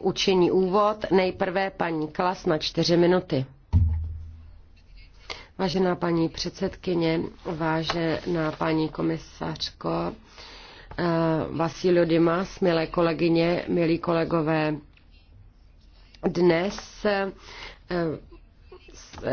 učiní úvod. Nejprve paní Klas na čtyři minuty. Vážená paní předsedkyně, vážená paní komisařko, eh, Vasilio Dimas, milé kolegyně, milí kolegové, dnes eh,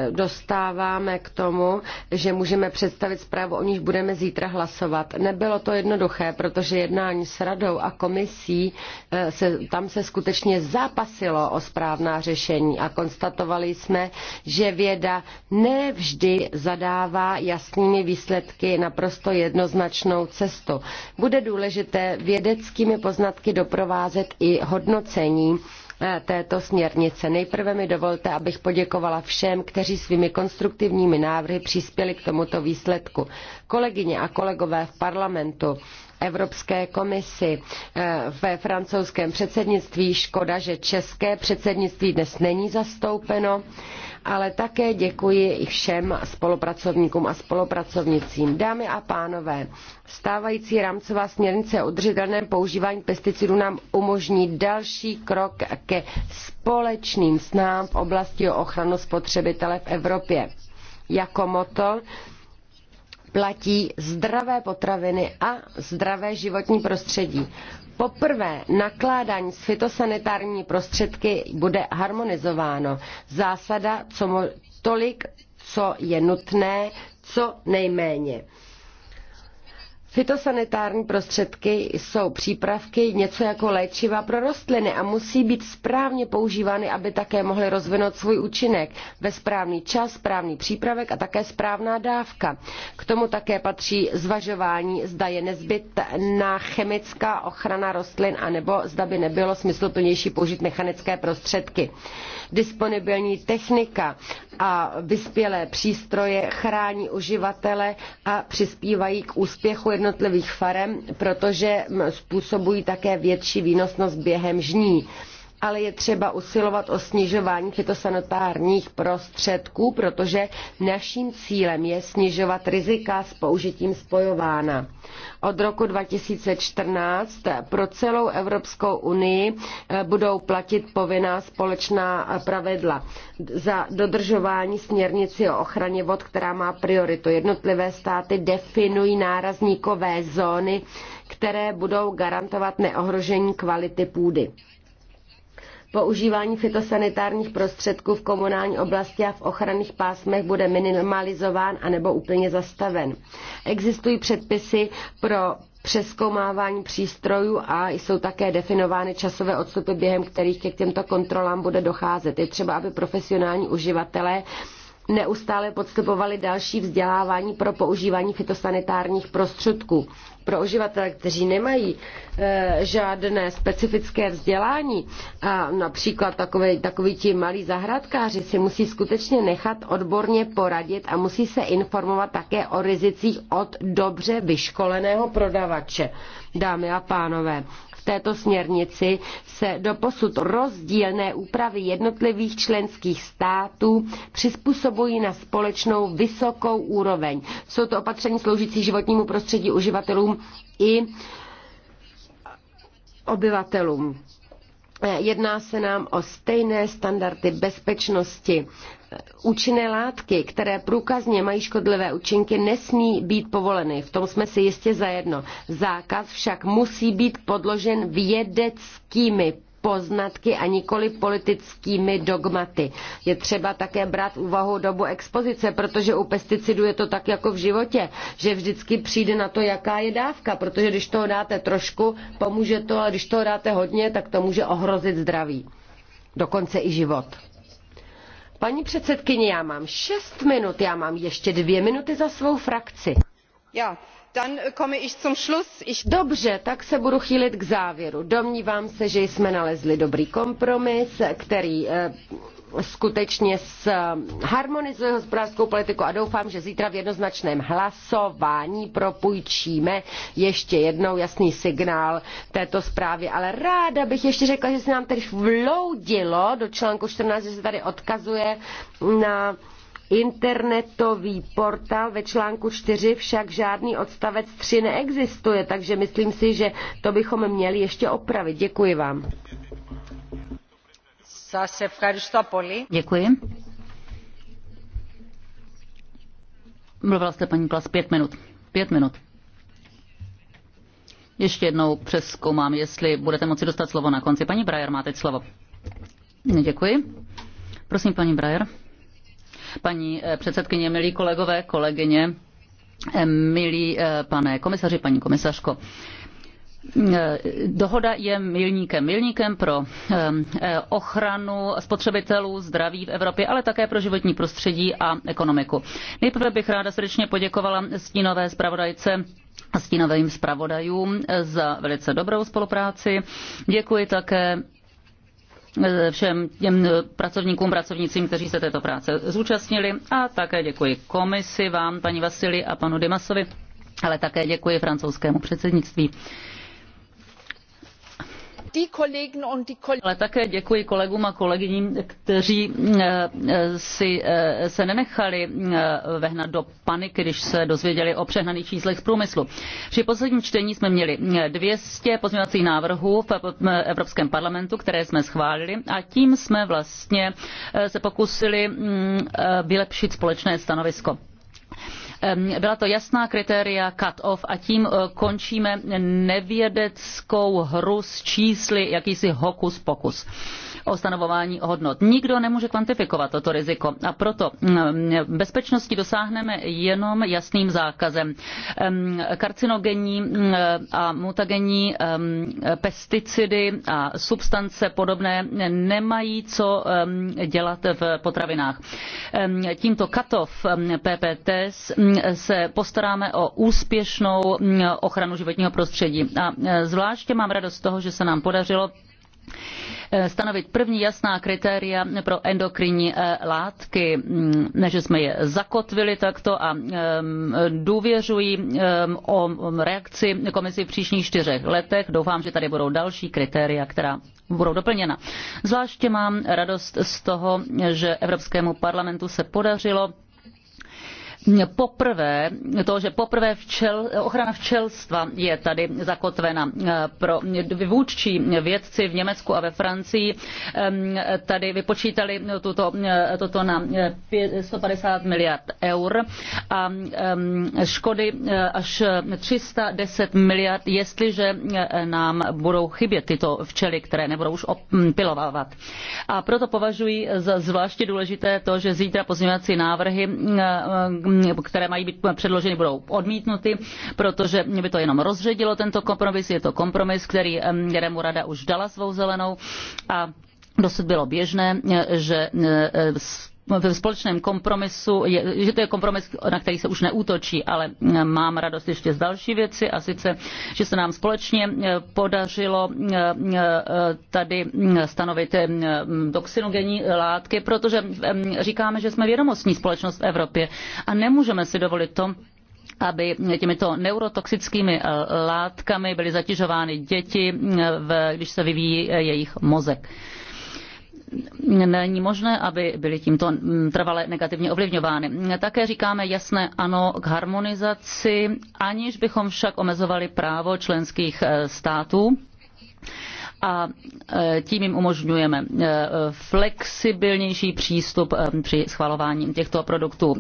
dostáváme k tomu, že můžeme představit zprávu, o níž budeme zítra hlasovat. Nebylo to jednoduché, protože jednání s radou a komisí, eh, se, tam se skutečně zápasilo o správná řešení a konstatovali jsme, že věda nevždy zadává jasnými výsledky naprosto jednoznačnou cestu. Bude důležité vědeckými poznatky doprovázet i hodnocení Eh, této směrnice. Nejprve mi dovolte, abych poděkovala všem, kteří svými konstruktivními návrhy přispěli k tomuto výsledku. Kolegyně a kolegové v parlamentu, Evropské komisi eh, ve francouzském předsednictví. Škoda, že české předsednictví dnes není zastoupeno, ale také děkuji i všem spolupracovníkům a spolupracovnicím. Dámy a pánové, stávající rámcová směrnice o udržitelném používání pesticidů nám umožní další krok ke společným snám v oblasti o ochranu spotřebitele v Evropě. Jako moto platí zdravé potraviny a zdravé životní prostředí. Poprvé nakládání s fitosanitární prostředky bude harmonizováno. Zásada co mo- tolik, co je nutné, co nejméně. Fytosanitární prostředky jsou přípravky něco jako léčiva pro rostliny a musí být správně používány, aby také mohly rozvinout svůj účinek ve správný čas, správný přípravek a také správná dávka. K tomu také patří zvažování, zda je nezbytná chemická ochrana rostlin anebo zda by nebylo smysluplnější použít mechanické prostředky. Disponibilní technika a vyspělé přístroje chrání uživatele a přispívají k úspěchu jednotlivých jednotlivých farem, protože způsobují také větší výnosnost během žní ale je třeba usilovat o snižování fytosanitárních prostředků, protože naším cílem je snižovat rizika s použitím spojována. Od roku 2014 pro celou Evropskou unii eh, budou platit povinná společná pravidla za dodržování směrnici o ochraně vod, která má prioritu. Jednotlivé státy definují nárazníkové zóny, které budou garantovat neohrožení kvality půdy. Používání fitosanitárních prostředků v komunální oblasti a v ochranných pásmech bude minimalizován anebo úplně zastaven. Existují předpisy pro přeskoumávání přístrojů a jsou také definovány časové odstupy, během kterých k těmto kontrolám bude docházet. Je třeba, aby profesionální uživatelé neustále podstupovali další vzdělávání pro používání fitosanitárních prostředků. Pro uživatele, kteří nemají e, žádné specifické vzdělání, a například takový, takový ti malí zahradkáři si musí skutečně nechat odborně poradit a musí se informovat také o rizicích od dobře vyškoleného prodavače. Dámy a pánové, této směrnici se doposud rozdílné úpravy jednotlivých členských států přizpůsobují na společnou vysokou úroveň. Jsou to opatření sloužící životnímu prostředí uživatelům i obyvatelům. Jedná se nám o stejné standardy bezpečnosti účinné látky, které průkazně mají škodlivé účinky, nesmí být povoleny. V tom jsme si jistě zajedno. Zákaz však musí být podložen vědeckými poznatky a nikoli politickými dogmaty. Je třeba také brát úvahu dobu expozice, protože u pesticidů je to tak jako v životě, že vždycky přijde na to, jaká je dávka, protože když toho dáte trošku, pomůže to, ale když toho dáte hodně, tak to může ohrozit zdraví. Dokonce i život. Paní předsedkyně, já mám šest minut, já mám ještě dvě minuty za svou frakci. Já. Dobře, tak se budu chýlit k závěru. Domnívám se, že jsme nalezli dobrý kompromis, který eh, skutečně harmonizuje hospodářskou politiku a doufám, že zítra v jednoznačném hlasování propůjčíme ještě jednou jasný signál této zprávy. Ale ráda bych ještě řekla, že se nám tedy vloudilo do článku 14, že se tady odkazuje na internetový portál ve článku 4 však žádný odstavec 3 neexistuje, takže myslím si, že to bychom měli ještě opravit. Děkuji vám. Děkuji. Mluvila jste, paní Klas, pět minut. Pět minut. Ještě jednou přeskoumám, jestli budete moci dostat slovo na konci. Paní Brajer má teď slovo. Děkuji. Prosím, paní Brajer. Paní eh, předsedkyně, milí kolegové, kolegyně, eh, milí eh, pane komisaři, paní komisařko. Dohoda je milníkem. Milníkem pro ochranu spotřebitelů, zdraví v Evropě, ale také pro životní prostředí a ekonomiku. Nejprve bych ráda srdečně poděkovala stínové zpravodajce a stínovým zpravodajům za velice dobrou spolupráci. Děkuji také eh, všem těm pracovníkům, pracovnicím, kteří se této práce zúčastnili a také děkuji komisi, vám, paní Vasily a panu Dimasovi, ale také děkuji francouzskému předsednictví. Ale také děkuji kolegům a kolegyním, kteří eh, si eh, se nenechali eh, vehnat do paniky, když se dozvěděli o přehnaných číslech z průmyslu. Při posledním čtení jsme měli 200 pozměňovacích návrhů v Evropském parlamentu, které jsme schválili a tím jsme vlastně se pokusili mm, vylepšit společné stanovisko. Ehm, byla to jasná kritéria cut-off a tím eh, končíme nevědeckou hru s čísly, jakýsi hokus pokus o stanovování hodnot. Nikdo nemůže kvantifikovat toto riziko a proto mm, bezpečnosti dosáhneme jenom jasným zákazem. Karcinogenní mm, a mutagenní pesticidy a substance podobné nemají co dělat v potravinách. Tímto katov PPT mm, se postaráme o úspěšnou ochranu životního prostředí. A e, zvláště mám radost z toho, že se nám podařilo Eh, stanovit první jasná kritéria pro endokrinní eh, látky, mm, než jsme je zakotvili takto a důvěřují o reakci komisi v příštích čtyřech letech. Doufám, že tady budou další kritéria, která budou doplněna. Zvláště mám radost z toho, že Evropskému parlamentu se podařilo poprvé, to, že poprvé včel, ochrana včelstva je tady zakotvena eh, pro vůdčí vědci v Německu a ve Francii. Ehm, tady vypočítali tuto, eh, toto na 150 eh, miliard eur a ehm, škody až 310 miliard, jestliže nám budou chybět tyto včely, které nebudou už opilovávat. A proto považuji za zvláště důležité to, že zítra pozměňovací návrhy Mm, které mají být předloženy, budou odmítnuty, protože by to jenom rozředilo tento kompromis. Je to kompromis, který, kterému rada už dala svou zelenou a dosud bylo běžné, že e, e, v společném kompromisu, že to je kompromis, na který se už neútočí, ale eh, mám radost ještě z další věci a sice, že se nám společně eh, podařilo eh, tady mm, stanovit mm, toxinogenní látky, protože ehm, říkáme, že jsme vědomostní společnost v Evropě a nemůžeme si dovolit to, aby těmito neurotoxickými látkami byly zatěžovány děti, když se vyvíjí jejich mozek není možné, aby byly tímto mm, trvale negativně ovlivňovány. Také říkáme jasné ano k harmonizaci, aniž bychom však omezovali právo členských eh, států a e, tím jim umožňujeme e, flexibilnější přístup e, při schvalování těchto produktů.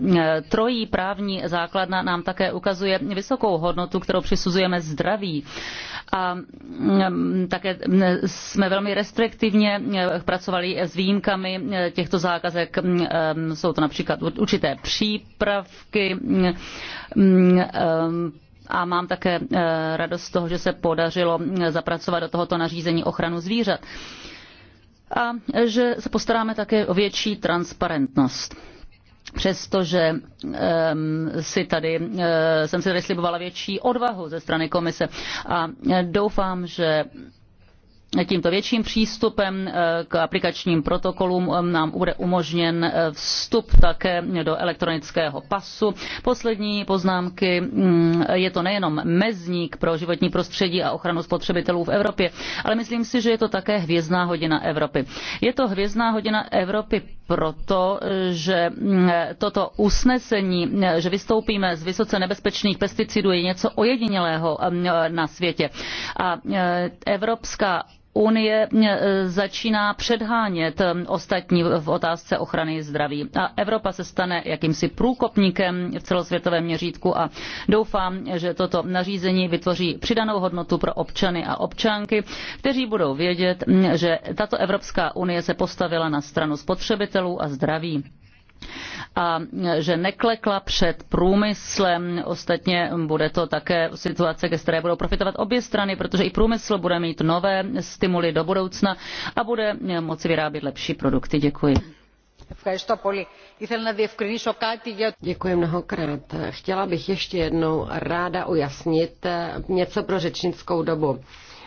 Trojí právní základna nám také ukazuje vysokou hodnotu, kterou přisuzujeme zdraví. A mm, také mm, jsme velmi restriktivně pracovali s výjimkami těchto zákazek. Jsou to například určité přípravky, a mám také eh, radost z toho, že se podařilo hm, zapracovat do tohoto nařízení ochranu zvířat a že se postaráme také o větší transparentnost přestože um, si tady, uh, jsem si tady slibovala větší odvahu ze strany komise a eh, doufám, že tímto větším přístupem eh, k aplikačním protokolům eh, nám bude umožněn eh, vstup také do elektronického pasu. Poslední poznámky, mm, je to nejenom mezník pro životní prostředí a ochranu spotřebitelů v Evropě, ale myslím si, že je to také hvězdná hodina Evropy. Je to hvězdná hodina Evropy proto, že mm, toto usnesení, že vystoupíme z vysoce nebezpečných pesticidů, je něco ojedinělého mm, na světě. A Evropská Unie eh, začíná předhánět eh, ostatní v otázce ochrany zdraví. A Evropa se stane jakýmsi průkopníkem v celosvětovém měřítku a doufám, že toto nařízení vytvoří přidanou hodnotu pro občany a občanky, kteří budou vědět, mm, že tato Evropská unie se postavila na stranu spotřebitelů a zdraví a že neklekla před průmyslem. Ostatně bude to také situace, ke které budou profitovat obě strany, protože i průmysl bude mít nové stimuly do budoucna a bude moci vyrábět lepší produkty. Děkuji. Děkuji mnohokrát. Chtěla bych ještě jednou ráda ujasnit něco pro řečnickou dobu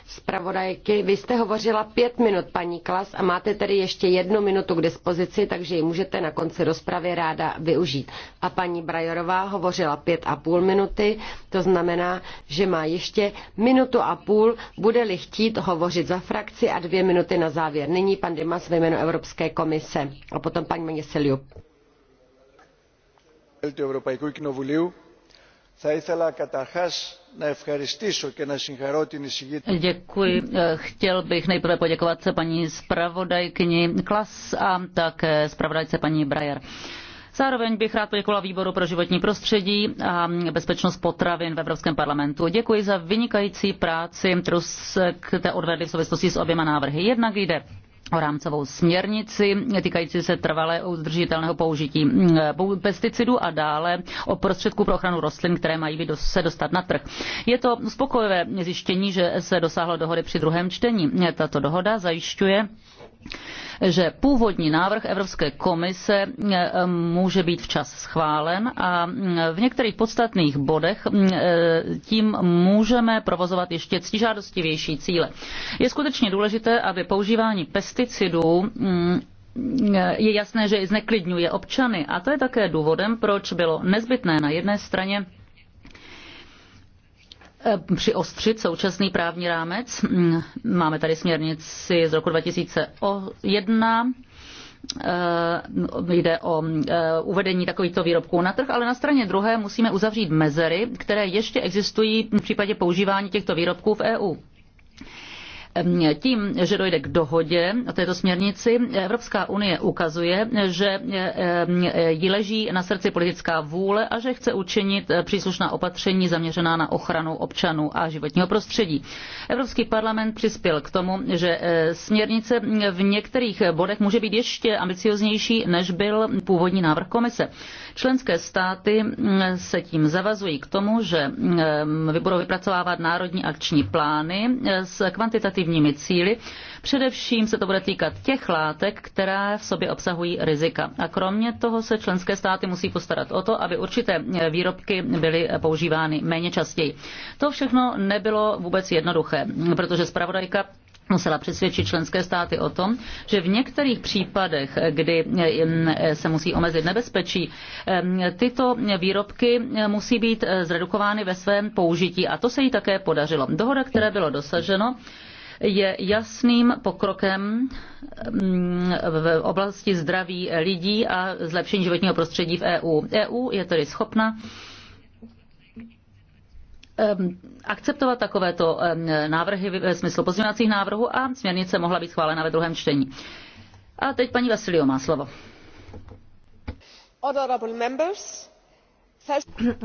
zpravodajky. Vy jste hovořila pět minut, paní Klas, a máte tedy ještě jednu minutu k dispozici, takže ji můžete na konci rozpravy ráda využít. A paní Brajorová hovořila pět a půl minuty, to znamená, že má ještě minutu a půl, bude-li chtít hovořit za frakci a dvě minuty na závěr. Nyní pan Dimas ve jménu Evropské komise a potom paní Meniseliu. Děkuji. Chtěl bych nejprve poděkovat se paní zpravodajkyni Klas a také zpravodajce paní Brajer. Zároveň bych rád poděkoval Výboru pro životní prostředí a bezpečnost potravin v Evropském parlamentu. Děkuji za vynikající práci, kterou jste odvedli v souvislosti s oběma návrhy. Jednak jde o rámcovou směrnici týkající se trvalé udržitelného použití mm, pesticidů a dále o prostředku pro ochranu rostlin, které mají se dostat na trh. Je to spokojivé zjištění, že se dosáhlo dohody při druhém čtení. Tato dohoda zajišťuje že původní návrh Evropské komise eh, může být včas schválen a mm, v některých podstatných bodech mm, eh, tím můžeme provozovat ještě ctižádostivější cíle. Je skutečně důležité, aby používání pesticidů mm, eh, je jasné, že zneklidňuje občany a to je také důvodem, proč bylo nezbytné na jedné straně Eh, přiostřit současný právní rámec. Mm, máme tady směrnici z roku 2001, eh, jde o eh, uvedení takovýchto výrobků na trh, ale na straně druhé musíme uzavřít mezery, které ještě existují v případě používání těchto výrobků v EU tím, že dojde k dohodě o této směrnici, Evropská unie ukazuje, že e, e, jí leží na srdci politická vůle a že chce učinit e, příslušná opatření zaměřená na ochranu občanů a životního prostředí. Evropský parlament přispěl k tomu, že směrnice v některých bodech může být ještě ambicioznější, než byl původní návrh komise. Členské státy se tím zavazují k tomu, že budou vypracovávat národní akční plány s kvantitativní preventivními cíly. Především se to bude týkat těch látek, které v sobě obsahují rizika. A kromě toho se členské státy musí postarat o to, aby určité výrobky byly používány méně častěji. To všechno nebylo vůbec jednoduché, protože zpravodajka musela přesvědčit členské státy o tom, že v některých případech, kdy se musí omezit nebezpečí, tyto výrobky musí být eh, zredukovány ve svém použití. A to se jí také podařilo. Dohoda, které bylo dosaženo, je jasným pokrokem mm, v oblasti zdraví lidí a zlepšení životního prostředí v EU. EU je tedy schopna akceptovat takovéto návrhy ve smyslu pozměňovacích návrhů a směrnice mohla být schválena ve druhém čtení. A teď paní Vasilio má slovo.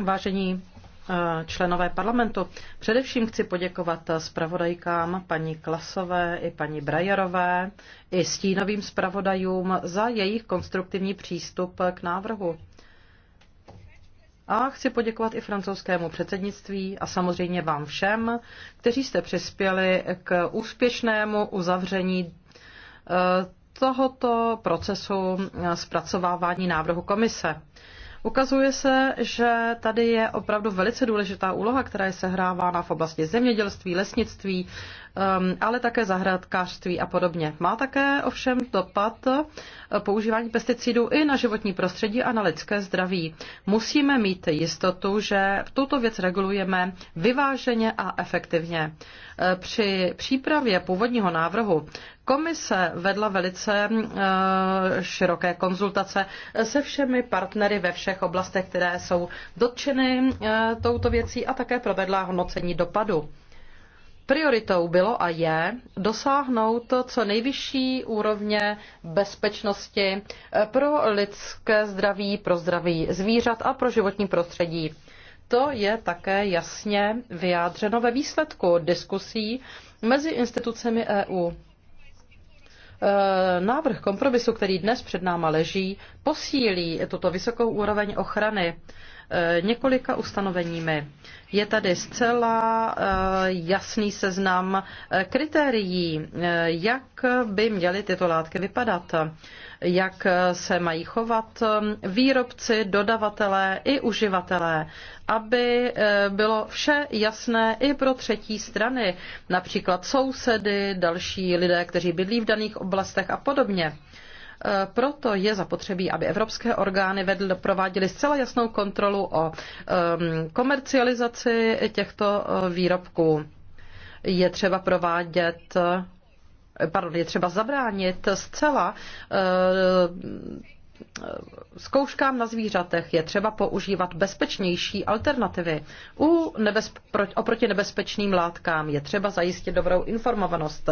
Vážení Eh, členové parlamentu. Především chci poděkovat zpravodajkám paní Klasové i paní Brajerové i stínovým zpravodajům za jejich konstruktivní přístup k návrhu. A chci poděkovat i francouzskému předsednictví a samozřejmě vám všem, kteří jste přispěli k úspěšnému uzavření eh, tohoto procesu eh, zpracovávání návrhu komise. Ukazuje se, že tady je opravdu velice důležitá úloha, která je sehrávána v oblasti zemědělství, lesnictví Um, ale také zahradkářství a podobně. Má také ovšem dopad eh, používání pesticidů i na životní prostředí a na lidské zdraví. Musíme mít jistotu, že tuto věc regulujeme vyváženě a efektivně. Eh, při přípravě původního návrhu Komise vedla velice eh, široké konzultace se všemi partnery ve všech oblastech, které jsou dotčeny touto věcí a také provedla hodnocení dopadu. Prioritou bylo a je dosáhnout co nejvyšší úrovně bezpečnosti eh, pro lidské zdraví, pro zdraví zvířat a pro životní prostředí. To je také jasně vyjádřeno ve výsledku diskusí mezi institucemi EU. Eh, návrh kompromisu, který dnes před náma leží, posílí tuto vysokou úroveň ochrany Eh, několika ustanoveními. Je tady zcela eh, jasný seznam eh, kritérií, jak by měly tyto látky vypadat, jak se mají chovat výrobci, dodavatelé i uživatelé, aby bylo vše jasné i pro třetí strany, například sousedy, další lidé, kteří bydlí v daných oblastech a podobně. Eh, proto je zapotřebí, aby evropské orgány vedl, prováděly zcela jasnou kontrolu o ehm, komercializaci těchto eh, výrobků. Je třeba provádět eh, pardon, je třeba zabránit zcela zkouškám na zvířatech je třeba používat bezpečnější alternativy. U nebezp- oproti nebezpečným látkám je třeba zajistit dobrou informovanost.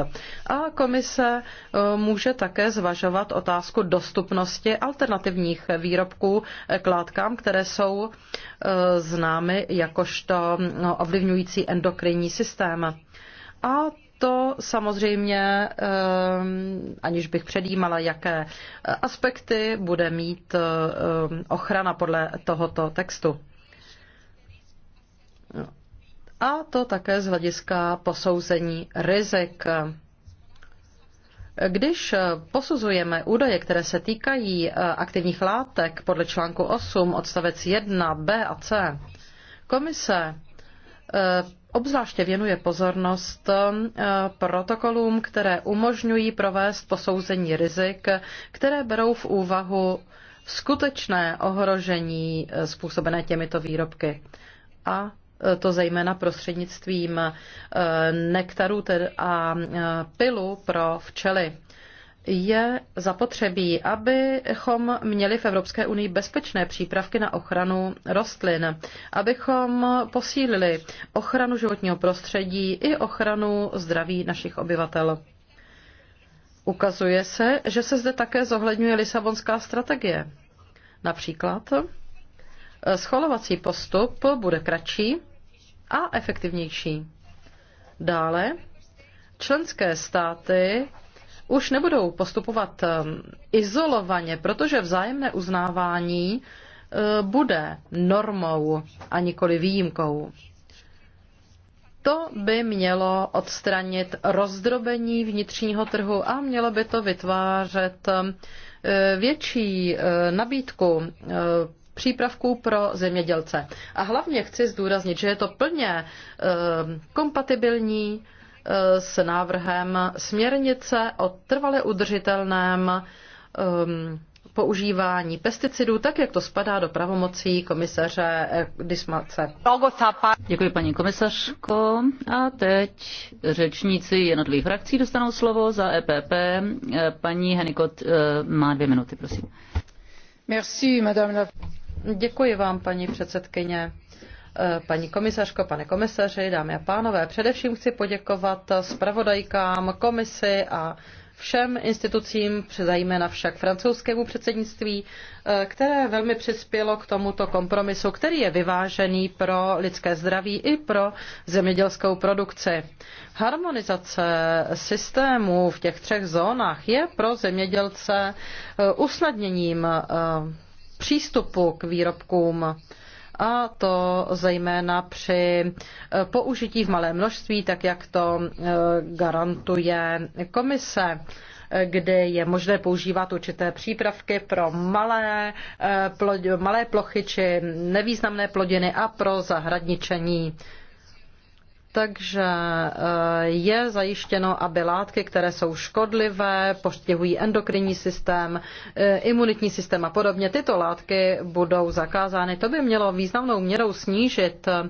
A komise e, může také zvažovat otázku dostupnosti alternativních výrobků e, k látkám, které jsou e, známy jakožto no, ovlivňující endokrinní systém. A to samozřejmě, eh, aniž bych předjímala, jaké eh, aspekty bude mít eh, ochrana podle tohoto textu. A to také z hlediska posouzení rizik. Když posuzujeme údaje, které se týkají aktivních látek podle článku 8 odstavec 1 b a c, komise obzvláště věnuje pozornost eh, protokolům, které umožňují provést posouzení rizik, které berou v úvahu skutečné ohrožení eh, způsobené těmito výrobky. A eh, to zejména prostřednictvím nektaru a pilu pro včely je zapotřebí, abychom měli v Evropské unii bezpečné přípravky na ochranu rostlin, abychom posílili ochranu životního prostředí i ochranu zdraví našich obyvatel. Ukazuje se, že se zde také zohledňuje Lisabonská strategie. Například scholovací postup bude kratší a efektivnější. Dále členské státy už nebudou postupovat ehm, izolovaně, protože vzájemné uznávání eh, bude normou a nikoli výjimkou. To by mělo odstranit rozdrobení vnitřního trhu a mělo by to vytvářet ehm, eh, větší eh, nabídku přípravků pro zemědělce. A hlavně chci zdůraznit, že je to plně ehm, kompatibilní Eh, s návrhem směrnice o trvale udržitelném ehm, používání pesticidů, tak jak to spadá do pravomocí komisaře Dismace. Děkuji paní komisařko. A teď řečníci jednotlivých frakcí dostanou slovo za EPP. Eh, paní Henikot eh, má dvě minuty, prosím. Merci, madame la... Děkuji vám, paní předsedkyně. Eh, paní komisařko, pane komisaři, dámy a pánové, především chci poděkovat zpravodajkám, komisi a všem institucím, zejména však francouzskému předsednictví, eh, které velmi přispělo k tomuto kompromisu, který je vyvážený pro lidské zdraví i pro zemědělskou produkci. Harmonizace systému v těch třech zónách je pro zemědělce eh, usnadněním přístupu k výrobkům a to zejména při eh, použití v malém množství, tak jak to eh, garantuje komise eh, kde je možné používat určité přípravky pro malé, malé plochy či nevýznamné plodiny a pro zahradničení. Takže eh, je zajištěno, aby látky, které jsou škodlivé, poštěhují endokrinní systém, eh, imunitní systém a podobně, tyto látky budou zakázány. To by mělo významnou měrou snížit eh,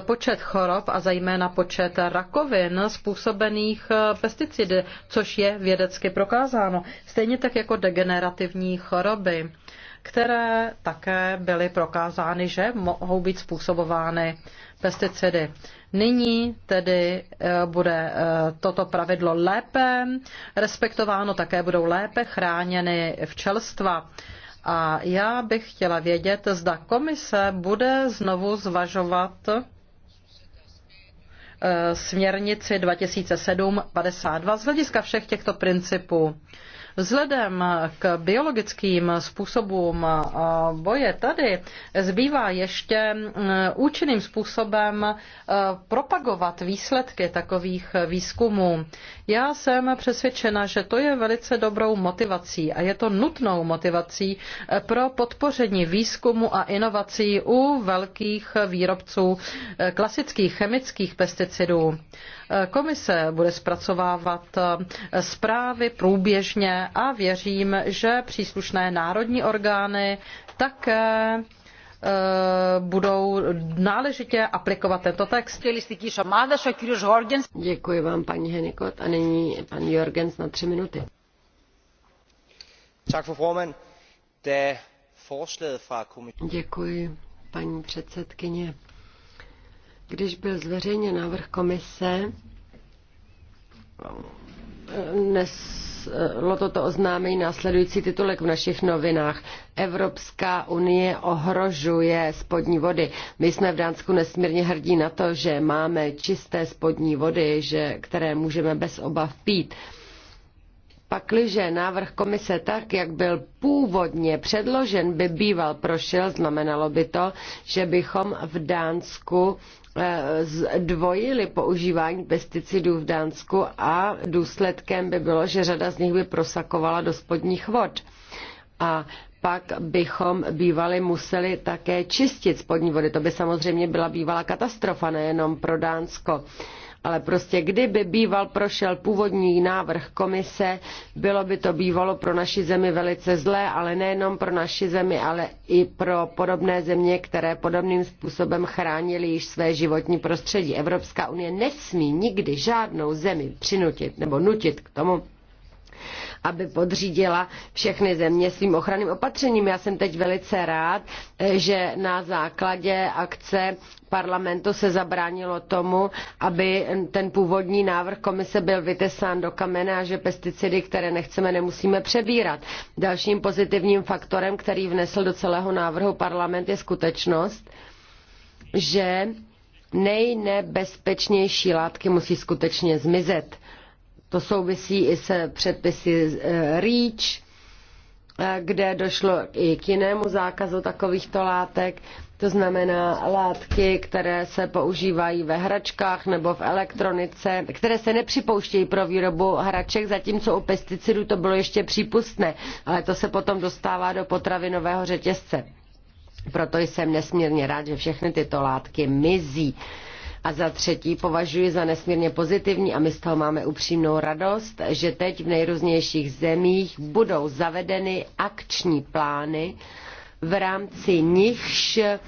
počet chorob a zejména počet rakovin způsobených pesticidy, což je vědecky prokázáno. Stejně tak jako degenerativní choroby které také byly prokázány, že mohou být způsobovány pesticidy. Nyní tedy eh, bude eh, toto pravidlo lépe respektováno, také budou lépe chráněny včelstva. A já bych chtěla vědět, zda komise bude znovu zvažovat eh, směrnici 2007-52 z hlediska všech těchto principů. Vzhledem k biologickým způsobům eh, boje tady zbývá ještě eh, účinným způsobem eh, propagovat výsledky takových výzkumů. Já jsem přesvědčena, že to je velice dobrou motivací a je to nutnou motivací pro podpoření výzkumu a inovací u velkých výrobců klasických chemických pesticidů. Komise bude zpracovávat eh, zprávy průběžně a věřím, že příslušné národní orgány také eh, budou náležitě aplikovat tento text. Děkuji vám, paní Henikot. A nyní pan Jorgens na tři minuty. Děkuji, paní předsedkyně. Když byl zveřejněn návrh komise, neslo toto oznámení následující titulek v našich novinách. Evropská unie ohrožuje spodní vody. My jsme v Dánsku nesmírně hrdí na to, že máme čisté spodní vody, že, které můžeme bez obav pít. Pakliže návrh komise tak, jak byl původně předložen, by býval prošel, znamenalo by to, že bychom v Dánsku Eh, zdvojili používání pesticidů v Dánsku a důsledkem by bylo, že řada z nich by prosakovala do spodních vod. A pak bychom bývali museli také čistit spodní vody. To by samozřejmě byla bývalá katastrofa nejenom pro Dánsko ale prostě kdyby býval prošel původní návrh komise, bylo by to bývalo pro naši zemi velice zlé, ale nejenom pro naši zemi, ale i pro podobné země, které podobným způsobem chránili již své životní prostředí. Evropská unie nesmí nikdy žádnou zemi přinutit nebo nutit k tomu, aby podřídila všechny země svým ochranným opatřením. Já jsem teď velice rád, že na základě akce parlamentu se zabránilo tomu, aby ten původní návrh komise byl vytesán do kamene a že pesticidy, které nechceme, nemusíme přebírat. Dalším pozitivním faktorem, který vnesl do celého návrhu parlament, je skutečnost, že nejnebezpečnější látky musí skutečně zmizet to souvisí i se předpisy eh, REACH, eh, kde došlo i k jinému zákazu takovýchto látek, to znamená látky, které se používají ve hračkách nebo v elektronice, které se nepřipouštějí pro výrobu hraček, zatímco u pesticidů to bylo ještě přípustné, ale to se potom dostává do potravinového řetězce. Proto jsem nesmírně rád, že všechny tyto látky mizí a za třetí považuji za nesmírně pozitivní a my z toho máme upřímnou radost, že teď v nejrůznějších zemích budou zavedeny akční plány, v rámci nichž eh,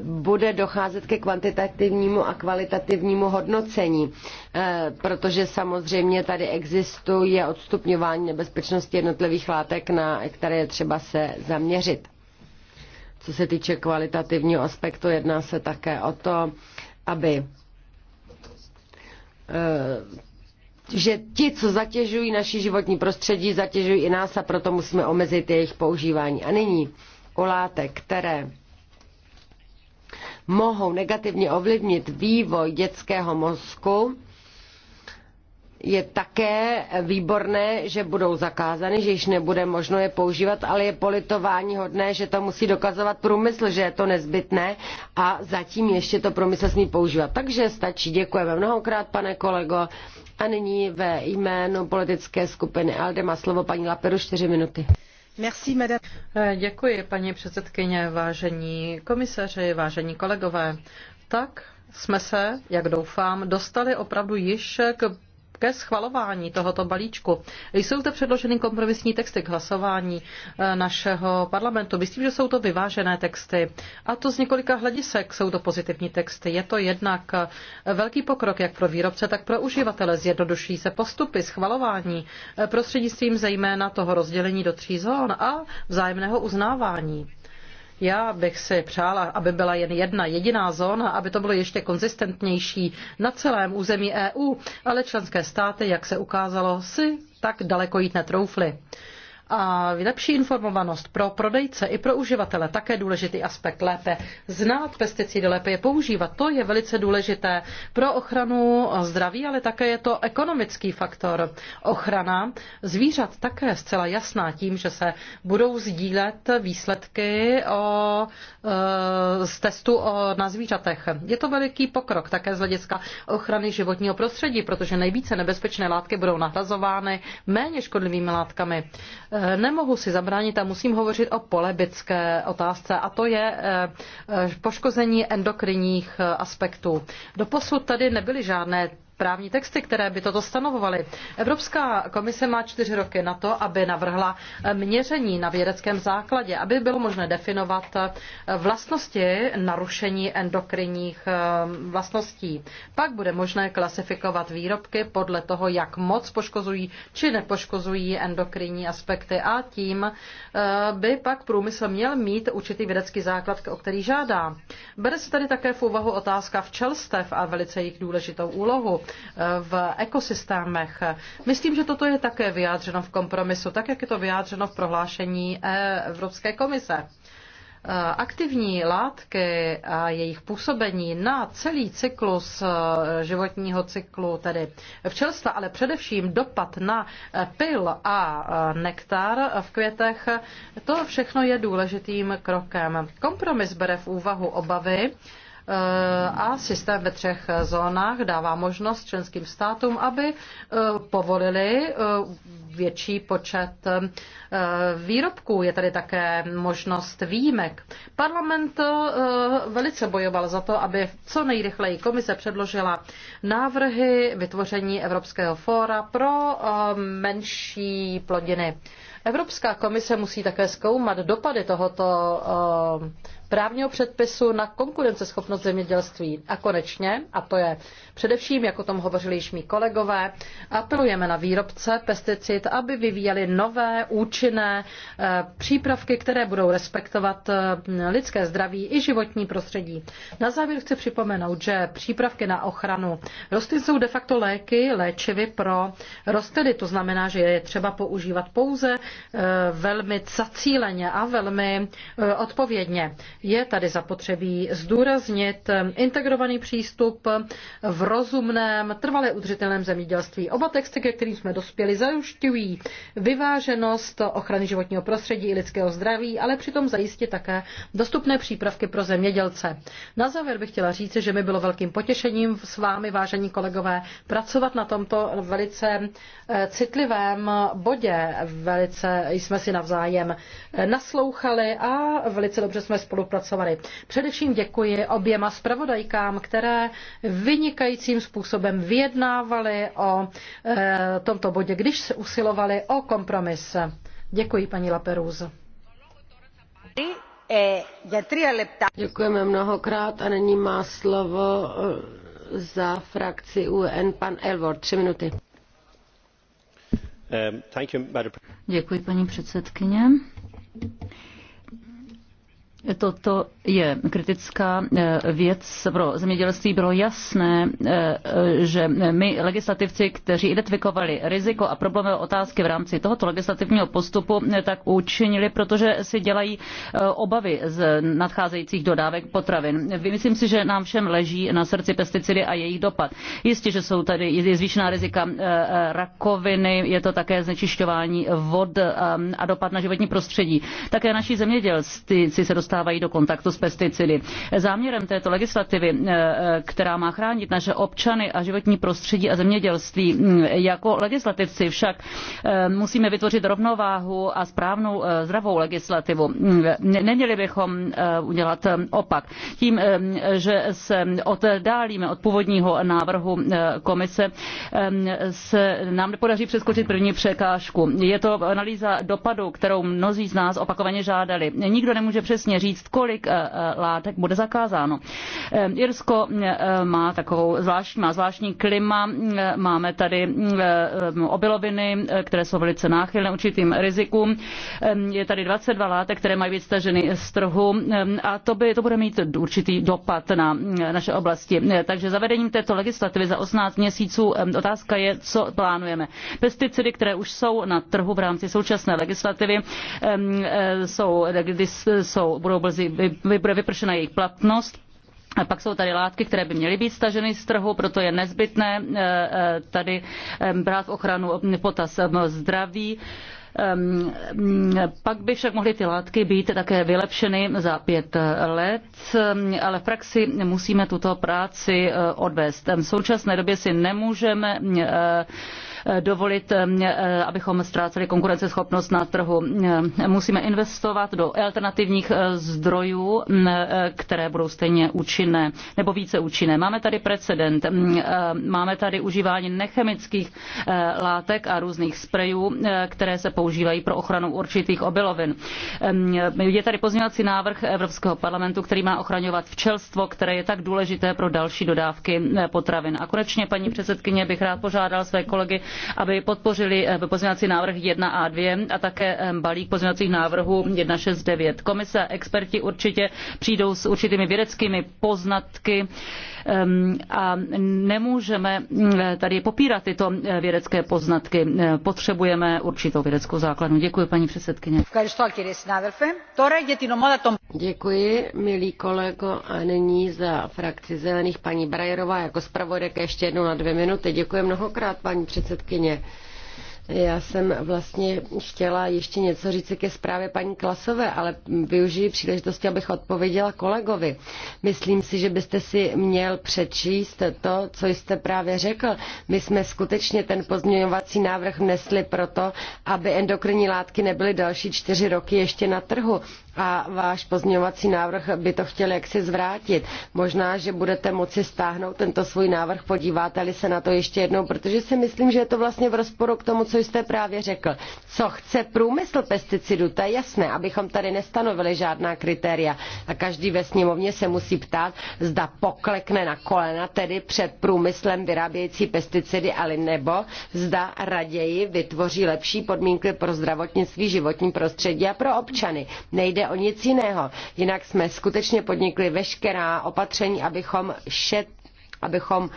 bude docházet ke kvantitativnímu a kvalitativnímu hodnocení, eh, protože samozřejmě tady existuje odstupňování nebezpečnosti jednotlivých látek, na které je třeba se zaměřit. Co se týče kvalitativního aspektu, jedná se také o to, aby eh, že ti, co zatěžují naši životní prostředí, zatěžují i nás a proto musíme omezit jejich používání. A nyní o látek, které mohou negativně ovlivnit vývoj dětského mozku, je také výborné, že budou zakázány, že již nebude možno je používat, ale je politování hodné, že to musí dokazovat průmysl, že je to nezbytné a zatím ještě to průmysl smí používat. Takže stačí. Děkujeme mnohokrát, pane kolego. A nyní ve jménu politické skupiny ALDE má slovo paní Laperu čtyři minuty. Merci, madame. Děkuji, paní předsedkyně, vážení komisaři, vážení kolegové. Tak jsme se, jak doufám, dostali opravdu již k ke schvalování tohoto balíčku. Jsou zde předloženy kompromisní texty k hlasování eh, našeho parlamentu. Myslím, že jsou to vyvážené texty. A to z několika hledisek jsou to pozitivní texty. Je to jednak eh, velký pokrok jak pro výrobce, tak pro uživatele. Zjednoduší se postupy schvalování eh, prostřednictvím zejména toho rozdělení do tří zón a vzájemného uznávání. Já bych si přála, aby byla jen jedna jediná zóna, aby to bylo ještě konzistentnější na celém území EU, ale členské státy, jak se ukázalo, si tak daleko jít netroufly a lepší informovanost pro prodejce i pro uživatele, také důležitý aspekt, lépe znát pesticidy, lépe je používat, to je velice důležité pro ochranu zdraví, ale také je to ekonomický faktor. Ochrana zvířat také zcela jasná tím, že se budou sdílet výsledky o, e, z testu o, na zvířatech. Je to veliký pokrok také z hlediska ochrany životního prostředí, protože nejvíce nebezpečné látky budou nahrazovány méně škodlivými látkami. Nemohu si zabránit a musím hovořit o polebické otázce a to je eh, eh, poškození endokrinních eh, aspektů. Doposud tady nebyly žádné právní texty, které by toto stanovovaly. Evropská komise má čtyři roky na to, aby navrhla eh, měření na vědeckém základě, aby bylo možné definovat eh, vlastnosti narušení endokrinních eh, vlastností. Pak bude možné klasifikovat výrobky podle toho, jak moc poškozují či nepoškozují endokrinní aspekty a tím by pak průmysl měl mít určitý vědecký základ, o který žádá. Bere se tady také v úvahu otázka včelstev a velice jejich důležitou úlohu v ekosystémech. Myslím, že toto je také vyjádřeno v kompromisu, tak jak je to vyjádřeno v prohlášení eh, Evropské komise. Eh, aktivní látky a jejich působení na celý cyklus eh, životního cyklu, tedy včelstva, ale především dopad na pil a nektar v květech, to všechno je důležitým krokem. Kompromis bere v úvahu obavy, Eh, a systém ve třech zónách dává možnost členským státům, aby eh, povolili eh, větší počet výrobků. Je tady také možnost výjimek. Parlament velice bojoval za to, aby co nejrychleji komise předložila návrhy vytvoření Evropského fóra pro menší plodiny. Evropská komise musí také zkoumat dopady tohoto právního předpisu na konkurenceschopnost zemědělství. A konečně, a to je především, jak o tom hovořili již mý kolegové, apelujeme na výrobce pesticid, aby vyvíjeli nové, účinné eh, přípravky, které budou respektovat eh, lidské zdraví i životní prostředí. Na závěr chci připomenout, že přípravky na ochranu rostlin jsou de facto léky, léčivy pro rostliny. To znamená, že je třeba používat pouze eh, velmi zacíleně a velmi odpovědně je tady zapotřebí zdůraznit integrovaný přístup v rozumném, trvale udržitelném zemědělství. Oba texty, ke kterým jsme dospěli, zajišťují vyváženost ochrany životního prostředí i lidského zdraví, ale přitom zajistí také dostupné přípravky pro zemědělce. Na závěr bych chtěla říci, že mi bylo velkým potěšením s vámi, vážení kolegové, pracovat na tomto velice eh, citlivém bodě. Velice jsme si navzájem eh, naslouchali a velice dobře jsme spolu spolupracovali. Především děkuji oběma zpravodajkám, které vynikajícím způsobem vyjednávali o e, tomto bodě, když se usilovali o kompromis. Děkuji, paní Laperůz. Děkujeme mnohokrát a není má slovo eh, za frakci UN pan Elvor. Tři minuty. Um, děkuji, paní předsedkyně. Toto je kritická eh, věc pro zemědělství. Bylo jasné, eh, že my legislativci, kteří identifikovali riziko a problémové otázky v rámci tohoto legislativního postupu, eh, tak učinili, protože si dělají obavy z nadcházejících dodávek potravin. Myslím si, že nám všem leží na srdci pesticidy a jejich dopad. Jistě, že jsou tady je zvýšená rizika rakoviny, je to také znečišťování vod a dopad na životní prostředí. Také naši zemědělci se dostávají dostávají do kontaktu s pesticidy. Záměrem této legislativy, eh, eh, která má chránit naše občany a životní prostředí a zemědělství, mm, jako legislativci však eh, musíme vytvořit rovnováhu a správnou zdravou legislativu. Mm, neměli bychom udělat opak. Tím, že se oddálíme od původního návrhu komise, se nám nepodaří přeskočit první překážku. Je to analýza dopadu, kterou mnozí z nás opakovaně žádali. Nikdo nemůže přesně říct, kolik eh, eh, látek bude zakázáno. Eh, Irsko má takovou zvláštní, má zvláštní klima, máme tady obiloviny, které jsou velice náchylné určitým rizikům. Je tady 22 látek, které mají být staženy z trhu a to, by, to bude mít určitý dopad na naše oblasti. Takže zavedením této legislativy za 18 měsíců otázka je, co plánujeme. Pesticidy, které už jsou na trhu v rámci současné legislativy, jsou, jsou budou brzy, bude vypršena jejich platnost. A pak jsou tady látky, které by měly být staženy z trhu, proto je nezbytné eh, eh, tady eh, brát v ochranu potaz zdraví. Ehm, pak by však mohly ty látky být také vylepšeny za pět let, ehm, ale v praxi musíme tuto práci odvést. V současné době si nemůžeme Eh, dovolit, eh, eh, abychom ztráceli konkurenceschopnost na trhu. Musíme investovat do alternativních zdrojů, mm, které budou stejně účinné nebo více účinné. Máme tady precedent, mm, máme tady užívání nechemických látek a různých sprejů, které se používají pro ochranu určitých obilovin. Ehm, je tady pozměňovací návrh Evropského parlamentu, který má ochraňovat včelstvo, které je tak důležité pro další dodávky potravin. A konečně, paní předsedkyně, bych rád požádal své kolegy, aby podpořili eh, pozměňovací návrh 1 a 2 a také eh, balík pozměňovacích návrhů 169. Komise a experti určitě přijdou s určitými vědeckými poznatky ehm, a nemůžeme eh, tady popírat tyto vědecké poznatky. Potřebujeme určitou vědeckou základnu. Děkuji, paní předsedkyně. Děkuji, milí kolego, a nyní za frakci zelených paní Brajerová jako zpravodajka ještě jednou na dvě minuty. Děkuji mnohokrát, paní předsedkyně předsedkyně. Já jsem vlastně chtěla ještě něco říct ke zprávě paní Klasové, ale využiji příležitosti, abych odpověděla kolegovi. Myslím si, že byste si měl přečíst to, co jste právě řekl. My jsme skutečně ten pozměňovací návrh nesli proto, aby endokrinní látky nebyly další čtyři roky ještě na trhu a váš pozměňovací návrh by to chtěl jaksi zvrátit. Možná, že budete moci stáhnout tento svůj návrh, podíváte-li se na to ještě jednou, protože si myslím, že je to vlastně v rozporu k tomu, co co jste právě řekl. Co chce průmysl pesticidů, to je jasné, abychom tady nestanovili žádná kritéria. A každý ve sněmovně se musí ptát, zda poklekne na kolena, tedy před průmyslem vyrábějící pesticidy, ale nebo zda raději vytvoří lepší podmínky pro zdravotnictví, životní prostředí a pro občany. Nejde o nic jiného. Jinak jsme skutečně podnikli veškerá opatření, abychom šet, abychom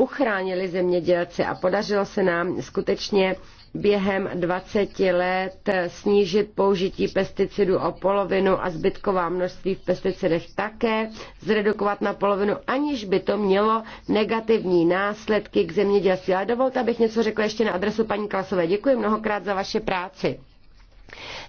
uchránili zemědělce a podařilo se nám skutečně během 20 let snížit použití pesticidů o polovinu a zbytková množství v pesticidech také zredukovat na polovinu, aniž by to mělo negativní následky k zemědělství. Ale dovolte, abych něco řekla ještě na adresu paní Klasové. Děkuji mnohokrát za vaše práci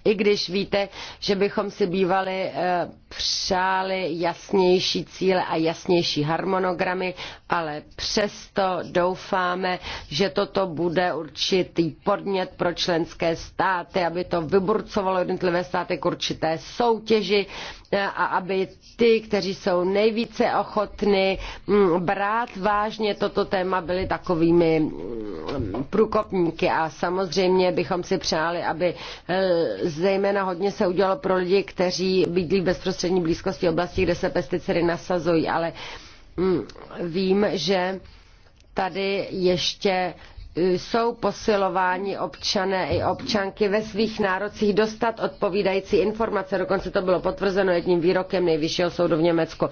i když víte, že bychom si bývali eh, přáli jasnější cíle a jasnější harmonogramy, ale přesto doufáme, že toto bude určitý podnět pro členské státy, aby to vyburcovalo jednotlivé státy k určité soutěži eh, a aby ty, kteří jsou nejvíce ochotny mm, brát vážně toto téma, byli takovými mm, průkopníky. A samozřejmě bychom si přáli, aby eh, zejména hodně se udělalo pro lidi, kteří bydlí v bezprostřední blízkosti oblasti, kde se pesticidy nasazují, ale mm, vím, že tady ještě jsou posilováni občané i občanky ve svých nárocích dostat odpovídající informace. Dokonce to bylo potvrzeno jedním výrokem nejvyššího soudu v Německu.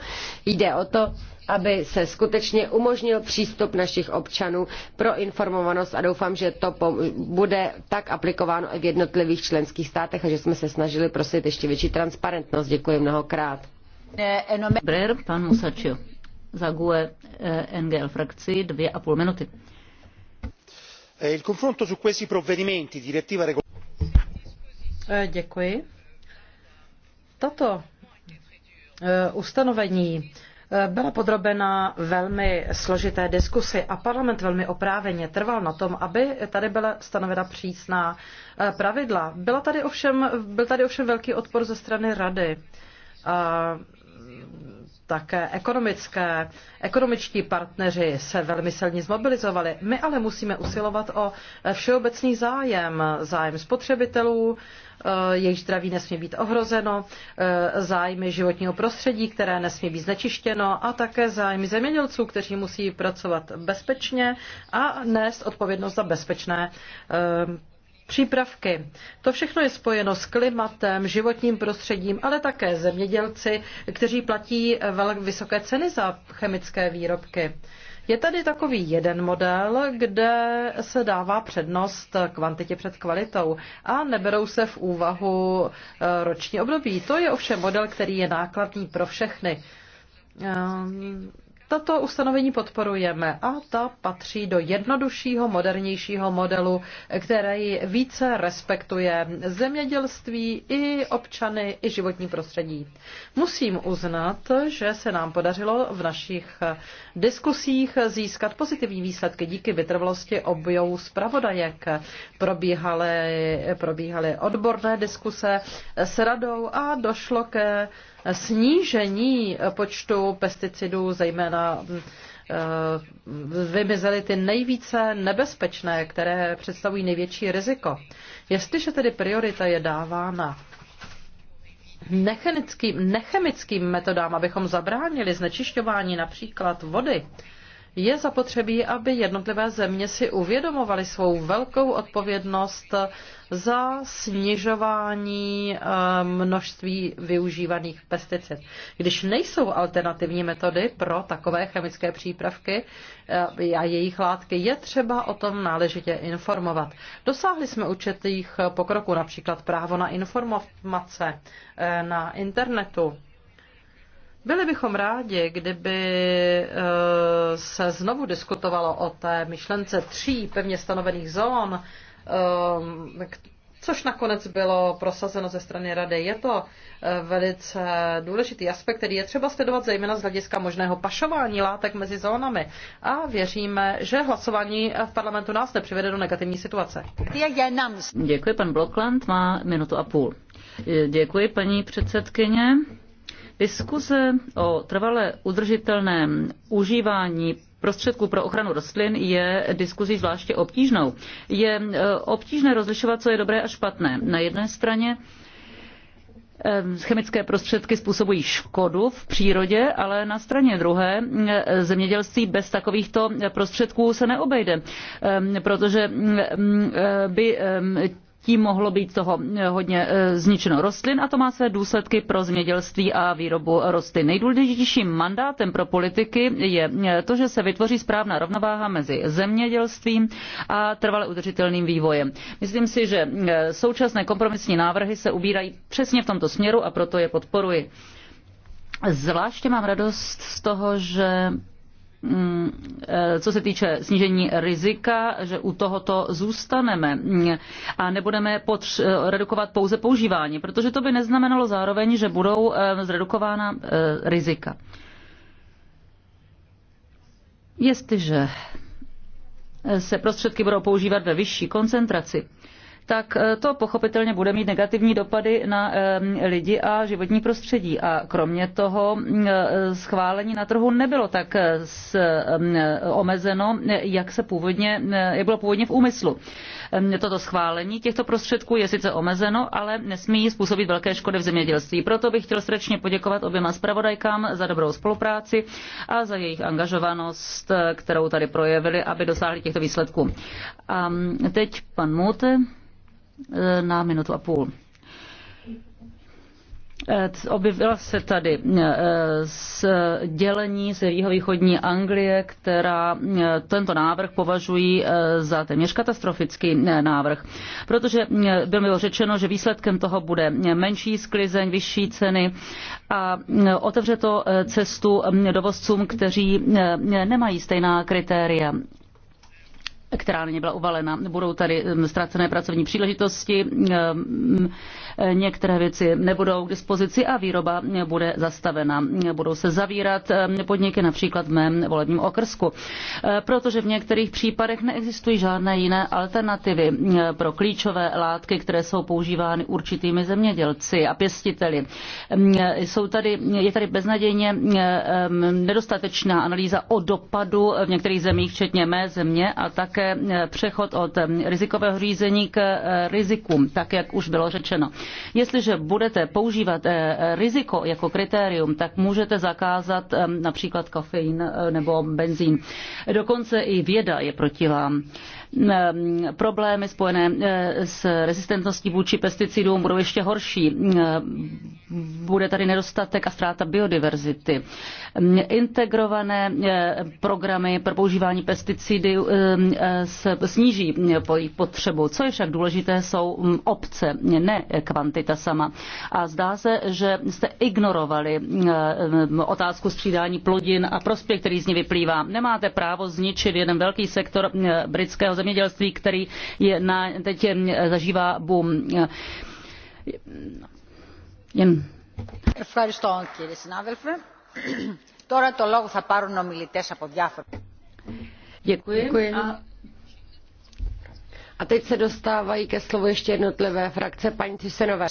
Jde o to, aby se skutečně umožnil přístup našich občanů pro informovanost a doufám, že to bude tak aplikováno i v jednotlivých členských státech a že jsme se snažili prosit ještě větší transparentnost. Děkuji mnohokrát. Brer, pan Musačio, gue eh, NGL frakci, dvě a půl minuty. Eh, il confronto su questi provvedimenti direttiva eh, Tato eh, ustanovení byla podrobena velmi složité diskusi a parlament velmi oprávněně trval na tom, aby tady byla stanovena přísná pravidla. Byla tady ovšem, byl tady ovšem velký odpor ze strany rady. A také ekonomické, ekonomičtí partneři se velmi silně zmobilizovali. My ale musíme usilovat o všeobecný zájem, zájem spotřebitelů, eh, jejich zdraví nesmí být ohrozeno, eh, zájmy životního prostředí, které nesmí být znečištěno a také zájmy zemědělců, kteří musí pracovat bezpečně a nést odpovědnost za bezpečné eh, přípravky. To všechno je spojeno s klimatem, životním prostředím, ale také zemědělci, kteří platí velmi vysoké ceny za chemické výrobky. Je tady takový jeden model, kde se dává přednost kvantitě před kvalitou a neberou se v úvahu eh, roční období. To je ovšem model, který je nákladný pro všechny ehm, tato ustanovení podporujeme a ta patří do jednoduššího, modernějšího modelu, který více respektuje zemědělství i občany, i životní prostředí. Musím uznat, že se nám podařilo v našich diskusích získat pozitivní výsledky díky vytrvalosti obou zpravodajek. Probíhaly, probíhaly odborné diskuse s radou a došlo ke snížení počtu pesticidů, zejména eh, vymizely ty nejvíce nebezpečné, které představují největší riziko. Jestliže tedy priorita je dávána nechemickým, nechemickým metodám, abychom zabránili znečišťování například vody, je zapotřebí, aby jednotlivé země si uvědomovaly svou velkou odpovědnost za snižování eh, množství využívaných pesticid. Když nejsou alternativní metody pro takové chemické přípravky eh, a jejich látky, je třeba o tom náležitě informovat. Dosáhli jsme určitých pokroků, například právo na informace eh, na internetu byli bychom rádi, kdyby eh, se znovu diskutovalo o té myšlence tří pevně stanovených zón, eh, což nakonec bylo prosazeno ze strany Rady. Je to eh, velice důležitý aspekt, který je třeba sledovat zejména z hlediska možného pašování látek mezi zónami. A věříme, že hlasování v parlamentu nás nepřivede do negativní situace. Děkuji, pan Blokland má minutu a půl. Děkuji, paní předsedkyně. Diskuze o trvale udržitelném užívání prostředků pro ochranu rostlin je diskuzí zvláště obtížnou. Je e, obtížné rozlišovat, co je dobré a špatné. Na jedné straně e, chemické prostředky způsobují škodu v přírodě, ale na straně druhé e, zemědělství bez takovýchto prostředků se neobejde, protože by tím mohlo být toho eh, hodně eh, zničeno rostlin a to má své důsledky pro zemědělství a výrobu rostlin. Nejdůležitějším mandátem pro politiky je eh, to, že se vytvoří správná rovnováha mezi zemědělstvím a trvale udržitelným vývojem. Myslím si, že současné kompromisní návrhy se ubírají přesně v tomto směru a proto je podporuji. Zvláště mám radost z toho, že Mm, eh, co se týče snížení rizika, že u tohoto zůstaneme mm, a nebudeme potř- eh, redukovat pouze používání, protože to by neznamenalo zároveň, že budou eh, zredukována rizika. Jestliže se prostředky budou používat ve vyšší koncentraci, tak eh, to pochopitelně bude mít negativní dopady na eh, lidi a životní prostředí. A kromě toho mm, eh, schválení na trhu nebylo tak mm, omezeno, jak, se původně, mm, jak bylo původně v úmyslu. Ehm, toto schválení těchto prostředků je sice omezeno, ale nesmí způsobit velké škody v zemědělství. Proto bych chtěl srdečně poděkovat oběma zpravodajkám za dobrou spolupráci a za jejich angažovanost, kterou tady projevili, aby dosáhli těchto výsledků. A teď pan Mute. Eh, na minutu a půl. Eh, objevila se tady eh, s dělení z jihovýchodní Anglie, která tento návrh považují za téměř katastrofický návrh, protože bylo řečeno, že výsledkem toho bude menší sklizeň, vyšší ceny a otevře to cestu dovozcům, kteří nemají stejná kritéria která na ně byla uvalena. Budou tady hm, ztracené pracovní příležitosti, hm, některé věci nebudou k dispozici a výroba bude zastavena. Budou se zavírat hm, podniky například v mém volebním okrsku, eh, protože v některých případech neexistují žádné jiné alternativy pro klíčové látky, které jsou používány určitými zemědělci a pěstiteli. Jsou tady, je tady beznadějně nedostatečná analýza o dopadu v některých zemích, včetně mé země a také také eh, přechod od eh, rizikového řízení k eh, rizikům, tak jak už bylo řečeno. Jestliže budete používat riziko jako kritérium, tak můžete zakázat například kofein nebo benzín. Dokonce i věda je proti vám problémy spojené e, s rezistentností vůči pesticidům budou ještě horší. Bude tady nedostatek a ztráta biodiverzity. Integrované e, programy pro používání pesticidů e, sníží po jejich potřebu. Co je však důležité, jsou obce, ne kvantita sama. A zdá se, že jste ignorovali otázku střídání plodin a prospěch, který z ní vyplývá. Nemáte právo zničit jeden velký sektor britského zemědělství, který je na, teď je, zažívá boom. Jen. Děkuji. Děkuji. A... A teď se dostávají ke slovu ještě jednotlivé frakce. Paní Tysenové.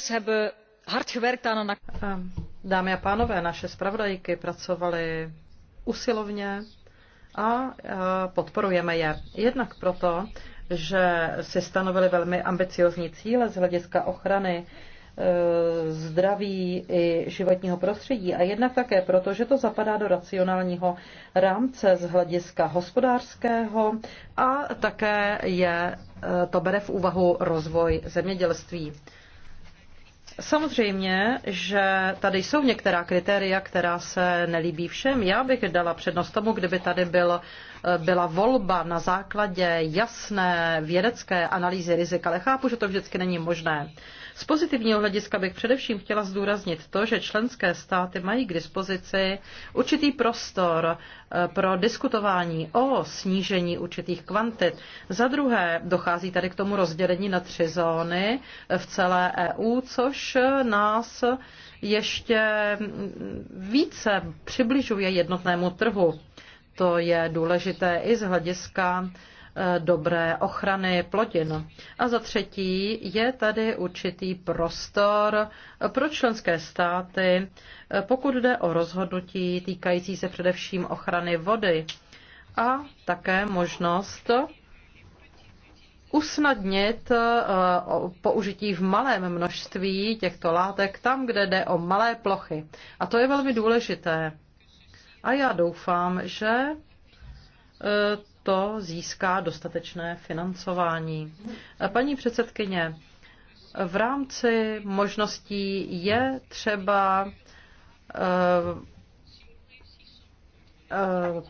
Ehm, dámy a pánové, naše zpravodajky pracovaly usilovně a podporujeme je. Jednak proto, že si stanovili velmi ambiciozní cíle z hlediska ochrany e, zdraví i životního prostředí a jednak také proto, že to zapadá do racionálního rámce z hlediska hospodářského a také je, e, to bere v úvahu rozvoj zemědělství. Samozřejmě, že tady jsou některá kritéria, která se nelíbí všem. Já bych dala přednost tomu, kdyby tady byl, byla volba na základě jasné vědecké analýzy rizika. ale chápu, že to vždycky není možné. Z pozitivního hlediska bych především chtěla zdůraznit to, že členské státy mají k dispozici určitý prostor eh, pro diskutování o snížení určitých kvantit. Za druhé, dochází tady k tomu rozdělení na tři zóny eh, v celé EU, což eh, nás ještě mm, více přibližuje jednotnému trhu. To je důležité i z hlediska uh, Eh, dobré ochrany plodin. A za třetí je tady určitý prostor pro členské státy, eh, pokud jde o rozhodnutí týkající se především ochrany vody a také možnost usnadnit eh, použití v malém množství těchto látek tam, kde jde o malé plochy. A to je velmi důležité. A já doufám, že to získá dostatečné financování. Paní předsedkyně, v rámci možností je třeba eh, eh,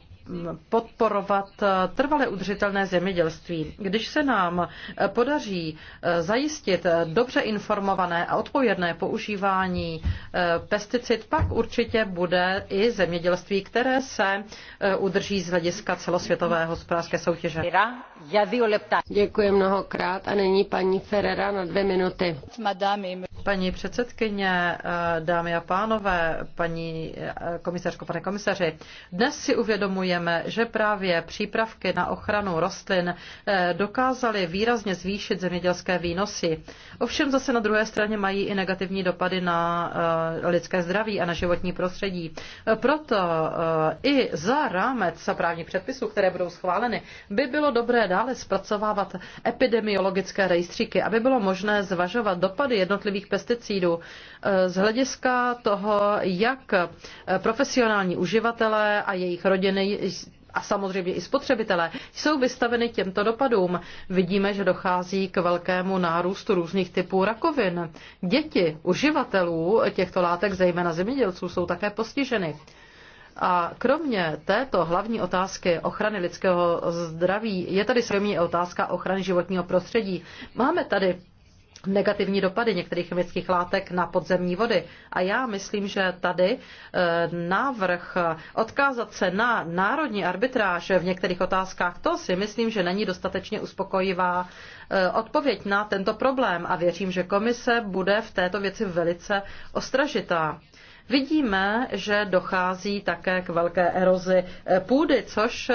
podporovat eh, trvale udržitelné zemědělství. Když se nám eh, podaří eh, zajistit dobře informované a odpovědné používání pesticid, pak určitě bude i zemědělství, které se udrží z hlediska celosvětové hospodářské soutěže. Děkuji mnohokrát a paní Ferrera na dvě minuty. Paní předsedkyně, eh, dámy a pánové, paní eh, komisařko, pane komisaři, dnes si uvědomujeme, že právě přípravky na ochranu rostlin eh, dokázaly výrazně zvýšit zemědělské výnosy. Ovšem zase na druhé straně mají i negativní dopady na lidské zdraví a na životní prostředí. Proto i za rámec právních předpisů, které budou schváleny, by bylo dobré dále zpracovávat epidemiologické rejstříky, aby bylo možné zvažovat dopady jednotlivých pesticidů eh, z hlediska toho, jak eh, profesionální uživatelé a jejich rodiny a samozřejmě i spotřebitelé jsou vystaveny těmto dopadům. Vidíme, že dochází k velkému nárůstu různých typů rakovin. Děti uživatelů těchto látek, zejména zemědělců, jsou také postiženy. A kromě této hlavní otázky ochrany lidského zdraví je tady samozřejmě otázka ochrany životního prostředí. Máme tady negativní dopady některých chemických látek na podzemní vody. A já myslím, že tady eh, návrh odkázat se na národní arbitráž v některých otázkách, to si myslím, že není dostatečně uspokojivá eh, odpověď na tento problém a věřím, že komise bude v této věci velice ostražitá. Vidíme, že dochází také k velké erozi půdy, což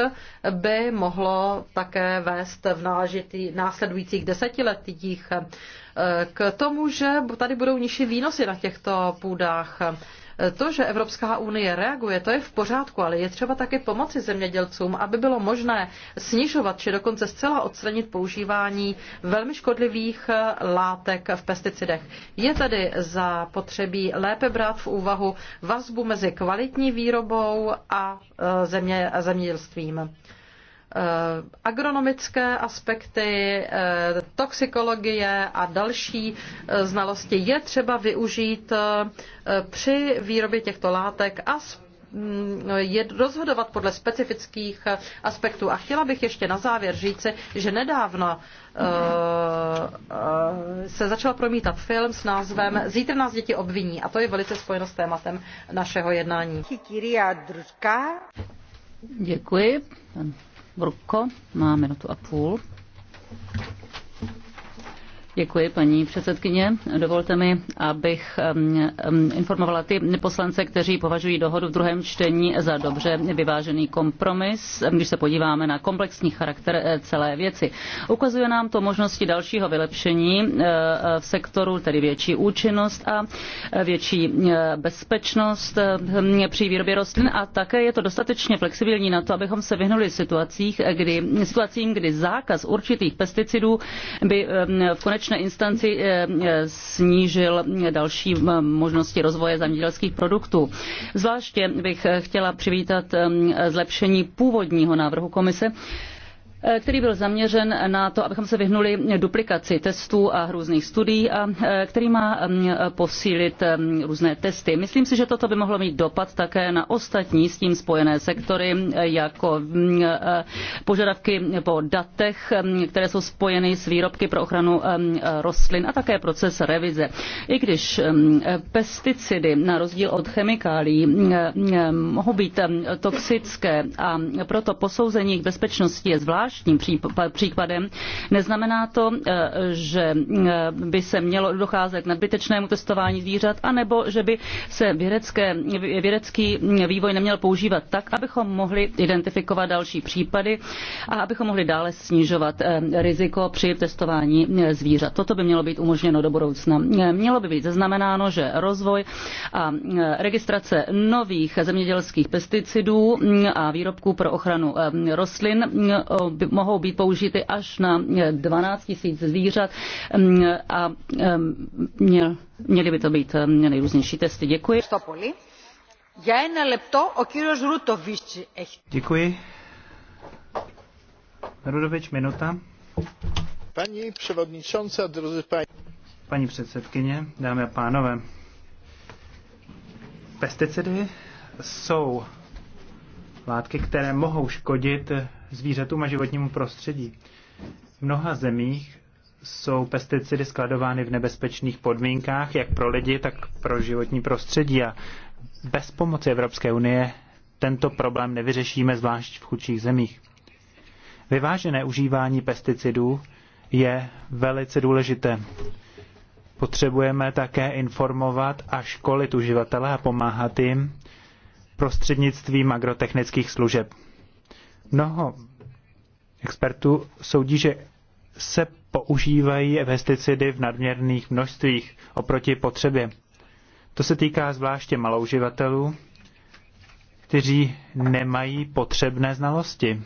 by mohlo také vést v následujících desetiletích k tomu, že tady budou nižší výnosy na těchto půdách. To, že Evropská unie reaguje, to je v pořádku, ale je třeba také pomoci zemědělcům, aby bylo možné snižovat či dokonce zcela odstranit používání velmi škodlivých eh, látek v pesticidech. Je tedy za potřebí lépe brát v úvahu vazbu mezi kvalitní výrobou a eh, země, zemědělstvím. Eh, agronomické aspekty, eh, toxikologie a další eh, znalosti je třeba využít při výrobě těchto látek a mm, je rozhodovat podle specifických aspektů. A chtěla bych ještě na závěr říci, že nedávno se začal promítat film s názvem Zítra nás děti obviní a to je velice spojeno s tématem našeho jednání. Děkuji. Brukko má minutu a půl. Děkuji, paní předsedkyně. Dovolte mi, abych informovala ty poslance, kteří považují dohodu v druhém čtení za dobře vyvážený kompromis, když se podíváme na komplexní charakter eh, celé věci. Ukazuje nám to možnosti dalšího vylepšení eh, v sektoru, tedy větší účinnost a eh, větší bezpečnost při výrobě rostlin a také je to dostatečně flexibilní na to, abychom se vyhnuli situacích, kdy, situacím, kdy zákaz určitých pesticidů by v konečném konečné instanci eh, eh, snížil další eh, možnosti rozvoje zemědělských produktů. Zvláště bych chtěla přivítat zlepšení původního návrhu komise, který byl zaměřen na to, abychom se vyhnuli duplikaci testů a různých studií a e, který má posílit různé testy. Myslím si, že toto by mohlo mít dopad také na ostatní s tím spojené sektory, jako e, požadavky po datech, které jsou spojeny s výrobky pro ochranu rostlin a také proces revize. I když pesticidy, na rozdíl od chemikálií, mohou být toxické a proto posouzení k bezpečnosti je zvlášť zvláštním příkladem. Neznamená to, eh, že eh, by se mělo docházet k nadbytečnému testování zvířat, anebo že by se vědecké, vědecký vývoj neměl používat tak, abychom mohli identifikovat další případy a abychom mohli dále snižovat eh, riziko při testování zvířat. Toto by mělo být umožněno do budoucna. Mělo by být zaznamenáno, že rozvoj a registrace nových zemědělských pesticidů mm, a výrobků pro ochranu rostlin by mohou být použity až na 12 eh, 000 zvířat mm, a mm, měly by to být eh, nejrůznější testy. Děkuji. Děkuji. Rudovič, minuta. Paní převodničonce, drodzy paní. Paní předsedkyně, dámy a pánové, pesticidy jsou látky, které mohou škodit zvířatům a životnímu prostředí. V mnoha zemích jsou pesticidy skladovány v nebezpečných podmínkách, jak pro lidi, tak pro životní prostředí. A bez pomoci Evropské unie tento problém nevyřešíme, zvlášť v chudších zemích. Vyvážené užívání pesticidů je velice důležité. Potřebujeme také informovat a školit uživatele a pomáhat jim prostřednictvím agrotechnických služeb. Mnoho expertů soudí, že se používají pesticidy v nadměrných množstvích oproti potřebě. To se týká zvláště malouživatelů, kteří nemají potřebné znalosti.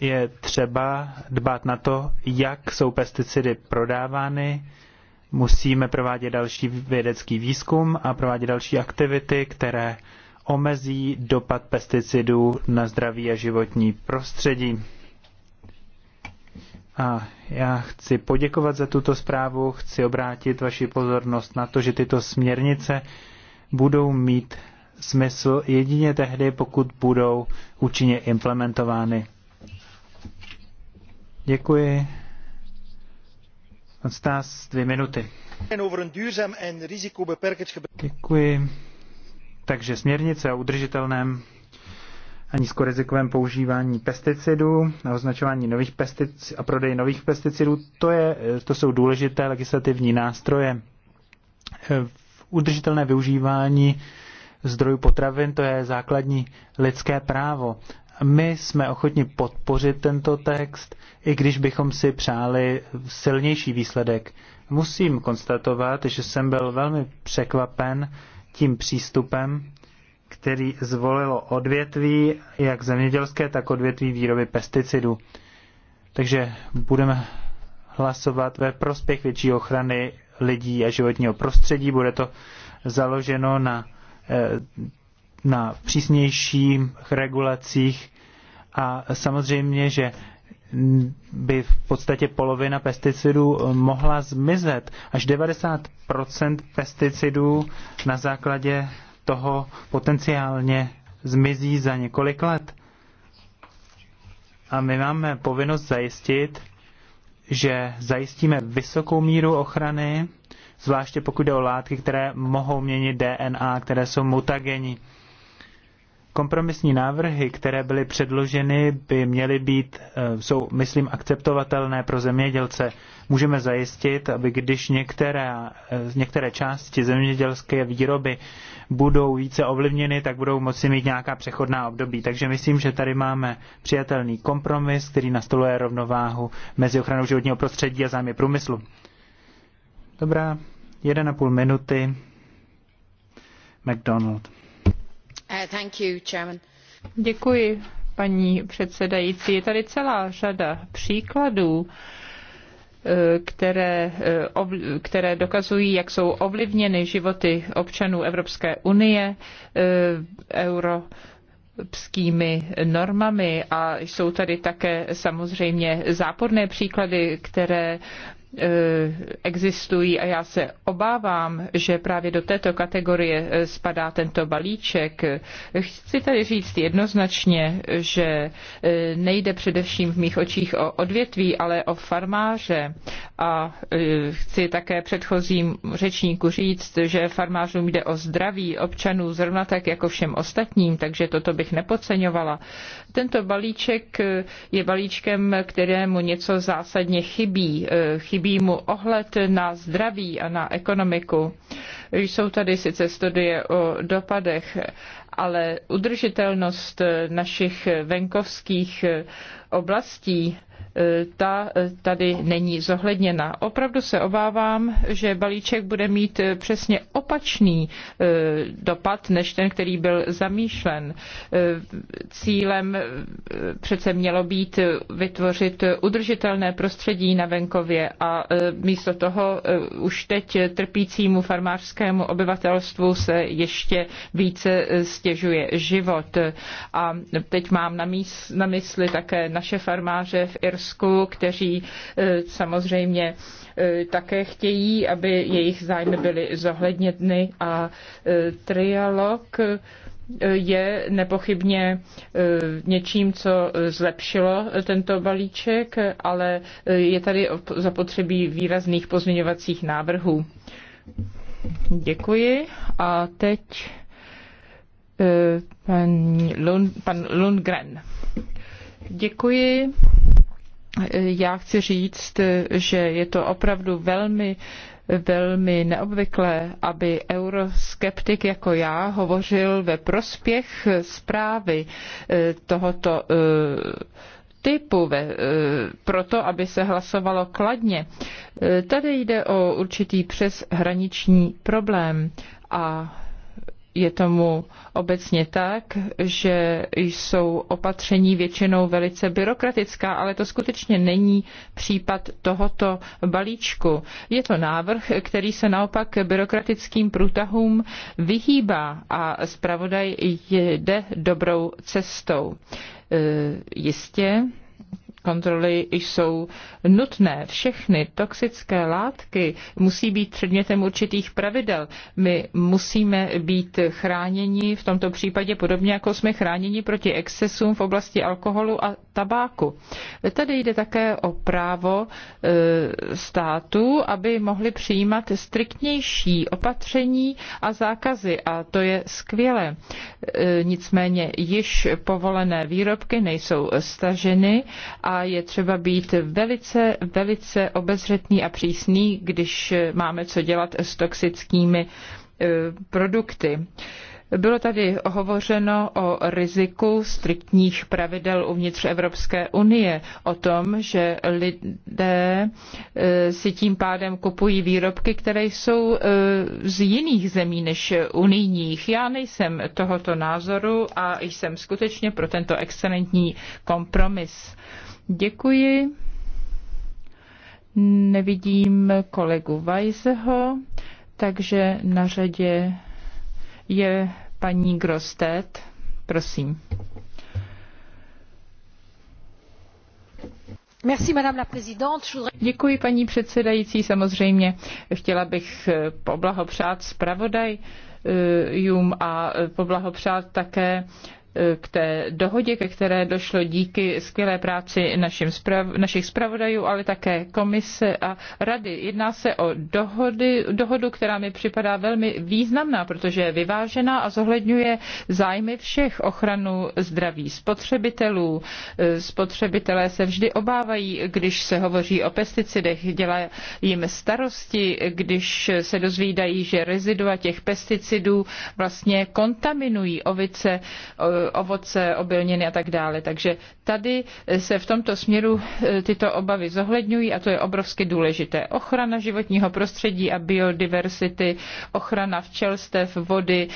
Je třeba dbát na to, jak jsou pesticidy prodávány, musíme provádět další vědecký výzkum a provádět další aktivity, které omezí dopad pesticidů na zdraví a životní prostředí. A já chci poděkovat za tuto zprávu, chci obrátit vaši pozornost na to, že tyto směrnice budou mít smysl jedině tehdy, pokud budou účinně implementovány. Děkuji dvě minuty. Děkuji. Takže směrnice o udržitelném a nízkorizikovém používání pesticidů a označování nových pesticidů a prodej nových pesticidů, to, je, to jsou důležité legislativní nástroje. Udržitelné využívání zdrojů potravin, to je základní lidské právo. My jsme ochotni podpořit tento text, i když bychom si přáli silnější výsledek. Musím konstatovat, že jsem byl velmi překvapen tím přístupem, který zvolilo odvětví, jak zemědělské, tak odvětví výroby pesticidů. Takže budeme hlasovat ve prospěch větší ochrany lidí a životního prostředí. Bude to založeno na eh, na přísnějších regulacích a samozřejmě, že by v podstatě polovina pesticidů eh, mohla zmizet. Až 90% pesticidů na základě toho potenciálně zmizí za několik let. A my máme povinnost zajistit, že zajistíme vysokou míru ochrany, zvláště pokud jde o látky, které mohou měnit DNA, které jsou mutagenní. Kompromisní návrhy, které byly předloženy, by měly být, eh, jsou, myslím, akceptovatelné pro zemědělce. Můžeme zajistit, aby když některé, eh, některé části zemědělské výroby budou více ovlivněny, tak budou moci mít nějaká přechodná období. Takže myslím, že tady máme přijatelný kompromis, který nastoluje rovnováhu mezi ochranou životního prostředí a zájmy průmyslu. Dobrá, a půl minuty. McDonald. Uh, Děkuji, paní předsedající. Je tady celá řada příkladů, uh, které, uh, které dokazují, jak jsou ovlivněny životy občanů Evropské unie, euro evropskými normami a jsou tady také samozřejmě záporné příklady, které E, existují a já se obávám, že právě do této kategorie e, spadá tento balíček. Chci tady říct jednoznačně, že e, nejde především v mých očích o odvětví, ale o farmáře. A chci také předchozím řečníku říct, že farmářům jde o zdraví občanů zrovna tak jako všem ostatním, takže toto bych nepodceňovala. Tento balíček je balíčkem, kterému něco zásadně chybí. Chybí chybí mu ohled na zdraví a na ekonomiku. Jsou tady sice studie o dopadech, ale udržitelnost našich venkovských oblastí E, ta e, tady není zohledněna. Opravdu se obávám, že balíček bude mít e, přesně opačný dopad, než ten, který byl zamýšlen. Cílem přece mělo být vytvořit udržitelné prostředí na venkově a místo toho už teď trpícímu farmářskému obyvatelstvu se ještě více stěžuje život. A teď mám na, mysli také naše farmáře v Irsku, Maďarsku, kteří e, samozřejmě e, také chtějí, aby jejich zájmy byly zohledněny a e, trialog je nepochybně něčím, co zlepšilo tento balíček, ale je tady zapotřebí výrazných pozměňovacích návrhů. Děkuji a teď pan, pan Lundgren. Děkuji já chci říct, že je to opravdu velmi velmi neobvyklé, aby euroskeptik jako já hovořil ve prospěch zprávy eh, tohoto eh, typu, ve, eh, proto aby se hlasovalo kladně. Tady jde o určitý přeshraniční problém a je tomu obecně tak, že jsou opatření většinou velice byrokratická, ale to skutečně není případ tohoto balíčku. Je to návrh, který se naopak byrokratickým průtahům vyhýbá a zpravodaj jde dobrou cestou. E, jistě, kontroly jsou nutné. Všechny toxické látky musí být předmětem určitých pravidel. My musíme být chráněni v tomto případě podobně, jako jsme chráněni proti excesům v oblasti alkoholu a tabáku. Tady jde také o právo e, státu, aby mohli přijímat striktnější opatření a zákazy a to je skvělé. E, nicméně již povolené výrobky nejsou staženy a a je třeba být velice, velice obezřetný a přísný, když máme co dělat s toxickými eh, produkty. Bylo tady hovořeno o riziku striktních pravidel uvnitř Evropské unie, o tom, že lidé eh, si tím pádem kupují výrobky, které jsou eh, z jiných zemí než unijních. Já nejsem tohoto názoru a jsem skutečně pro tento excelentní kompromis. Děkuji. Nevidím kolegu Vajzeho, takže na řadě je paní Grostet. Prosím. Děkuji, paní předsedající. Samozřejmě chtěla bych poblahopřát zpravodajům a poblahopřát také k té dohodě, ke které došlo díky skvělé práci našim sprav, našich zpravodajů, ale také komise a rady. Jedná se o dohody, dohodu, která mi připadá velmi významná, protože je vyvážená a zohledňuje zájmy všech ochranu zdraví spotřebitelů. E, spotřebitelé se vždy obávají, když se hovoří o pesticidech, dělá jim starosti, když se dozvídají, že rezidua těch pesticidů vlastně kontaminují ovice, ovoce, obilniny a tak dále. Takže tady se v tomto směru eh, tyto obavy zohledňují a to je obrovsky důležité. Ochrana životního prostředí a biodiverzity, ochrana včelstev, vody,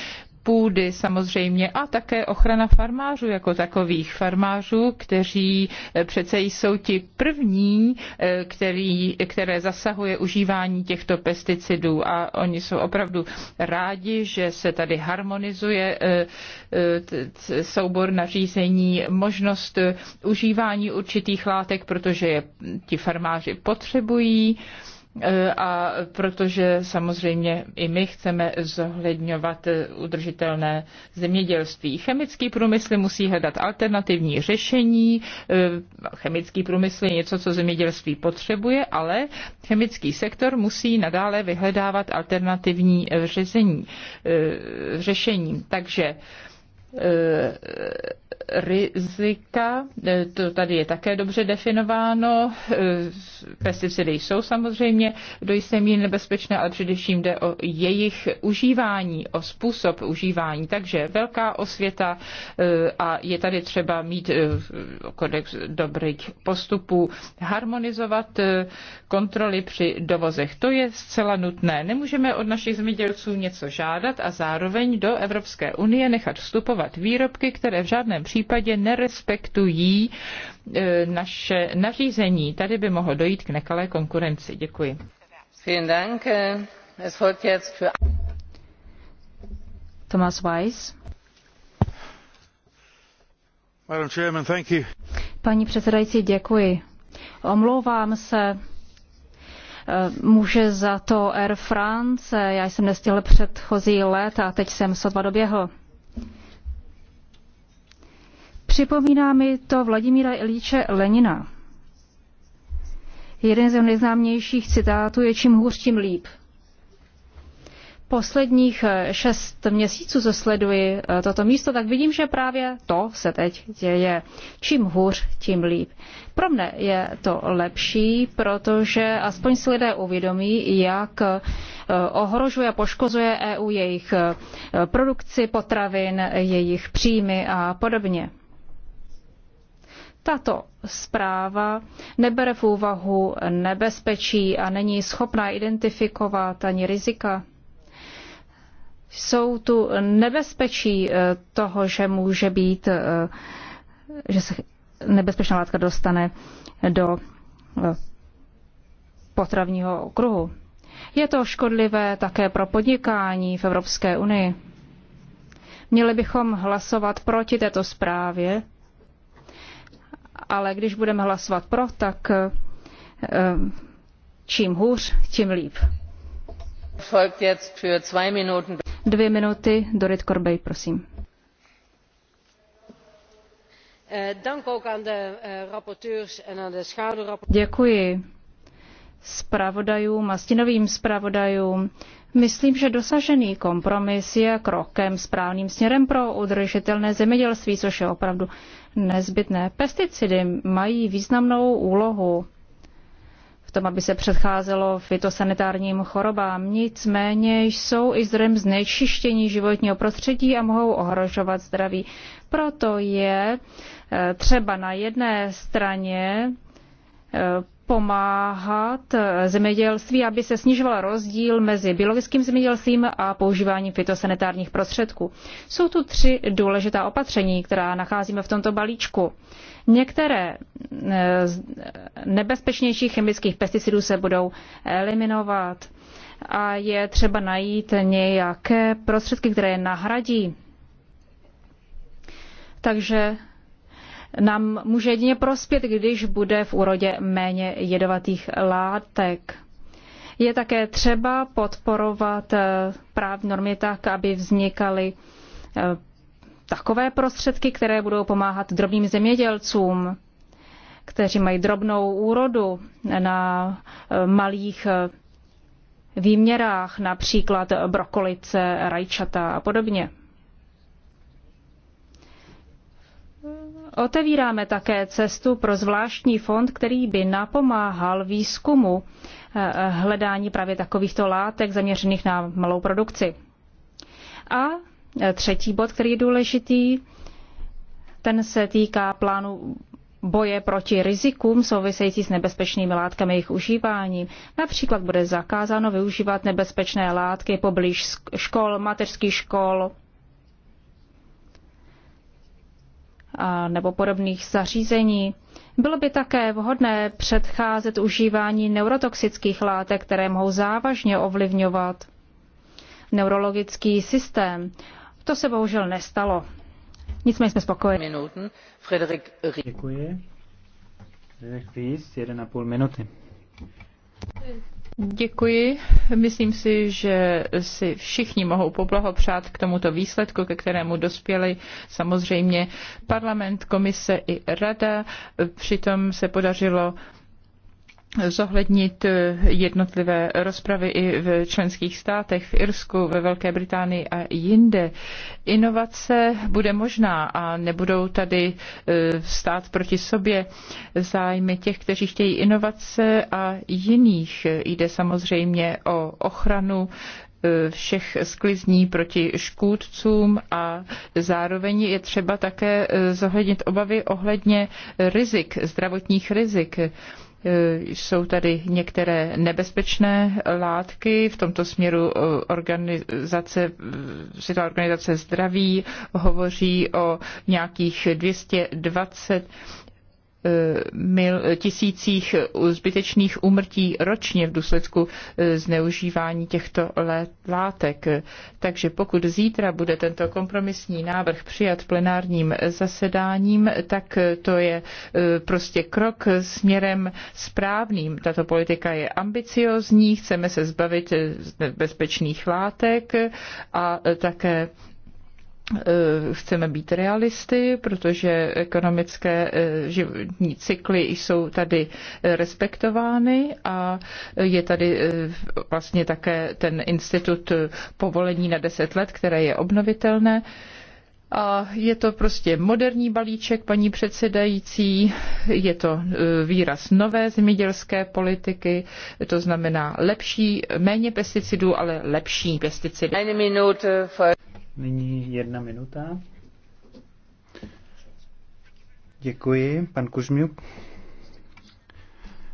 půdy samozřejmě a také ochrana farmářů jako takových farmářů, kteří eh, přece jsou ti první, eh, který, které zasahuje užívání těchto pesticidů a oni jsou opravdu rádi, že se tady harmonizuje eh, soubor nařízení, možnost užívání určitých látek, protože je ti farmáři potřebují. E, a protože samozřejmě i my chceme zohledňovat e, udržitelné zemědělství. Chemický průmysl musí hledat alternativní řešení. E, chemický průmysl je něco, co zemědělství potřebuje, ale chemický sektor musí nadále vyhledávat alternativní řešení. Takže rizika, eh, to tady je také dobře definováno, eh, pesticidy jsou samozřejmě do jisté míry nebezpečné, ale především jde o jejich užívání, o způsob užívání. Takže velká osvěta eh, a je tady třeba mít kodex dobrých postupů, harmonizovat kontroly při dovozech. To je zcela nutné. Nemůžeme od našich zemědělců něco žádat a zároveň do Evropské unie nechat vstupovat výrobky, které v žádném případě případě nerespektují e, naše nařízení. Tady by mohlo dojít k nekalé konkurenci. Děkuji. Äh, Thomas Weiss. Paní předsedající, děkuji. Omlouvám se e, muže za to Air France. Já jsem nestihl předchozí let a teď jsem sotva doběhl. Připomíná mi to Vladimíra Ilíče Lenina. Jeden z nejznámějších citátů je čím hůř, tím líp. Posledních eh, šest měsíců, co sleduji eh, toto místo, tak vidím, že právě to se teď děje. Čím hůř, tím líp. Pro mne je to lepší, protože aspoň si lidé uvědomí, jak eh, ohrožuje a poškozuje EU jejich produkci potravin, jejich příjmy a podobně. Tato zpráva nebere v úvahu nebezpečí a není schopná identifikovat ani rizika. Jsou tu nebezpečí eh, toho, že může být, eh, že se nebezpečná látka dostane do eh, potravního okruhu. Je to škodlivé také pro podnikání v Evropské unii. Měli bychom hlasovat proti této zprávě, ale když budeme hlasovat pro, tak eh, čím hůř, tím líp. Dvě minuty, Dorit Korbej, prosím. Eh, eh, Děkuji zpravodajům a stinovým zpravodajům Myslím, že dosažený kompromis je krokem správným směrem pro udržitelné zemědělství, což je opravdu nezbytné. Pesticidy mají významnou úlohu v tom, aby se předcházelo fitosanitárním chorobám. Nicméně jsou i zdrojem znečištění životního prostředí a mohou ohrožovat zdraví. Proto je eh, třeba na jedné straně eh, pomáhat zemědělství, aby se snižoval rozdíl mezi biologickým zemědělstvím a používáním fitosanitárních prostředků. Jsou tu tři důležitá opatření, která nacházíme v tomto balíčku. Některé eh, z nebezpečnějších chemických pesticidů se budou eliminovat a je třeba najít nějaké prostředky, které je nahradí. Takže nám může jedině prospět, když bude v úrodě méně jedovatých látek. Je také třeba podporovat eh, právní normy tak, aby vznikaly eh, takové prostředky, které budou pomáhat drobným zemědělcům, kteří mají drobnou úrodu na eh, malých výměrách, například brokolice, rajčata a podobně. Otevíráme také cestu pro zvláštní fond, který by napomáhal výzkumu eh, hledání právě takovýchto látek zaměřených na malou produkci. A eh, třetí bod, který je důležitý, ten se týká plánu boje proti rizikům související s nebezpečnými látkami jejich užíváním. Například bude zakázáno využívat nebezpečné látky poblíž škol, mateřských škol, a, nebo podobných zařízení. Bylo by také vhodné předcházet užívání neurotoxických látek, které mohou závažně ovlivňovat neurologický systém. To se bohužel nestalo. Nicméně jsme spokojeni. Děkuji. Ries, 1,5 minuty. Děkuji. Myslím si, že si všichni mohou poblahopřát k tomuto výsledku, ke kterému dospěli samozřejmě parlament, komise i rada. Přitom se podařilo zohlednit eh, jednotlivé rozpravy i v členských státech, v Irsku, ve Velké Británii a jinde. Inovace bude možná a nebudou tady eh, stát proti sobě zájmy těch, kteří chtějí inovace a jiných. Jde samozřejmě o ochranu eh, všech sklizní proti škůdcům a zároveň je třeba také zohlednit obavy ohledně rizik, zdravotních rizik Eh, jsou tady některé nebezpečné látky, v tomto směru eh, organizace, eh, Světová organizace zdraví hovoří o nějakých 220 Eh, mil, tisících zbytečných úmrtí ročně v důsledku eh, zneužívání těchto látek. Takže pokud zítra bude tento kompromisní návrh přijat plenárním zasedáním, tak to je eh, prostě krok směrem správným. Tato politika je ambiciozní, chceme se zbavit bezpečných látek a také Eh, chceme být realisty, protože ekonomické eh, životní cykly jsou tady eh, respektovány a je tady vlastně také ten institut povolení na 10 let, které je obnovitelné. A je to prostě moderní balíček, paní předsedající, je to výraz nové zemědělské politiky, to znamená lepší, méně pesticidů, ale lepší pesticidy. Nyní jedna minuta. Děkuji, pan Kužmiuk.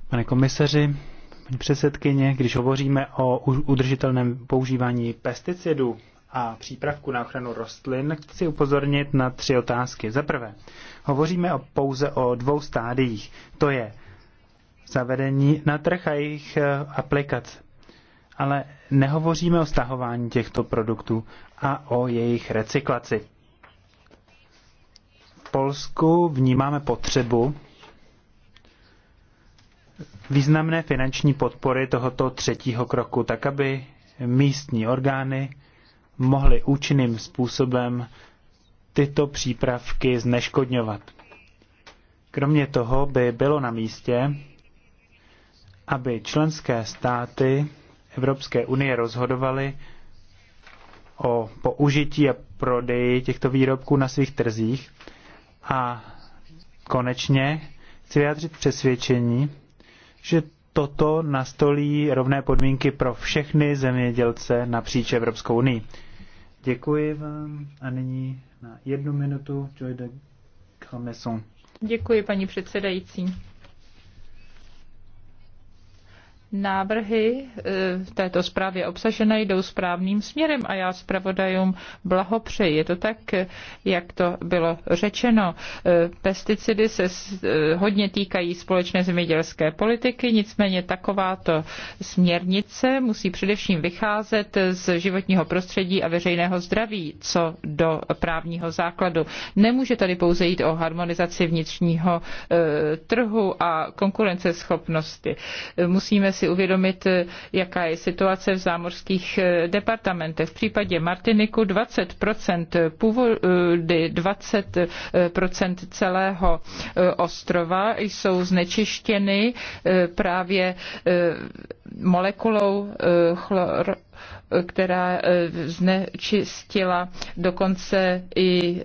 Pane komisaři, paní předsedkyně, když hovoříme o udržitelném používání pesticidů a přípravku na ochranu rostlin, chci upozornit na tři otázky. Za prvé, hovoříme o, pouze o dvou stádiích. To je zavedení na trh a jejich eh, aplikace. Ale nehovoříme o stahování těchto produktů a o jejich recyklaci. V Polsku vnímáme potřebu významné finanční podpory tohoto třetího kroku, tak aby místní orgány mohly účinným způsobem tyto přípravky zneškodňovat. Kromě toho by bylo na místě, aby členské státy Evropské unie rozhodovaly o použití a prodeji těchto výrobků na svých trzích. A konečně chci vyjádřit přesvědčení, že toto nastolí rovné podmínky pro všechny zemědělce napříč Evropskou unii. Děkuji vám a nyní na jednu minutu Joy de Calmeson. Děkuji, paní předsedající návrhy v e, této zprávě obsažené jdou správným směrem a já zpravodajům blahopřeji. Je to tak, jak to bylo řečeno. E, pesticidy se e, hodně týkají společné zemědělské politiky, nicméně takováto směrnice musí především vycházet z životního prostředí a veřejného zdraví, co do právního základu. Nemůže tady pouze jít o harmonizaci vnitřního trhu a konkurenceschopnosti. Musíme si uvědomit, jaká je situace v zámořských eh, departamentech. V případě Martiniku 20 původy, 20 eh, celého eh, ostrova jsou znečištěny právě molekulou chlor která znečistila dokonce i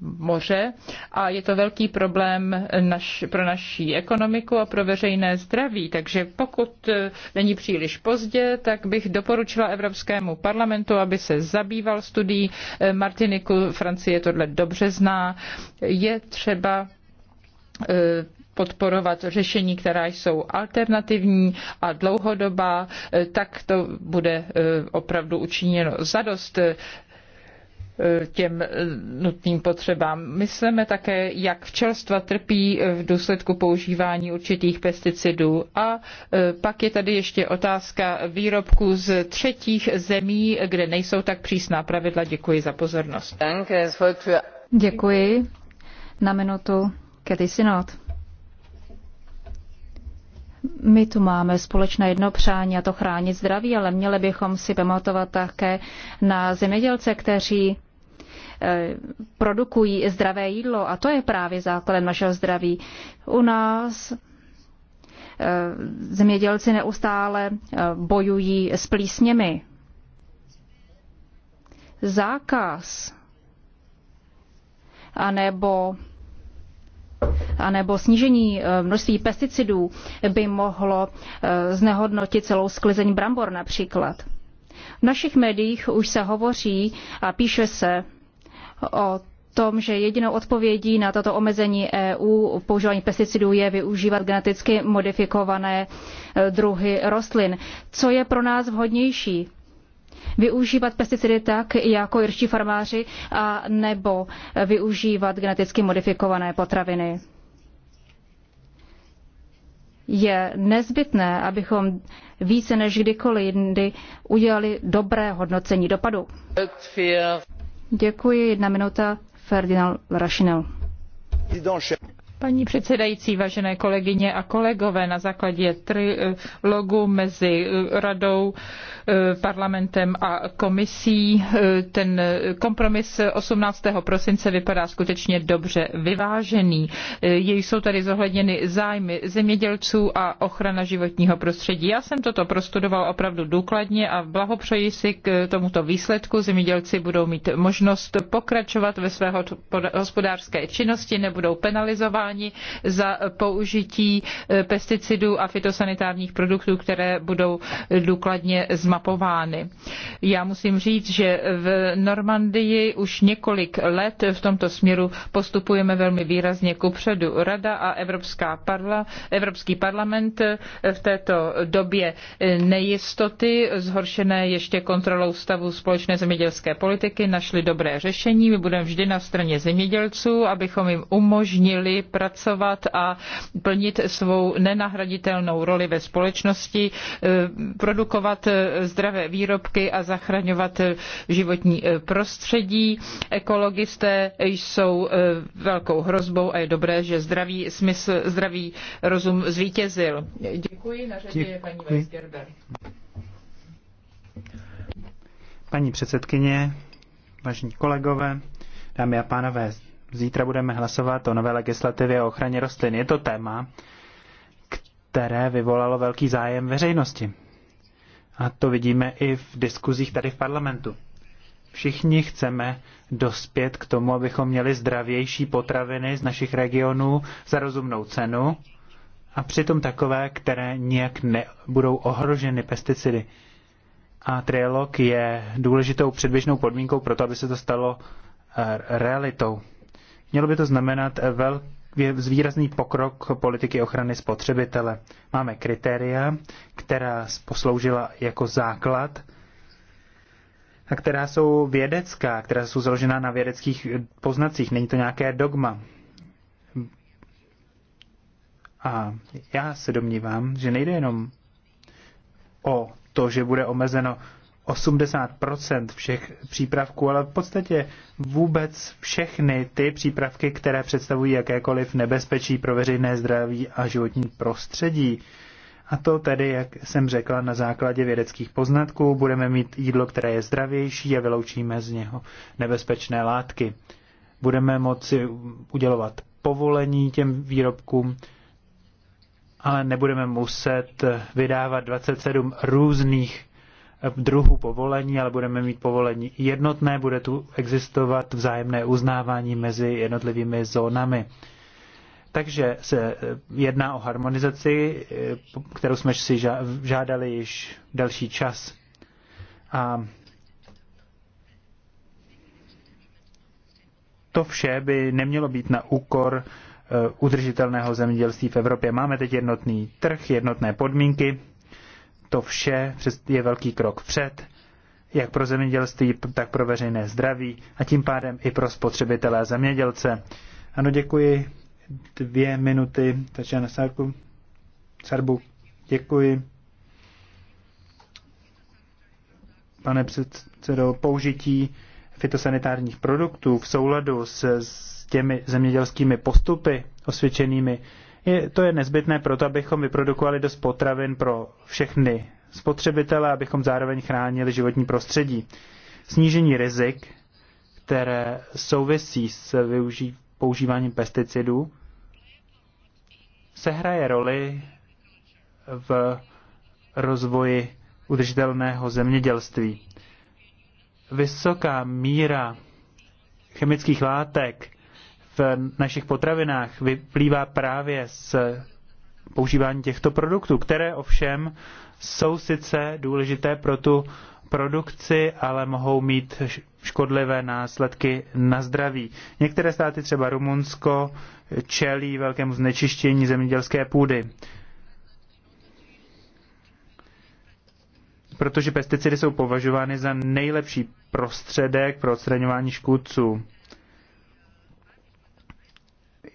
moře a je to velký problém naš, pro naší ekonomiku a pro veřejné zdraví. Takže pokud eh, není příliš pozdě, tak bych doporučila Evropskému parlamentu, aby se zabýval studií eh, Martiniku. Francie tohle dobře zná. Je třeba eh, podporovat řešení, která jsou alternativní a dlouhodobá, tak to bude opravdu učiněno zadost. Eh, těm eh, nutným potřebám. Myslíme také, jak včelstva trpí v důsledku používání určitých pesticidů. A eh, pak je tady ještě otázka výrobků z třetích zemí, kde nejsou tak přísná pravidla. Děkuji za pozornost. Děkuji. Na minutu kedy Synod. My tu máme společné jedno přání a to chránit zdraví, ale měli bychom si pamatovat také na zemědělce, kteří Eh, produkují zdravé jídlo a to je právě základem našeho zdraví. U nás eh, zemědělci neustále eh, bojují s plísněmi. Zákaz anebo nebo snížení množství pesticidů by mohlo znehodnotit celou sklizeň brambor například. V našich médiích už se hovoří a píše se o tom, že jedinou odpovědí na toto omezení EU v používání pesticidů je využívat geneticky modifikované e, druhy rostlin. Co je pro nás vhodnější? Využívat pesticidy tak, jako irští farmáři, a nebo využívat geneticky modifikované potraviny. Je nezbytné, abychom více než kdykoliv jindy udělali dobré hodnocení dopadu. Děkuji. Jedna minuta. Ferdinand Rašinel. Paní předsedající, vážené kolegyně a kolegové, na základě trilogu mezi radou, eh, parlamentem a komisí eh, ten kompromis 18. prosince vypadá skutečně dobře vyvážený. Eh, jej jsou tady zohledněny zájmy zemědělců a ochrana životního prostředí. Já jsem toto prostudoval opravdu důkladně a blahopřeji si k tomuto výsledku. Zemědělci budou mít možnost pokračovat ve své hospodářské činnosti, nebudou penalizováni trestáni za použití eh, pesticidů a fitosanitárních produktů, které budou důkladně zmapovány. Já musím říct, že v Normandii už několik let v tomto směru postupujeme velmi výrazně kupředu. Rada a Evropská parla, Evropský parlament eh, v této době eh, nejistoty, zhoršené ještě kontrolou stavu společné zemědělské politiky, našli dobré řešení. My budeme vždy na straně zemědělců, abychom jim umožnili pracovat a plnit svou nenahraditelnou roli ve společnosti, eh, produkovat eh, zdravé výrobky a zachraňovat eh, životní prostředí. Ekologisté jsou velkou hrozbou a je dobré, že zdravý smysl, zdravý rozum zvítězil. Děkuji, na řadě je paní Weisgerber. Paní předsedkyně, vážení kolegové, dámy a pánové, Zítra budeme hlasovat o nové legislativě o ochraně rostlin. Je to téma, které vyvolalo velký zájem veřejnosti. A to vidíme i v diskuzích tady v parlamentu. Všichni chceme dospět k tomu, abychom měli zdravější potraviny z našich regionů za rozumnou cenu a přitom takové, které nijak nebudou ohroženy pesticidy. A trialog je důležitou předběžnou podmínkou pro to, aby se to stalo eh, realitou. Mělo by to znamenat eh, velký zvýrazný pokrok politiky ochrany spotřebitele. Máme kritéria, která posloužila jako základ a která jsou vědecká, která jsou založená na vědeckých poznacích. Není to nějaké dogma. A já se domnívám, že nejde jenom o to, že bude omezeno 80% všech přípravků, ale v podstatě vůbec všechny ty přípravky, které představují jakékoliv nebezpečí pro veřejné zdraví a životní prostředí. A to tedy, jak jsem řekla, na základě vědeckých poznatků budeme mít jídlo, které je zdravější a vyloučíme z něho nebezpečné látky. Budeme moci udělovat povolení těm výrobkům, ale nebudeme muset vydávat 27 různých druhu povolení, ale budeme mít povolení jednotné, bude tu existovat vzájemné uznávání mezi jednotlivými zónami. Takže se eh, jedná o harmonizaci, eh, kterou jsme si žádali již další čas. A to vše by nemělo být na úkor eh, udržitelného zemědělství v Evropě. Máme teď jednotný trh, jednotné podmínky, to vše je velký krok před, jak pro zemědělství, tak pro veřejné zdraví a tím pádem i pro spotřebitele a zemědělce. Ano, děkuji. Dvě minuty, na sárku, Sarbu, děkuji. Pane předsedo, použití fitosanitárních produktů v souladu s, s těmi zemědělskými postupy osvědčenými je, to je nezbytné proto, abychom vyprodukovali dost potravin pro všechny spotřebitele, abychom zároveň chránili životní prostředí. Snížení rizik, které souvisí s využí, používáním pesticidů, sehraje roli v rozvoji udržitelného zemědělství. Vysoká míra chemických látek v našich potravinách vyplývá právě z používání těchto produktů, které ovšem jsou sice důležité pro tu produkci, ale mohou mít škodlivé následky na zdraví. Některé státy, třeba Rumunsko, čelí velkému znečištění zemědělské půdy. Protože pesticidy jsou považovány za nejlepší prostředek pro odstraňování škůdců.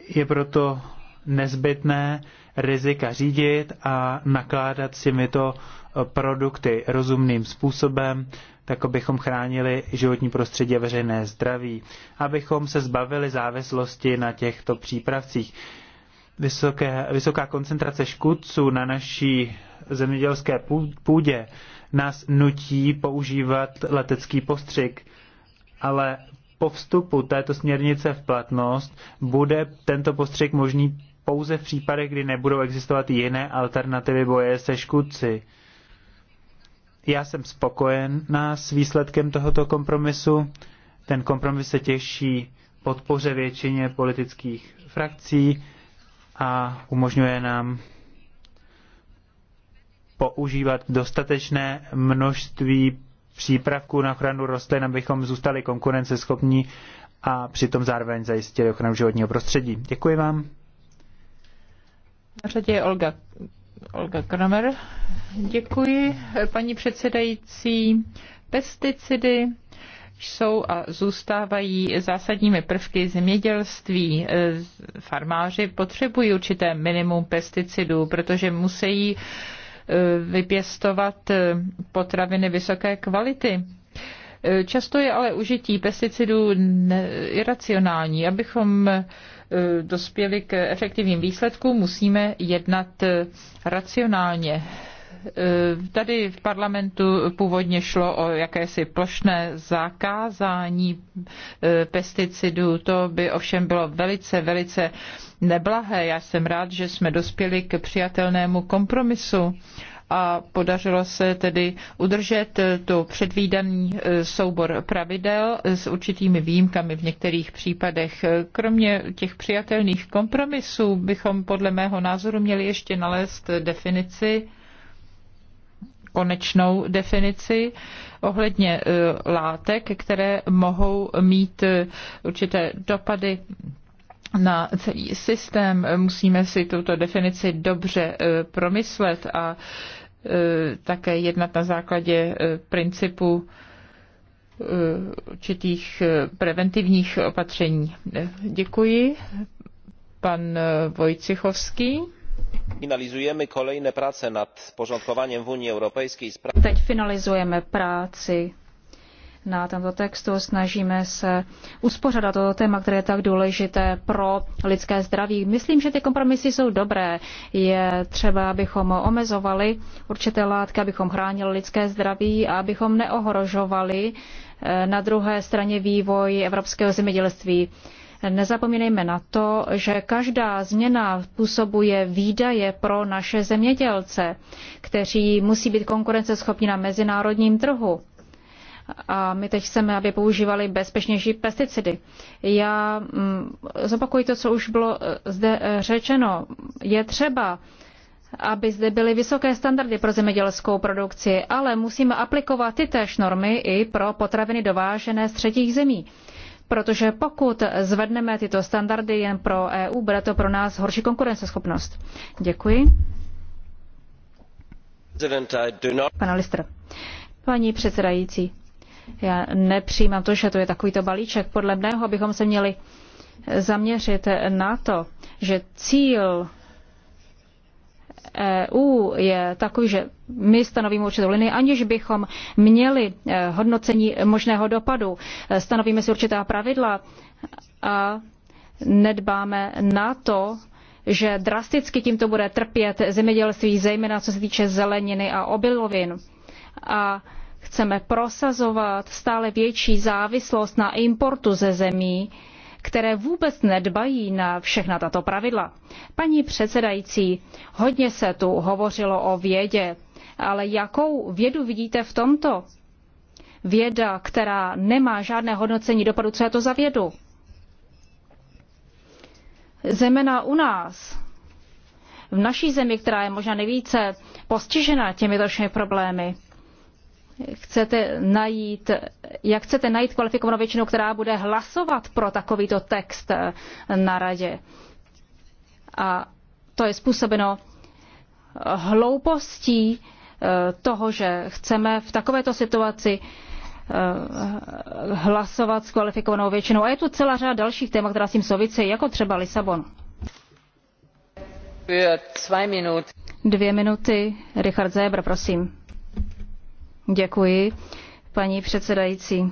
Je proto nezbytné rizika řídit a nakládat mi to eh, produkty rozumným způsobem, tak abychom chránili životní prostředí a veřejné zdraví, abychom se zbavili závislosti na těchto přípravcích. Vysoké, vysoká koncentrace škůdců na naší zemědělské půdě nás nutí používat letecký postřik, ale po vstupu této směrnice v platnost bude tento postřik možný pouze v případech, kdy nebudou existovat jiné alternativy boje se škůdci. Já jsem spokojená s výsledkem tohoto kompromisu. Ten kompromis se těší podpoře většině politických frakcí a umožňuje nám používat dostatečné množství přípravků na ochranu rostlin, abychom zůstali konkurenceschopní a přitom zároveň zajistili ochranu životního prostředí. Děkuji vám. Na řadě je Olga, Olga Kramer. Děkuji, paní předsedající. Pesticidy jsou a zůstávají zásadními prvky zemědělství. Farmáři potřebují určité minimum pesticidů, protože musí Eh, vypěstovat eh, potraviny vysoké kvality. Eh, často je ale užití pesticidů iracionální. Abychom dospěli k efektivním výsledkům, musíme jednat racionálně. Eh, tady v parlamentu původně šlo o jakési plošné zakázání eh, pesticidů. To by ovšem bylo velice, velice neblahé. Já jsem rád, že jsme dospěli k přijatelnému kompromisu a podařilo se tedy udržet eh, tu předvídaný soubor pravidel s určitými výjimkami v některých případech. Kromě těch přijatelných kompromisů bychom podle mého názoru měli ještě nalézt definici konečnou definici ohledně e, látek, které mohou mít e, určité dopady na celý systém. Musíme si tuto definici dobře e, promyslet a také jednat na základě principu určitých preventivních opatření. Děkuji. Pan Vojcichovský finalizujemy kolejne prace nad porządkowaniem w Unii Europejskiej. Teď finalizujeme práci na tomto textu. Snažíme se uspořádat toto téma, které je tak důležité pro lidské zdraví. Myslím, že ty kompromisy jsou dobré. Je třeba, abychom omezovali určité látky, abychom chránili lidské zdraví a abychom neohrožovali eh, na druhé straně vývoj evropského zemědělství. Nezapomínejme na to, že každá změna působuje výdaje pro naše zemědělce, kteří musí být konkurenceschopní na mezinárodním trhu. A my teď chceme, aby používali bezpečnější pesticidy. Já mm, zopakuji to, co už bylo eh, zde eh, řečeno. Je třeba aby zde byly vysoké standardy pro zemědělskou produkci, ale musíme aplikovat ty též normy i pro potraviny dovážené z třetích zemí protože pokud zvedneme tyto standardy jen pro EU, bude to pro nás horší konkurenceschopnost. Děkuji. Pana Paní předsedající, já nepřijímám to, že to je takovýto balíček. Podle mého bychom se měli zaměřit na to, že cíl EU je takový, že my stanovíme určitou linii, aniž bychom měli e, hodnocení možného dopadu. E, stanovíme si určitá pravidla a nedbáme na to, že drasticky tímto bude trpět zemědělství, zejména co se týče zeleniny a obilovin. A chceme prosazovat stále větší závislost na importu ze zemí, které vůbec nedbají na všechna tato pravidla. Paní předsedající, hodně se tu hovořilo o vědě, ale jakou vědu vidíte v tomto? Věda, která nemá žádné hodnocení dopadu, co je to za vědu? Zemena u nás, v naší zemi, která je možná nejvíce postižena těmito všemi problémy, chcete najít, jak chcete najít kvalifikovanou většinu, která bude hlasovat pro takovýto text na radě. A to je způsobeno hloupostí eh, toho, že chceme v takovéto situaci eh, hlasovat s kvalifikovanou většinou. A je tu celá řada dalších témat, která s tím souvisí, jako třeba Lisabon. Dvě minuty. Richard Zébr, prosím. Děkuji, paní předsedající.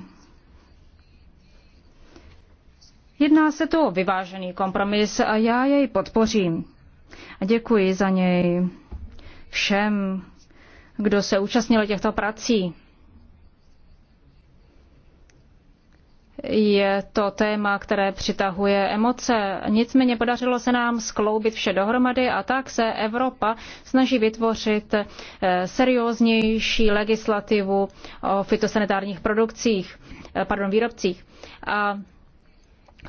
Jedná se tu o vyvážený kompromis a já jej podpořím. A děkuji za něj všem, kdo se účastnil těchto prací. je to téma, které přitahuje emoce. Nicméně podařilo se nám skloubit vše dohromady a tak se Evropa snaží vytvořit eh, serióznější legislativu o fitosanitárních produkcích, eh, pardon, výrobcích. A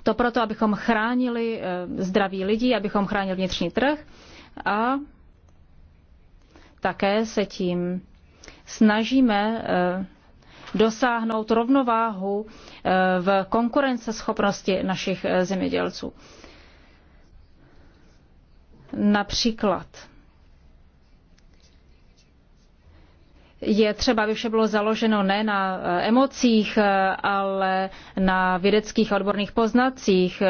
to proto, abychom chránili eh, zdraví lidí, abychom chránili vnitřní trh a také se tím snažíme dosáhnout rovnováhu eh, v konkurenceschopnosti našich eh, zemědělců. Například je třeba, aby vše bylo založeno ne na eh, emocích, eh, ale na vědeckých a odborných poznacích.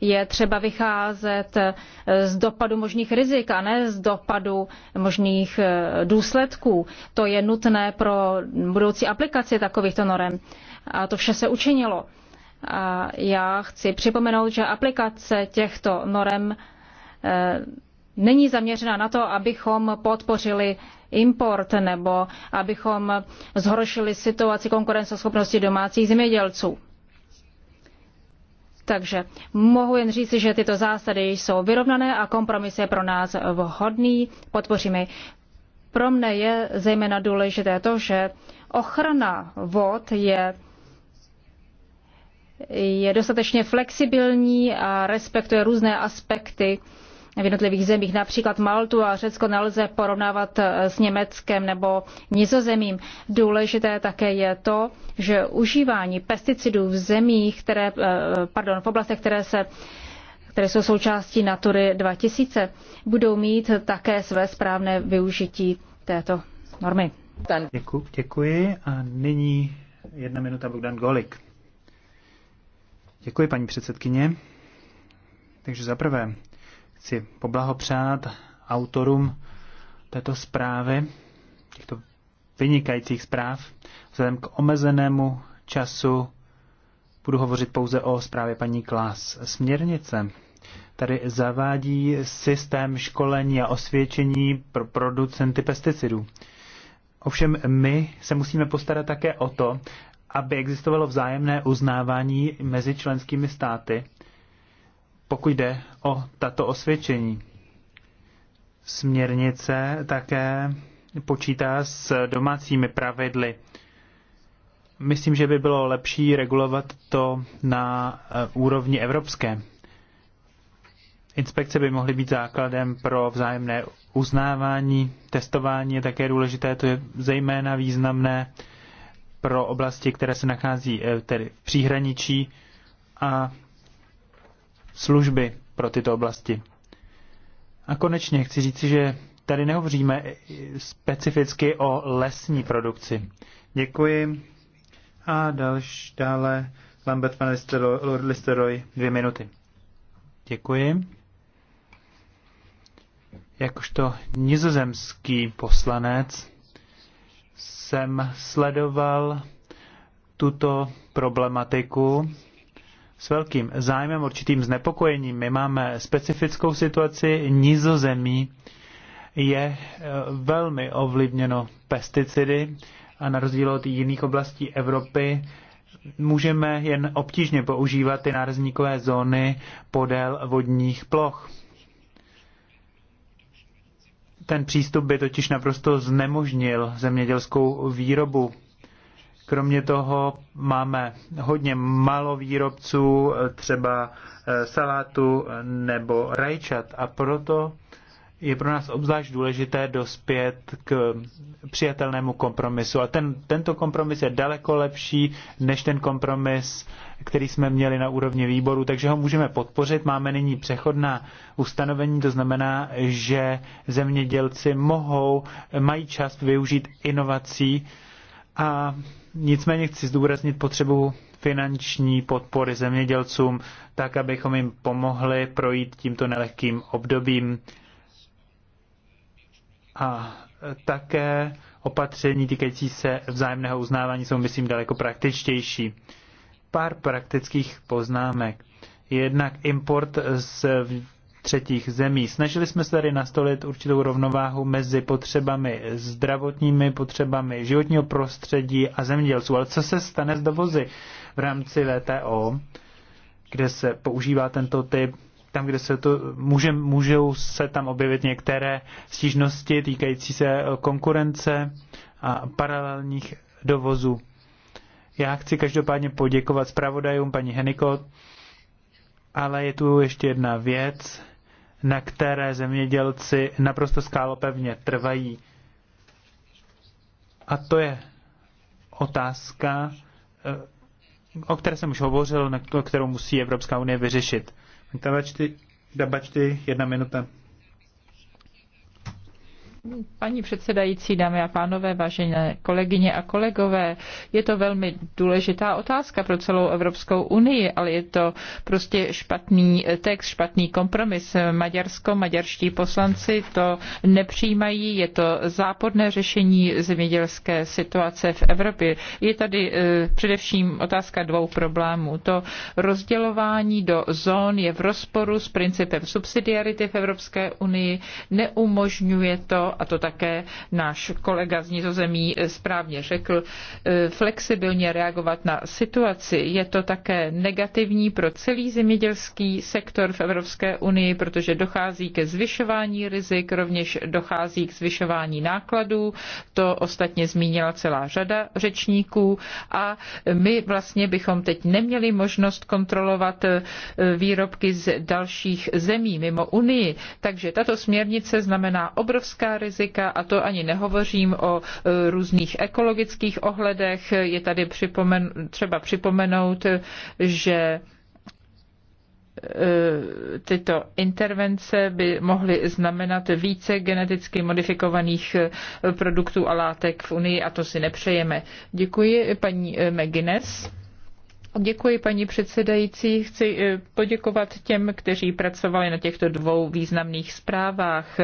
Je třeba vycházet eh, z dopadu možných rizik a ne z dopadu možných důsledků. To je nutné pro budoucí aplikaci takovýchto norem. A to vše se učinilo. A já chci připomenout, že aplikace těchto norem není zaměřena na to, abychom podpořili import nebo abychom zhoršili situaci konkurenceschopnosti domácích zemědělců. Takže mohu jen říci, že tyto zásady jsou vyrovnané a kompromis je pro nás vhodný. Podpoříme. Pro mne je zejména důležité to, že ochrana vod je je dostatečně flexibilní a respektuje různé aspekty v jednotlivých zemích. Například Maltu a Řecko nelze porovnávat eh, s Německem nebo Nizozemím. Důležité také je to, že užívání pesticidů v zemích, které, eh, pardon, v oblastech, které se které jsou součástí Natury 2000, budou mít také své správné využití této normy. Děkuji, děkuji. A nyní jedna minuta Bogdan Golik. Děkuji, paní předsedkyně. Takže za prvé, Chci poblahopřát autorům této zprávy, těchto vynikajících zpráv. Vzhledem k omezenému času budu hovořit pouze o zprávě paní Klas. Směrnice tady zavádí systém školení a osvědčení pro producenty pesticidů. Ovšem my se musíme postarat také o to, aby existovalo vzájemné uznávání mezi členskými státy pokud jde o tato osvědčení. Směrnice také počítá s domácími pravidly. Myslím, že by bylo lepší regulovat to na eh, úrovni evropské. Inspekce by mohly být základem pro vzájemné uznávání, testování je také důležité, to je zejména významné pro oblasti, které se nachází eh, tedy v příhraničí a služby pro tyto oblasti. A konečně chci říci, že tady nehovoříme specificky o lesní produkci. Děkuji. A další, dále Lambert van Listeroy, dvě minuty. Děkuji. Jakožto nizozemský poslanec jsem sledoval tuto problematiku s velkým zájmem, určitým znepokojením. My máme specifickou situaci, nizozemí je eh, velmi ovlivněno pesticidy a na rozdíl od jiných oblastí Evropy můžeme jen obtížně používat ty nárazníkové zóny podél vodních ploch. Ten přístup by totiž naprosto znemožnil zemědělskou výrobu Kromě toho máme hodně malo výrobců třeba eh, salátu nebo rajčat a proto je pro nás obzvlášť důležité dospět k přijatelnému kompromisu. A ten, tento kompromis je daleko lepší než ten kompromis, který jsme měli na úrovni výboru, takže ho můžeme podpořit. Máme nyní přechodná ustanovení, to znamená, že zemědělci mohou, mají čas využít inovací a Nicméně chci zdůraznit potřebu finanční podpory zemědělcům, tak abychom jim pomohli projít tímto nelehkým obdobím. A také opatření týkající se vzájemného uznávání jsou, myslím, daleko praktičtější. Pár praktických poznámek. Jednak import z třetích zemí. Snažili jsme se tady nastolit určitou rovnováhu mezi potřebami zdravotními, potřebami životního prostředí a zemědělců. Ale co se stane s dovozy v rámci VTO, kde se používá tento typ tam, kde se to, může, můžou se tam objevit některé stížnosti týkající se konkurence a paralelních dovozů. Já chci každopádně poděkovat zpravodajům paní Henikot, ale je tu ještě jedna věc, na které zemědělci naprosto skálopevně trvají. A to je otázka, eh, o které jsem už hovořil, kterou musí Evropská unie vyřešit. Tabačty, dabačty, jedna minuta. Paní předsedající, dámy a pánové, vážené kolegyně a kolegové, je to velmi důležitá otázka pro celou Evropskou unii, ale je to prostě špatný text, špatný kompromis. Maďarsko, maďarští poslanci to nepřijímají, je to záporné řešení zemědělské situace v Evropě. Je tady eh, především otázka dvou problémů. To rozdělování do zón je v rozporu s principem subsidiarity v Evropské unii, neumožňuje to, a to také náš kolega z Nizozemí správně řekl, eh, flexibilně reagovat na situaci. Je to také negativní pro celý zemědělský sektor v Evropské unii, protože dochází ke zvyšování rizik, rovněž dochází k zvyšování nákladů, to ostatně zmínila celá řada řečníků a my vlastně bychom teď neměli možnost kontrolovat eh, výrobky z dalších zemí mimo Unii. Takže tato směrnice znamená obrovská rizika a to ani nehovořím o e, různých ekologických ohledech. Je tady připomen, třeba připomenout, že e, tyto intervence by mohly znamenat více geneticky modifikovaných e, produktů a látek v Unii a to si nepřejeme. Děkuji paní McGuinness. Děkuji, paní předsedající. Chci eh, poděkovat těm, kteří pracovali na těchto dvou významných zprávách.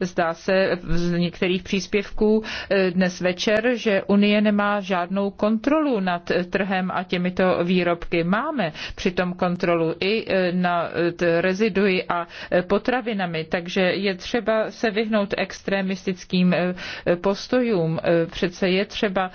Zdá se z některých příspěvků eh, dnes večer, že Unie nemá žádnou kontrolu nad trhem a těmito výrobky. Máme přitom kontrolu i eh, nad reziduji a potravinami, takže je třeba se vyhnout extremistickým postojům. Přece je třeba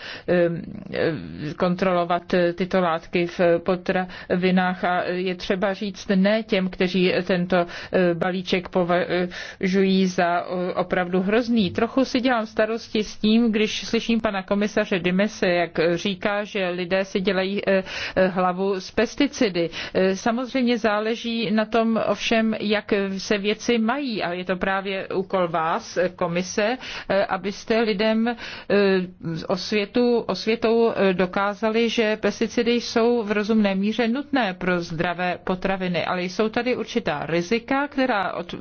kontrolovat tyto látky v potravinách a je třeba říct ne těm, kteří tento eh, balíček považují za eh, opravdu hrozný. Trochu si dělám starosti s tím, když slyším pana komisaře Dimese, jak říká, že lidé si dělají eh, hlavu z pesticidy. Samozřejmě záleží na tom ovšem, jak se věci mají a je to právě úkol vás, komise, abyste lidem osvětu, osvětou dokázali, že pesticidy jsou v rozumné míře nutné pro zdravé potraviny, ale jsou tady určitá rizika, která od,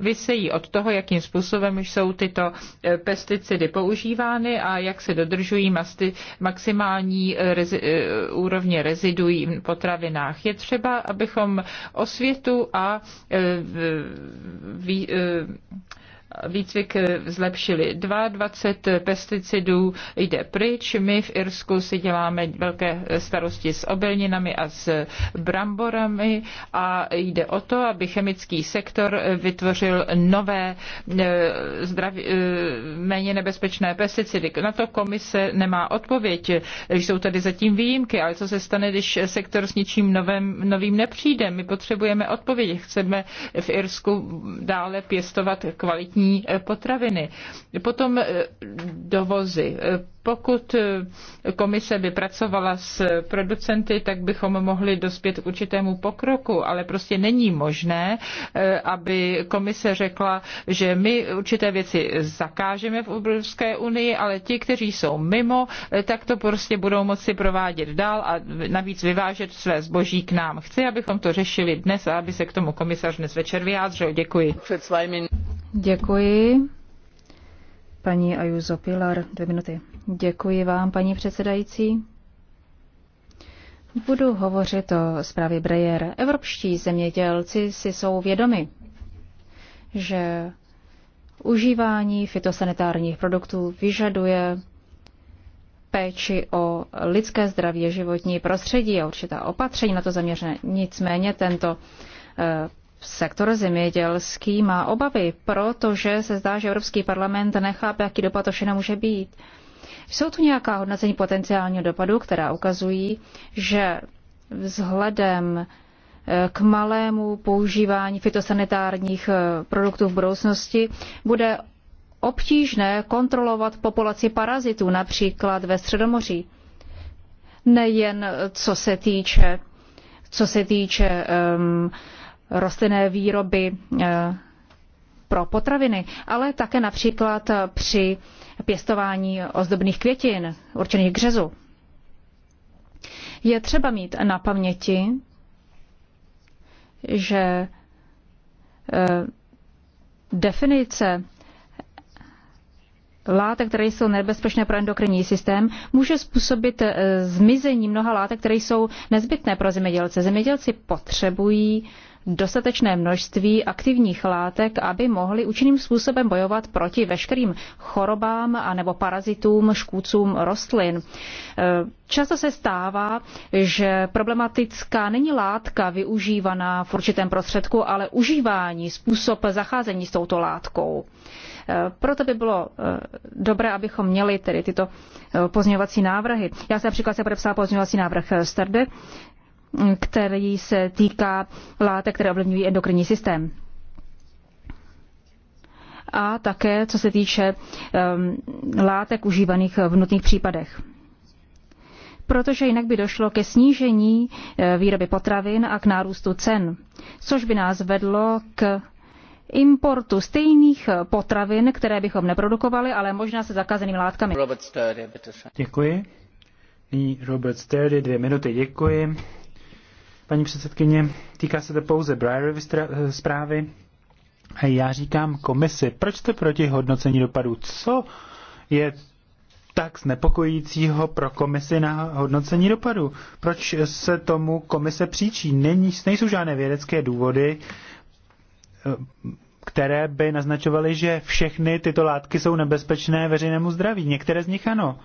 vysejí od toho, jakým způsobem jsou tyto e, pesticidy používány a jak se dodržují maximální e, rezi, e, úrovně reziduí v potravinách. Je třeba, abychom osvětu a výcvik zlepšili. 22 pesticidů jde pryč. My v Irsku si děláme velké starosti s obilninami a s bramborami a jde o to, aby chemický sektor vytvořil nové eh, zdraví, eh, méně nebezpečné pesticidy. Na to komise nemá odpověď. Jsou tady zatím výjimky, ale co se stane, když sektor s ničím novém, novým nepřijde? My potřebujeme odpověď. Chceme v Irsku dále pěstovat kvalitní kvalitní eh, potraviny. Potom eh, dovozy. Eh, pokud komise by pracovala s producenty, tak bychom mohli dospět k určitému pokroku, ale prostě není možné, aby komise řekla, že my určité věci zakážeme v Evropské unii, ale ti, kteří jsou mimo, tak to prostě budou moci provádět dál a navíc vyvážet své zboží k nám. Chci, abychom to řešili dnes a aby se k tomu komisař dnes večer vyjádřil. Děkuji. Děkuji. Děkuji. Paní Ajuzo Pilar, dvě minuty. Děkuji vám, paní předsedající. Budu hovořit o zprávě Breyer. Evropští zemědělci si jsou vědomi, že užívání fitosanitárních produktů vyžaduje péči o lidské zdraví, životní prostředí a určitá opatření na to zaměřené. Nicméně tento eh, sektor zemědělský má obavy, protože se zdá, že Evropský parlament nechápe, jaký dopad to všechno může být. Jsou tu nějaká hodnocení potenciálního dopadu, která ukazují, že vzhledem eh, k malému používání fitosanitárních eh, produktů v budoucnosti bude obtížné kontrolovat populaci parazitů, například ve Středomoří. Nejen eh, co se týče, co se týče um, rostlinné výroby eh, pro potraviny, ale také například při pěstování ozdobných květin určených k řezu. Je třeba mít na paměti, že eh, definice látek, které jsou nebezpečné pro endokrinní systém, může způsobit eh, zmizení mnoha látek, které jsou nezbytné pro zemědělce. Zemědělci potřebují dostatečné množství aktivních látek, aby mohli účinným způsobem bojovat proti veškerým chorobám nebo parazitům, škůdcům rostlin. E, často se stává, že problematická není látka využívaná v určitém prostředku, ale užívání, způsob zacházení s touto látkou. E, proto by bylo e, dobré, abychom měli tedy tyto pozměňovací návrhy. Já se například se podepsala pozměňovací návrh Sterde, který se týká látek, které ovlivňují endokrinní systém. A také, co se týče um, látek užívaných v nutných případech protože jinak by došlo ke snížení eh, výroby potravin a k nárůstu cen, což by nás vedlo k importu stejných potravin, které bychom neprodukovali, ale možná se zakazenými látkami. Robert Sturdy, Děkuji. Nyní Robert Sturdy, dvě minuty, děkuji paní předsedkyně, týká se to pouze Brierovy eh, zprávy. A já říkám komisi, proč jste proti hodnocení dopadů? Co je tak znepokojícího pro komisi na hodnocení dopadu? Proč se tomu komise příčí? Není, nejsou žádné vědecké důvody, eh, které by naznačovaly, že všechny tyto látky jsou nebezpečné veřejnému zdraví. Některé z nich ano.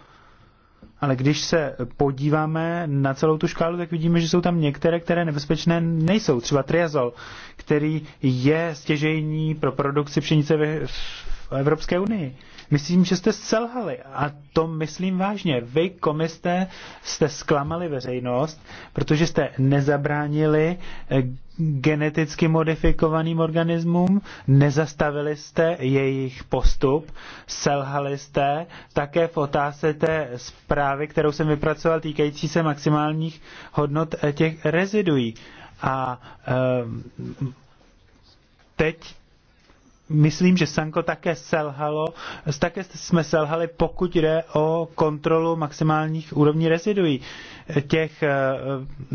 Ale když se podíváme na celou tu škálu, tak vidíme, že jsou tam některé, které nebezpečné nejsou. Třeba triazol, který je stěžejní pro produkci pšenice v Evropské unii. Myslím, že jste selhali a to myslím vážně. Vy, komiste, jste zklamali veřejnost, protože jste nezabránili eh, geneticky modifikovaným organismům, nezastavili jste jejich postup, selhali jste také v otázce té zprávy, kterou jsem vypracoval týkající se maximálních hodnot eh, těch reziduí. A eh, teď myslím, že Sanko také selhalo, také jsme selhali, pokud jde o kontrolu maximálních úrovní reziduí těch eh,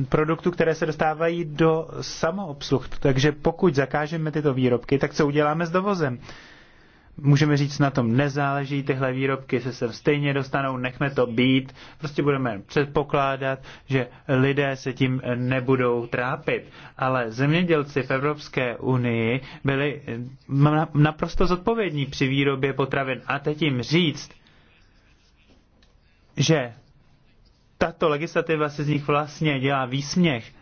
produktů, které se dostávají do samoobsluh. Takže pokud zakážeme tyto výrobky, tak co uděláme s dovozem? můžeme říct, na tom nezáleží, tyhle výrobky se sem stejně dostanou, nechme to být, prostě budeme předpokládat, že lidé se tím nebudou trápit. Ale zemědělci v Evropské unii byli mm, naprosto zodpovědní při výrobě potravin. A teď jim říct, že tato legislativa se z nich vlastně dělá výsměch,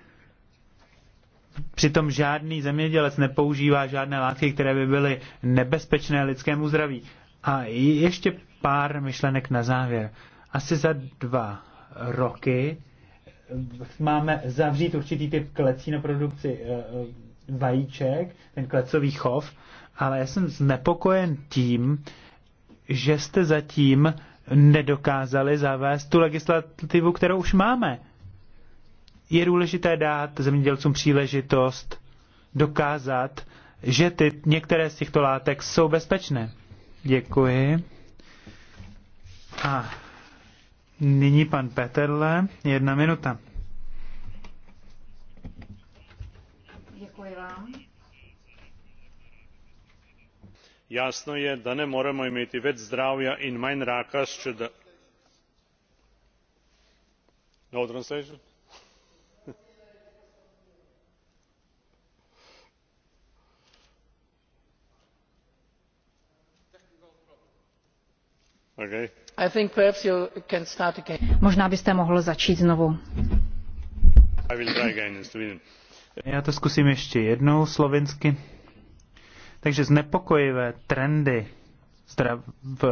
Přitom žádný zemědělec nepoužívá žádné látky, které by byly nebezpečné lidskému zdraví. A ještě pár myšlenek na závěr. Asi za dva roky máme zavřít určitý typ klecí na produkci eh, eh, vajíček, ten klecový chov, ale já jsem znepokojen tím, že jste zatím nedokázali zavést tu legislativu, kterou už máme je důležité dát zemědělcům příležitost dokázat, že ty, některé z těchto látek jsou bezpečné. Děkuji. A nyní pan Peterle, jedna minuta. Děkuji vám. Jasno je, da ne moremo imeti več zdravja in manj raka, če da. No translation? Možná byste mohl začít znovu. Já to zkusím ještě jednou slovinsky. Takže znepokojivé trendy, zdrav,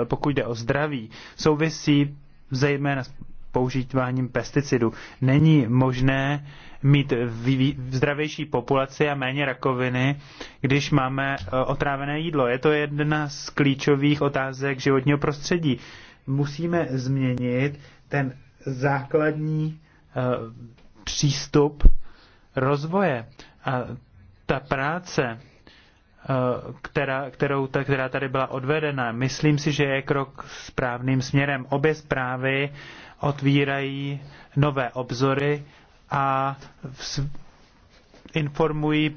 pokud jde o zdraví, souvisí zejména s používáním pesticidů. Není možné mít zdravější populaci a méně rakoviny, když máme e, otrávené jídlo. Je to jedna z klíčových otázek životního prostředí. Musíme změnit ten základní e, přístup rozvoje. A ta práce, e, která, kterou, ta, která tady byla odvedena, myslím si, že je krok správným směrem. Obě zprávy otvírají nové obzory a informují,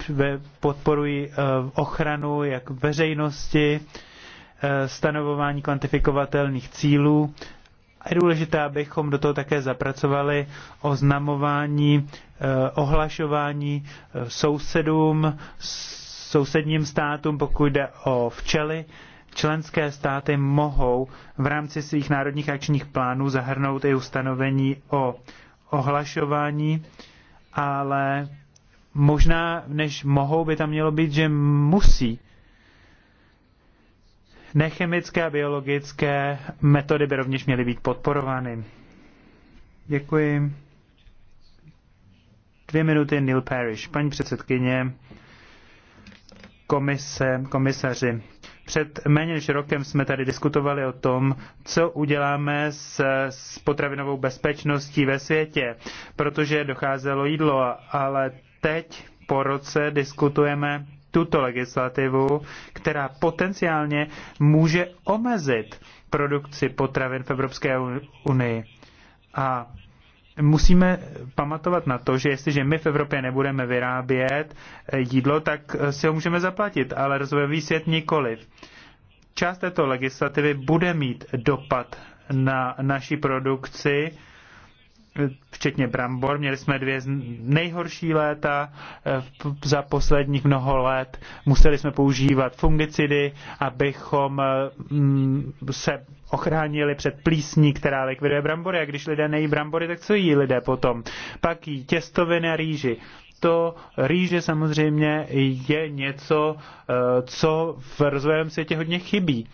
podporují eh, ochranu jak veřejnosti, eh, stanovování kvantifikovatelných cílů. A je důležité, abychom do toho také zapracovali oznamování, eh, ohlašování sousedům, sousedním státům, pokud jde o včely. Členské státy mohou v rámci svých národních akčních plánů zahrnout i ustanovení o ohlašování, ale možná než mohou by tam mělo být, že musí. Nechemické a biologické metody by rovněž měly být podporovány. Děkuji. Dvě minuty Neil Parrish. Paní předsedkyně, komise, komisaři, před méně než rokem jsme tady diskutovali o tom, co uděláme s, s potravinovou bezpečností ve světě, protože docházelo jídlo, ale teď po roce diskutujeme tuto legislativu, která potenciálně může omezit produkci potravin v Evropské unii. A musíme pamatovat na to, že jestliže my v Evropě nebudeme vyrábět eh, jídlo, tak eh, si ho můžeme zaplatit, ale rozvojový svět nikoliv. Část této legislativy bude mít dopad na naší produkci, včetně brambor. Měli jsme dvě z nejhorší léta eh, za posledních mnoho let. Museli jsme používat fungicidy, abychom eh, mm, se ochránili před plísní, která likviduje brambory. A když lidé nejí brambory, tak co jí lidé potom? Pak jí těstoviny a rýži to rýže samozřejmě je něco, eh, co v rozvojovém světě hodně chybí.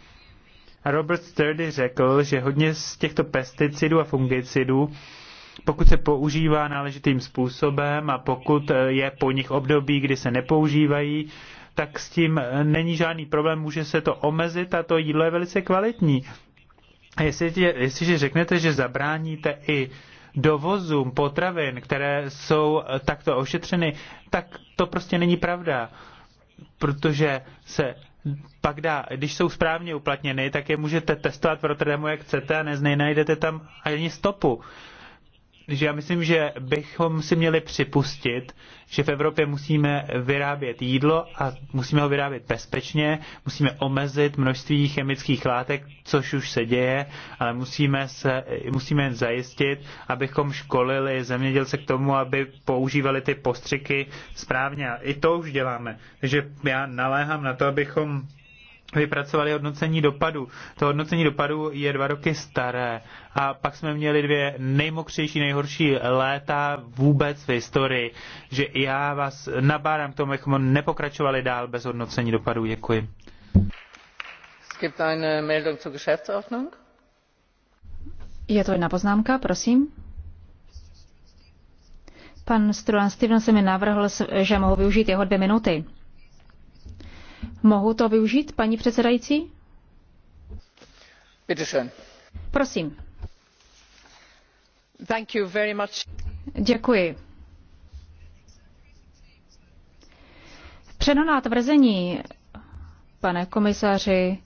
Robert Sturdy řekl, že hodně z těchto pesticidů a fungicidů pokud se používá náležitým způsobem a pokud je po nich období, kdy se nepoužívají, tak s tím není žádný problém, může se to omezit a to jídlo je velice kvalitní. Jestli, jestliže řeknete, že zabráníte i dovozům potravin, které jsou takto ošetřeny, tak to prostě není pravda, protože se pak dá, když jsou správně uplatněny, tak je můžete testovat v Rotterdamu, jak chcete a najdete tam ani stopu že já myslím, že bychom si měli připustit, že v Evropě musíme vyrábět jídlo a musíme ho vyrábět bezpečně, musíme omezit množství chemických látek, což už se děje, ale musíme, se, musíme zajistit, abychom školili zemědělce k tomu, aby používali ty postřiky správně. A i to už děláme. Takže já naléhám na to, abychom vypracovali hodnocení dopadu. To hodnocení dopadu je dva roky staré a pak jsme měli dvě nejmokřejší, nejhorší léta vůbec v historii. Že já vás nabádám k tomu, abychom nepokračovali dál bez hodnocení dopadu. Děkuji. Je to jedna poznámka, prosím. Pan Struan Stevenson mi navrhl, že mohu využít jeho dvě minuty. Mohu to využít, paní předsedající? Bitte Prosím. Thank you very much. Děkuji. Přenaná tvrzení, pane komisaři,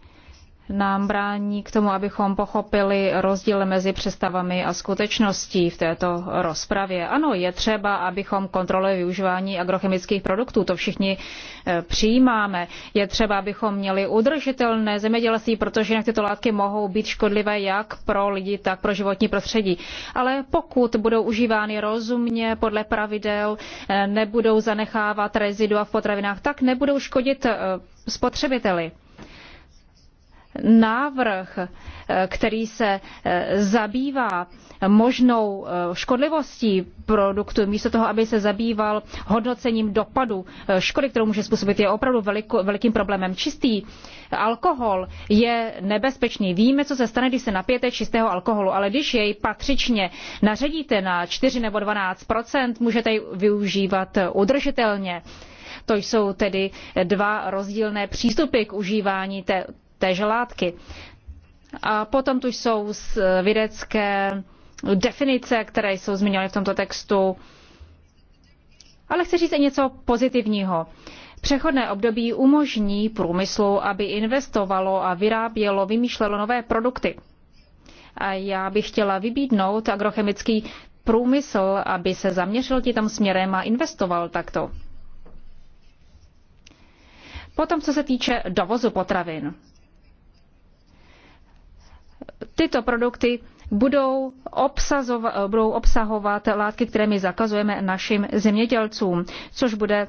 nám brání k tomu, abychom pochopili rozdíl mezi představami a skutečností v této rozpravě. Ano, je třeba, abychom kontrolovali využívání agrochemických produktů, to všichni eh, přijímáme. Je třeba, abychom měli udržitelné zemědělství, protože jinak tyto látky mohou být škodlivé jak pro lidi, tak pro životní prostředí. Ale pokud budou užívány rozumně, podle pravidel, eh, nebudou zanechávat rezidua v potravinách, tak nebudou škodit eh, spotřebiteli návrh, který se eh, zabývá možnou eh, škodlivostí produktu, místo toho, aby se zabýval hodnocením dopadu eh, škody, kterou může způsobit, je opravdu veliko, velikým problémem. Čistý alkohol je nebezpečný. Víme, co se stane, když se napijete čistého alkoholu, ale když jej patřičně naředíte na 4 nebo 12 můžete ji využívat udržitelně. To jsou tedy dva rozdílné přístupy k užívání té, téže látky. A potom tu jsou vědecké definice, které jsou zmiňovány v tomto textu. Ale chci říct i něco pozitivního. Přechodné období umožní průmyslu, aby investovalo a vyrábělo, vymýšlelo nové produkty. A já bych chtěla vybídnout agrochemický průmysl, aby se zaměřil tam směrem a investoval takto. Potom, co se týče dovozu potravin tyto produkty budou, budou obsahovat látky, které my zakazujeme našim zemědělcům, což bude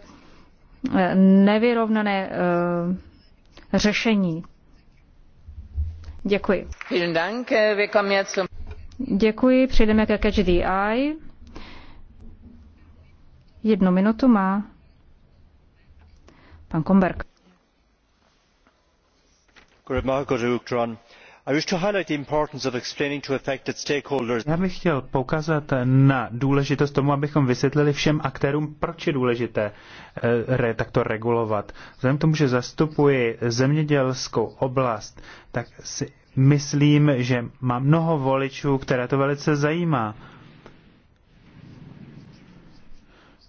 eh, nevyrovnané eh, řešení. Děkuji. Děkuji, přejdeme ke Catch the Eye. Jednu minutu má pan Komberg. Já bych chtěl poukázat na důležitost tomu, abychom vysvětlili všem aktérům, proč je důležité eh, takto regulovat. Vzhledem k tomu, že zastupuji zemědělskou oblast, tak si myslím, že má mnoho voličů, které to velice zajímá.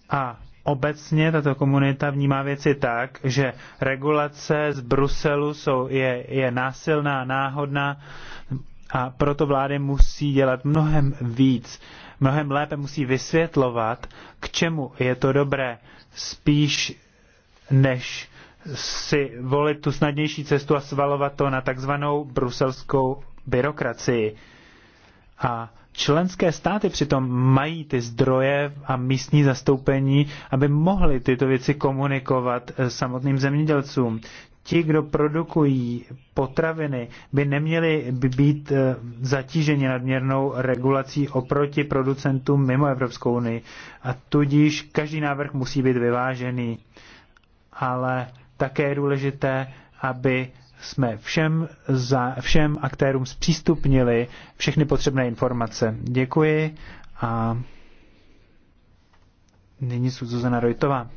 A obecně tato komunita vnímá věci tak, že regulace z Bruselu jsou, je, je násilná, náhodná a proto vlády musí dělat mnohem víc, mnohem lépe musí vysvětlovat, k čemu je to dobré, spíš než si volit tu snadnější cestu a svalovat to na takzvanou bruselskou byrokracii. A členské státy přitom mají ty zdroje a místní zastoupení, aby mohly tyto věci komunikovat eh, samotným zemědělcům. Ti, kdo produkují potraviny, by neměli být eh, zatíženi nadměrnou regulací oproti producentům mimo Evropskou unii. A tudíž každý návrh musí být vyvážený. Ale také je důležité, aby jsme všem, za, všem aktérům zpřístupnili všechny potřebné informace. Děkuji a nyní Zuzana Rojtová.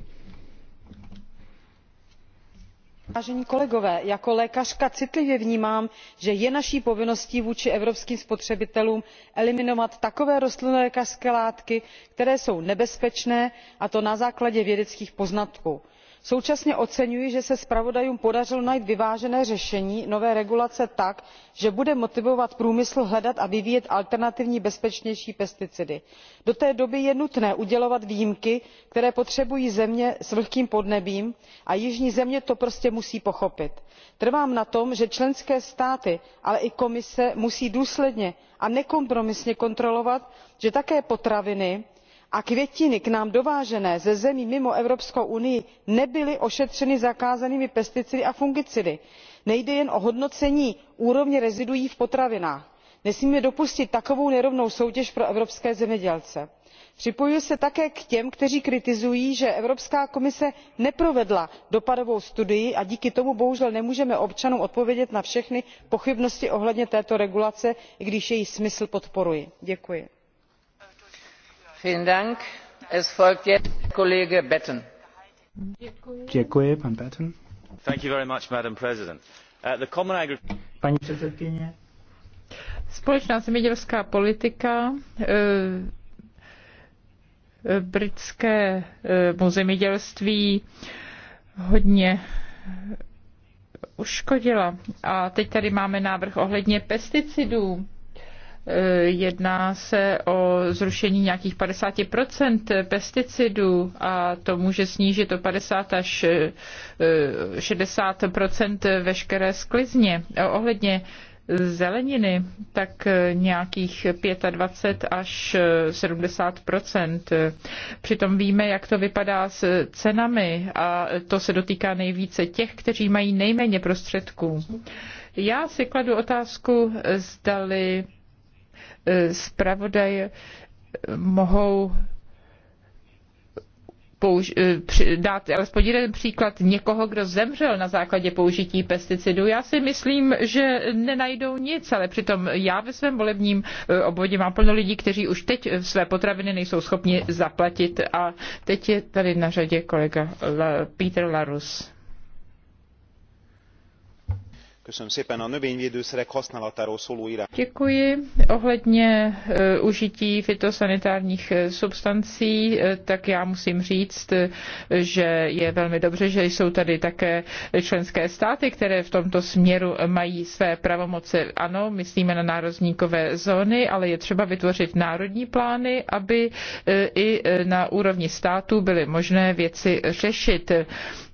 Vážení kolegové, jako lékařka citlivě vnímám, že je naší povinností vůči evropským spotřebitelům eliminovat takové lékařské látky, které jsou nebezpečné, a to na základě vědeckých poznatků současně oceňuji že se zpravodajům podařilo najít vyvážené řešení nové regulace tak že bude motivovat průmysl hledat a vyvíjet alternativní bezpečnější pesticidy. do té doby je nutné udělovat výjimky které potřebují země s vlhkým podnebím a jižní země to prostě musí pochopit. trvám na tom že členské státy ale i komise musí důsledně a nekompromisně kontrolovat že také potraviny a květiny k nám dovážené ze zemí mimo evropskou unii nebyly ošetřeny zakázanými pesticidy a fungicidy. nejde jen o hodnocení úrovně reziduí v potravinách. nesmíme dopustit takovou nerovnou soutěž pro evropské zemědělce. připojuji se také k těm kteří kritizují že evropská komise neprovedla dopadovou studii a díky tomu bohužel nemůžeme občanům odpovědět na všechny pochybnosti ohledně této regulace i když její smysl podporuji. děkuji. Děkuji, uh, Paní předsedkyně. Společná zemědělská politika eh, eh, britskému eh, zemědělství hodně uškodila. A teď tady máme návrh ohledně pesticidů Eh, jedná se o zrušení nějakých 50% pesticidů a to může snížit o 50 až 60% eh, veškeré sklizně. Ohledně zeleniny, tak eh, nějakých 25 až 70 Přitom víme, jak to vypadá s cenami a to se dotýká nejvíce těch, kteří mají nejméně prostředků. Já si kladu otázku, zdali zpravodaj mohou použ- eh, při- dát alespoň jeden příklad někoho, kdo zemřel na základě použití pesticidů. Já si myslím, že nenajdou nic, ale přitom já ve svém volebním eh, obvodě mám plno lidí, kteří už teď své potraviny nejsou schopni zaplatit a teď je tady na řadě kolega La- Peter Larus. Děkuji. Ohledně eh, užití fitosanitárních eh, substancí, eh, tak já musím říct, že je velmi dobře, že jsou tady také členské státy, které v tomto směru mají své pravomoce. Ano, myslíme na národníkové zóny, ale je třeba vytvořit národní plány, aby i na úrovni států byly možné věci řešit.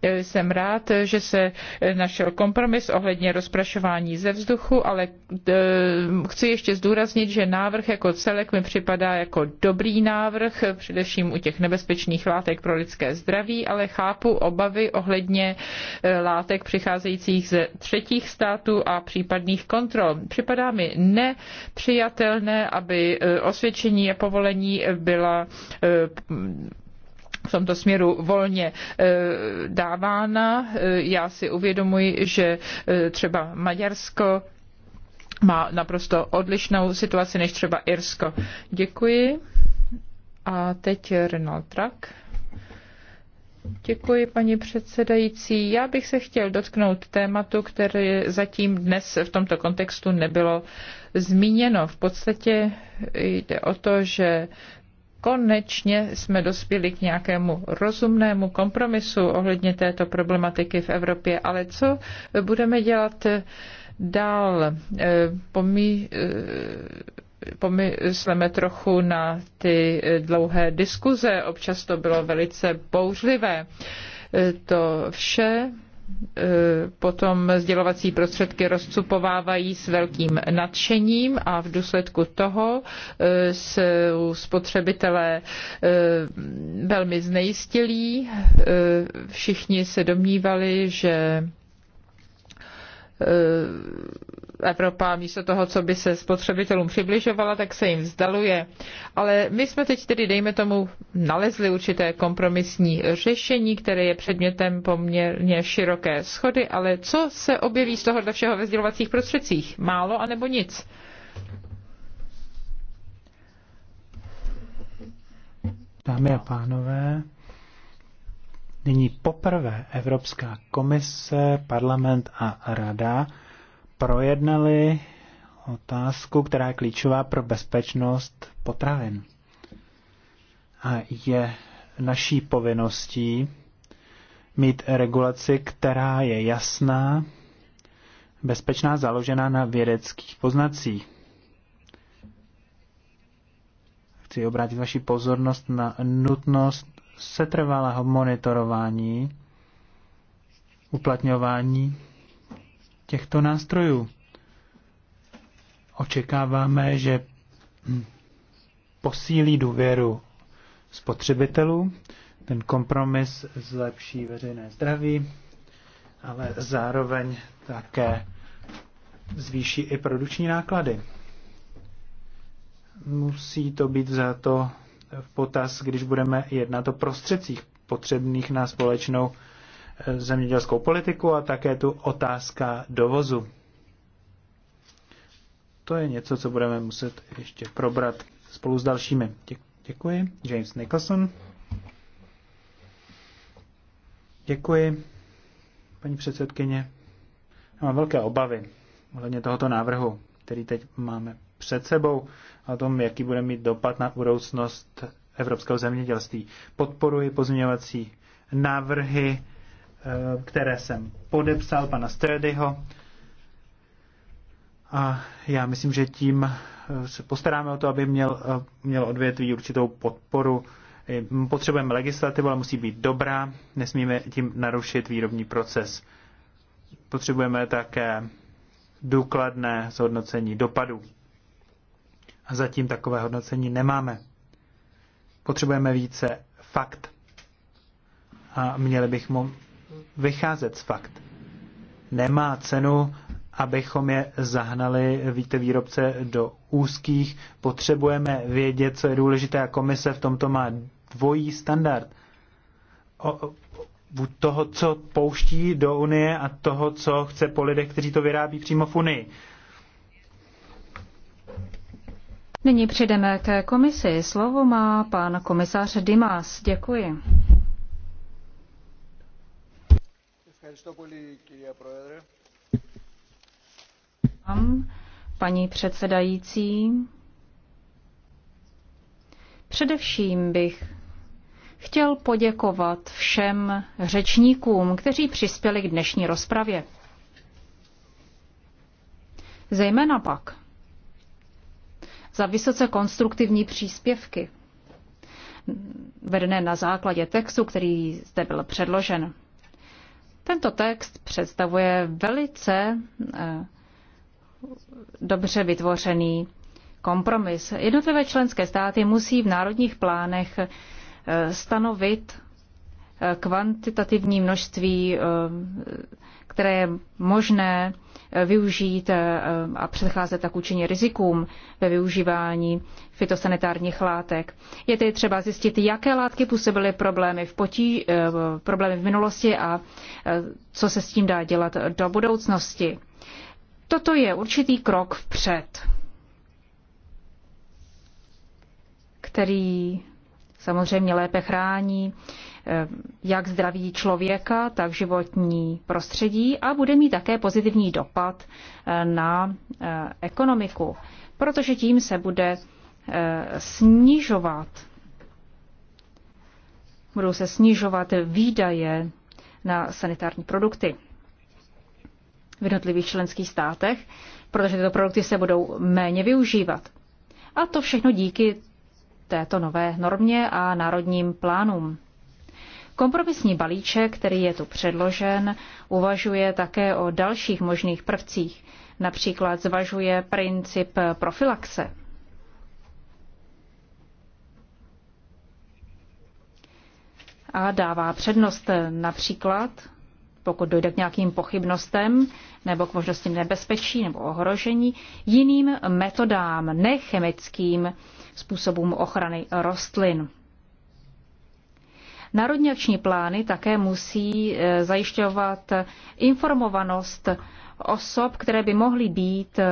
Jsem rád, že se našel kompromis ohledně rozprašování ze vzduchu, ale e, chci ještě zdůraznit, že návrh jako celek mi připadá jako dobrý návrh, především u těch nebezpečných látek pro lidské zdraví, ale chápu obavy ohledně e, látek přicházejících ze třetích států a případných kontrol. Připadá mi nepřijatelné, aby e, osvědčení a povolení byla v tomto směru volně eh, dávána. Eh, já si uvědomuji, že eh, třeba Maďarsko má naprosto odlišnou situaci než třeba Irsko. Děkuji. A teď Renald Trak. Děkuji, paní předsedající. Já bych se chtěl dotknout tématu, které zatím dnes v tomto kontextu nebylo zmíněno. V podstatě jde o to, že konečně jsme dospěli k nějakému rozumnému kompromisu ohledně této problematiky v Evropě. Ale co budeme dělat dál? Eh, pomí, eh, pomysleme trochu na ty eh, dlouhé diskuze. Občas to bylo velice bouřlivé. To vše E, potom sdělovací prostředky rozcupovávají s velkým nadšením a v důsledku toho e, jsou spotřebitelé e, velmi znejistilí. Všichni se domnívali, že Evropa místo toho, co by se spotřebitelům přibližovala, tak se jim vzdaluje. Ale my jsme teď tedy, dejme tomu, nalezli určité kompromisní řešení, které je předmětem poměrně široké schody, ale co se objeví z tohohle všeho ve sdělovacích prostředcích? Málo anebo nic? Dámy a pánové, nyní poprvé Evropská komise, parlament a rada projednali otázku, která je klíčová pro bezpečnost potravin. A je naší povinností mít regulaci, která je jasná, bezpečná, založená na vědeckých poznacích. Chci obrátit vaši pozornost na nutnost setrvalého monitorování, uplatňování těchto nástrojů. Očekáváme, že posílí důvěru spotřebitelů, ten kompromis zlepší veřejné zdraví, ale zároveň také zvýší i produkční náklady. Musí to být za to v potaz, když budeme jednat o prostředcích potřebných na společnou zemědělskou politiku a také tu otázka dovozu. To je něco, co budeme muset ještě probrat spolu s dalšími. Děkuji. James Nicholson. Děkuji, paní předsedkyně. Já mám velké obavy ohledně tohoto návrhu, který teď máme před sebou, a tom, jaký bude mít dopad na budoucnost evropského zemědělství. Podporuji pozměňovací návrhy Eh, které jsem podepsal, pana Sturdyho. A já myslím, že tím eh, se postaráme o to, aby měl, eh, měl odvětví určitou podporu. Potřebujeme legislativu, ale musí být dobrá, nesmíme tím narušit výrobní proces. Potřebujeme také důkladné zhodnocení dopadů. A zatím takové hodnocení nemáme. Potřebujeme více fakt. A měli bychom vycházet z fakt. Nemá cenu, abychom je zahnali, víte, výrobce do úzkých. Potřebujeme vědět, co je důležité a komise v tomto má dvojí standard. O, toho, co pouští do Unie a toho, co chce po lidech, kteří to vyrábí přímo v Unii. Nyní přijdeme ke komisi. Slovo má pan komisař Dimas. Děkuji. Paní předsedající, především bych chtěl poděkovat všem řečníkům, kteří přispěli k dnešní rozpravě. Zejména pak za vysoce konstruktivní příspěvky vedené na základě textu, který zde byl předložen. Tento text představuje velice eh, dobře vytvořený kompromis. Jednotlivé členské státy musí v národních plánech eh, stanovit eh, kvantitativní množství, které je možné využít eh, a předcházet tak účinně rizikům ve využívání fitosanitárních látek. Je tedy třeba zjistit, jaké látky působily problémy v, potí, eh, problémy v minulosti a eh, co se s tím dá dělat do budoucnosti. Toto je určitý krok vpřed, který samozřejmě lépe chrání Eh, jak zdraví člověka, tak životní prostředí a bude mít také pozitivní dopad eh, na eh, ekonomiku, protože tím se bude snižovat budou se snižovat výdaje na sanitární produkty v jednotlivých členských státech, protože tyto produkty se budou méně využívat. A to všechno díky této nové normě a národním plánům. Kompromisní balíček, který je tu předložen, uvažuje také o dalších možných prvcích. Například zvažuje princip profilaxe. A dává přednost například, pokud dojde k nějakým pochybnostem nebo k možnosti nebezpečí nebo ohrožení, jiným metodám, nechemickým způsobům ochrany rostlin. Národní akční plány také musí eh, zajišťovat informovanost osob, které by mohly být eh,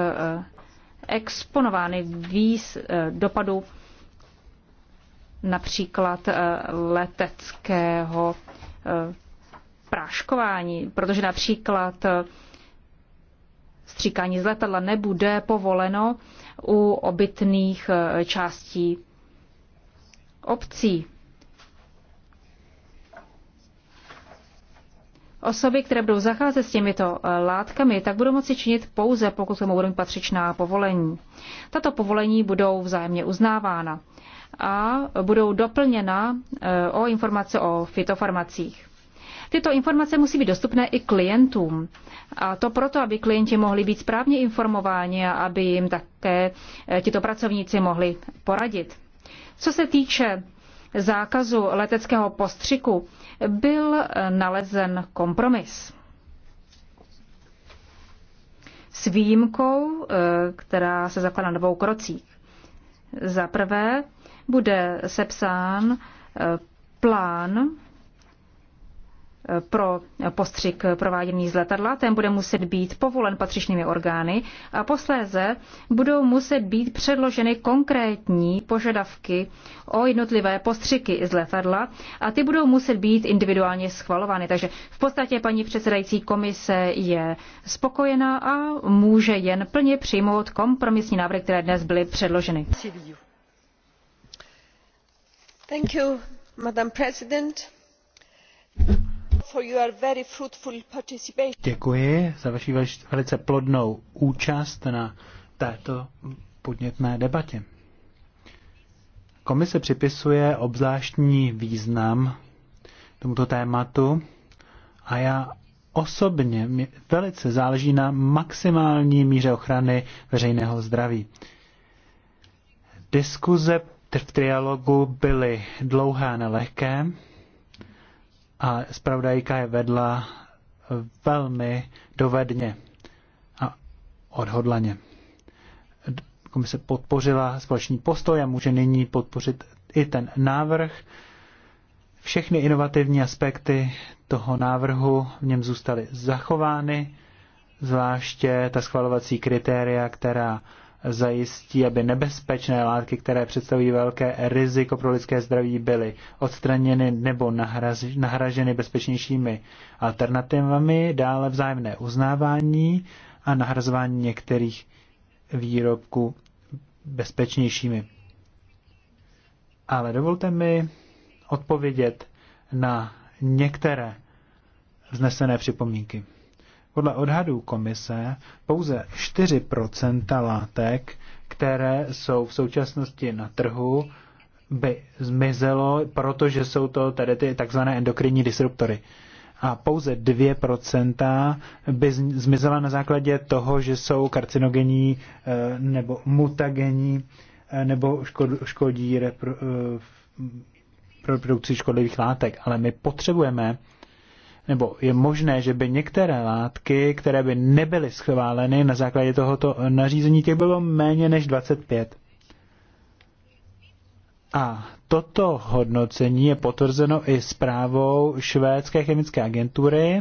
exponovány výz eh, dopadu například leteckého práškování, protože například stříkání z letadla nebude povoleno u obytných částí obcí. Osoby, které budou zacházet s těmito eh, látkami, tak budou moci činit pouze, pokud tomu budou patřičná povolení. Tato povolení budou vzájemně uznávána a budou doplněna eh, o informace o fitofarmacích. Tyto informace musí být dostupné i klientům. A to proto, aby klienti mohli být správně informováni a aby jim také eh, tito pracovníci mohli poradit. Co se týče zákazu leteckého postřiku, byl nalezen kompromis. S výjimkou, eh, která se zakládá na dvou krocích. Za prvé bude sepsán eh, plán pro postřik prováděný z letadla, ten bude muset být povolen patřičnými orgány a posléze budou muset být předloženy konkrétní požadavky o jednotlivé postřiky z letadla a ty budou muset být individuálně schvalovány. Takže v podstatě paní předsedající komise je spokojená a může jen plně přijmout kompromisní návrhy, které dnes byly předloženy. Thank you, Madam President. Děkuji za vaši velice plodnou účast na této podnětné debatě. Komise připisuje obzvláštní význam tomuto tématu a já osobně mě velice záleží na maximální míře ochrany veřejného zdraví. Diskuze v trialogu byly dlouhé a nelehké a spravodajka je vedla velmi dovedně a odhodlaně. Komise podpořila společný postoj a může nyní podpořit i ten návrh. Všechny inovativní aspekty toho návrhu v něm zůstaly zachovány, zvláště ta schvalovací kritéria, která zajistí, aby nebezpečné látky, které představují velké riziko pro lidské zdraví, byly odstraněny nebo nahraženy bezpečnějšími alternativami, dále vzájemné uznávání a nahrazování některých výrobků bezpečnějšími. Ale dovolte mi odpovědět na některé vznesené připomínky. Podle odhadů komise pouze 4 látek, které jsou v současnosti na trhu, by zmizelo, protože jsou to tady ty takzvané endokrinní disruptory. A pouze 2% by zmizela na základě toho, že jsou karcinogenní eh, nebo mutagenní eh, nebo škodí eh, produkci škodlivých látek. Ale my potřebujeme nebo je možné, že by některé látky, které by nebyly schváleny na základě tohoto nařízení, těch bylo méně než 25. A toto hodnocení je potvrzeno i zprávou švédské chemické agentury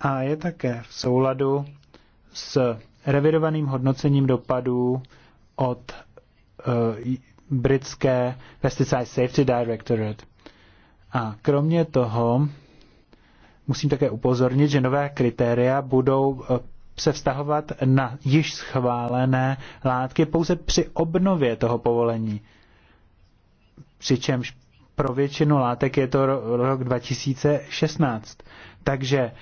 a je také v souladu s revidovaným hodnocením dopadů od uh, britské Pesticide Safety Directorate. A kromě toho Musím také upozornit, že nové kritéria budou eh, se vztahovat na již schválené látky pouze při obnově toho povolení. Přičemž pro většinu látek je to rok 2016. Takže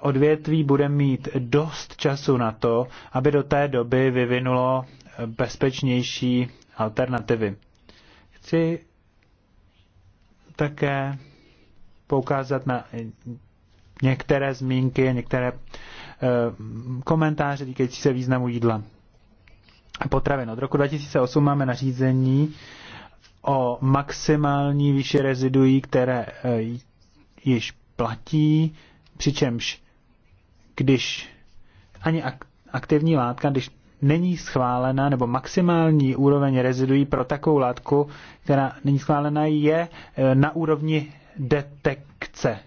odvětví bude mít dost času na to, aby do té doby vyvinulo eh, bezpečnější alternativy. Chci také poukázat na některé zmínky, některé eh, komentáře týkající se významu jídla a potravin. Od roku 2008 máme nařízení o maximální výši reziduí, které eh, již platí, přičemž když ani aktivní látka, když není schválena, nebo maximální úroveň reziduí pro takovou látku, která není schválena, je eh, na úrovni detekce.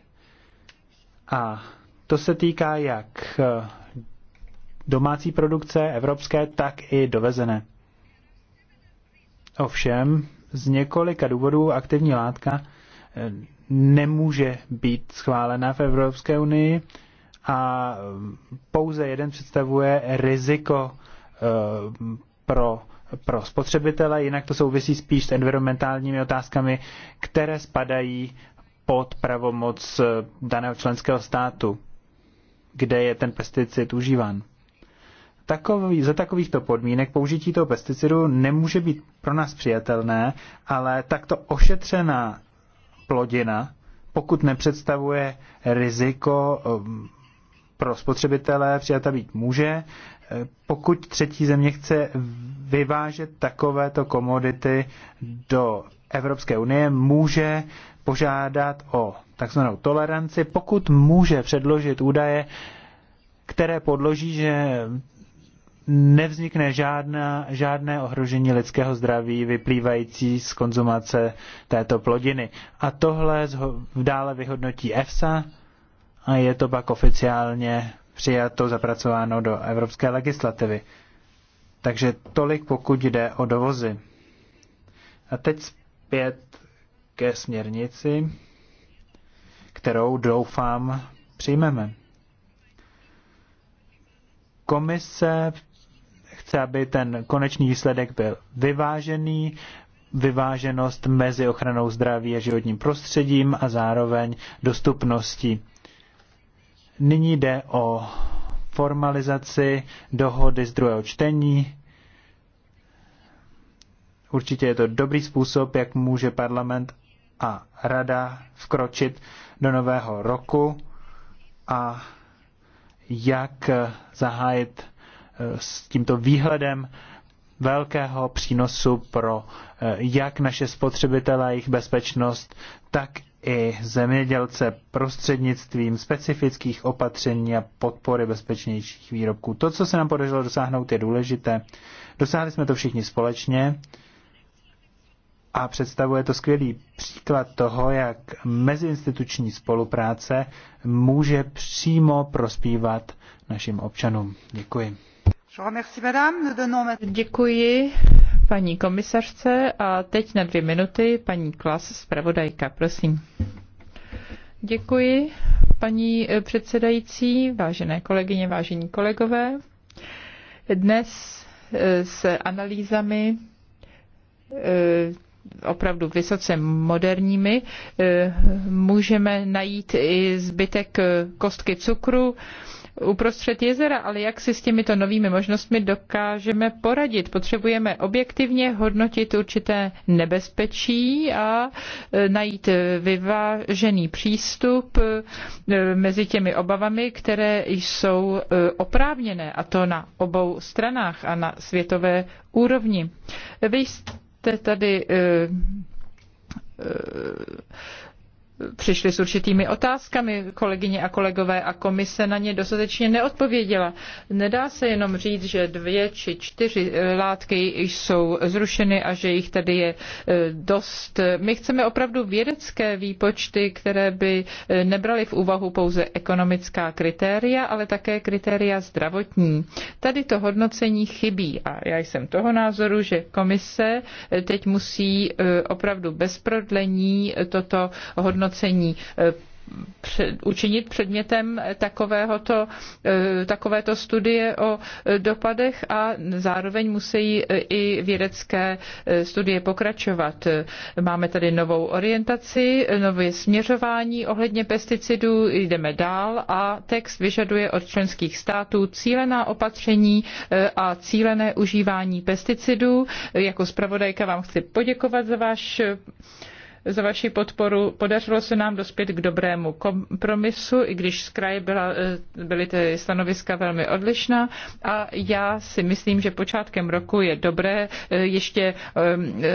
A to se týká jak eh, domácí produkce, evropské, tak i dovezené. Ovšem, z několika důvodů aktivní látka eh, nemůže být schválena v Evropské unii a eh, pouze jeden představuje riziko pro, pro spotřebitele, jinak to souvisí spíš s environmentálními otázkami, které spadají pod pravomoc eh, daného členského státu, kde je ten pesticid užíván. Takový, za takovýchto podmínek použití toho pesticidu nemůže být pro nás přijatelné, ale takto ošetřená plodina, pokud nepředstavuje riziko ehm, pro spotřebitele přijata být může. Eh, pokud třetí země chce vyvážet takovéto komodity do Evropské unie, může požádat o takzvanou toleranci, pokud může předložit údaje, které podloží, že nevznikne žádná, žádné ohrožení lidského zdraví vyplývající z konzumace této plodiny. A tohle dále vyhodnotí EFSA a je to pak oficiálně přijato, zapracováno do evropské legislativy. Takže tolik, pokud jde o dovozy. A teď zpět ke směrnici, kterou doufám přijmeme. Komise chce, aby ten konečný výsledek byl vyvážený, vyváženost mezi ochranou zdraví a životním prostředím a zároveň dostupností. Nyní jde o formalizaci dohody z druhého čtení. Určitě je to dobrý způsob, jak může parlament a rada vkročit do nového roku a jak zahájit eh, s tímto výhledem velkého přínosu pro eh, jak naše spotřebitele, jejich bezpečnost, tak i zemědělce prostřednictvím specifických opatření a podpory bezpečnějších výrobků. To, co se nám podařilo dosáhnout, je důležité. Dosáhli jsme to všichni společně a představuje to skvělý příklad toho, jak meziinstituční spolupráce může přímo prospívat našim občanům. Děkuji. Děkuji paní komisařce a teď na dvě minuty paní Klas, zpravodajka, prosím. Děkuji, paní předsedající, vážené kolegyně, vážení kolegové. Dnes eh, s analýzami eh, opravdu vysoce moderními, eh, můžeme najít i zbytek eh, kostky cukru, uprostřed jezera, ale jak si s těmito novými možnostmi dokážeme poradit. Potřebujeme objektivně hodnotit určité nebezpečí a eh, najít vyvážený přístup mezi těmi obavami, které jsou oprávněné, a to na obou stranách a na světové úrovni. Vy jste tady eh, eh, přišli s určitými otázkami kolegyně a kolegové a komise na ně dostatečně neodpověděla. Nedá se jenom říct, že dvě či čtyři eh, látky jsou zrušeny a že jich tady je eh, dost. My chceme opravdu vědecké výpočty, které by eh, nebraly v úvahu pouze ekonomická kritéria, ale také kritéria zdravotní. Tady to hodnocení chybí a já jsem toho názoru, že komise teď musí opravdu bez prodlení toto hodnocení hodnocení eh, učinit předmětem takovéhoto, eh, takovéto studie o eh, dopadech a zároveň musí i vědecké studie pokračovat. Máme tady novou orientaci, nové směřování ohledně pesticidů, jdeme dál a text vyžaduje od členských států cílená opatření a cílené užívání pesticidů. Jako zpravodajka vám chci poděkovat za váš za vaši podporu. Podařilo se nám dospět k dobrému kompromisu, i když z kraje byla, eh, byly ty stanoviska velmi odlišná. A já si myslím, že počátkem roku je dobré eh, ještě ehm, eh,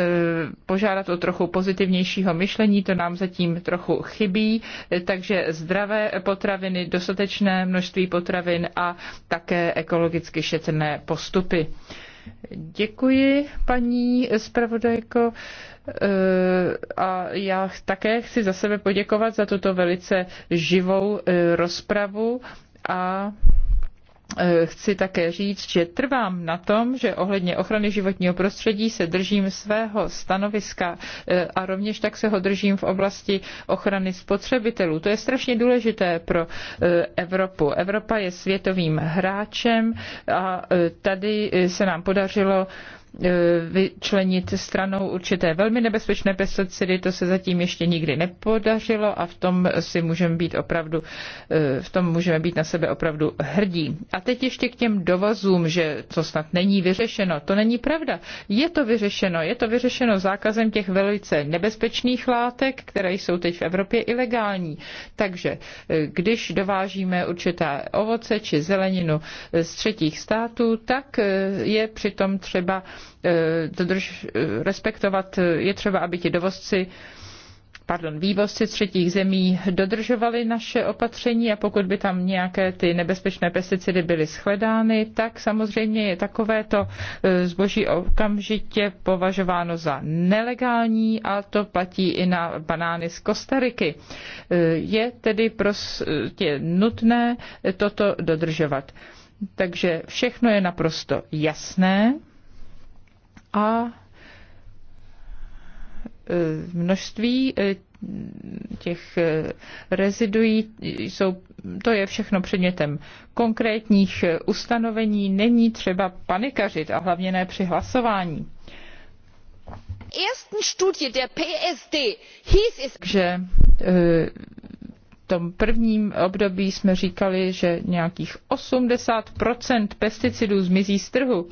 požádat o trochu pozitivnějšího myšlení. To nám zatím trochu chybí. Takže zdravé potraviny, dostatečné množství potravin a také ekologicky šetrné postupy. Děkuji, paní zpravodajko. Eh, a já také chci za sebe poděkovat za tuto velice živou eh, rozpravu a Eh, chci také říct, že trvám na tom, že ohledně ochrany životního prostředí se držím svého stanoviska eh, a rovněž tak se ho držím v oblasti ochrany spotřebitelů. To je strašně důležité pro eh, Evropu. Evropa je světovým hráčem a tady se nám podařilo E, vyčlenit stranou určité velmi nebezpečné pesticidy, to se zatím ještě nikdy nepodařilo a v tom si můžeme být opravdu, e, v tom můžeme být na sebe opravdu hrdí. A teď ještě k těm dovozům, že to snad není vyřešeno. To není pravda. Je to vyřešeno. Je to vyřešeno zákazem těch velice nebezpečných látek, které jsou teď v Evropě ilegální. Takže e, když dovážíme určitá ovoce či zeleninu z třetích států, tak je přitom třeba Eh, dodrž, eh, respektovat, eh, je třeba, aby ti dovozci pardon, vývozci třetích zemí dodržovali naše opatření a pokud by tam nějaké ty nebezpečné pesticidy byly shledány, tak samozřejmě je takovéto zboží okamžitě považováno za nelegální a to platí i na banány z Kostariky. Je tedy prostě nutné toto dodržovat. Takže všechno je naprosto jasné a e, množství e, těch e, reziduí jsou, to je všechno předmětem konkrétních ustanovení. Není třeba panikařit a hlavně ne při hlasování. Takže v tom prvním období jsme říkali, že nějakých 80 pesticidů zmizí z trhu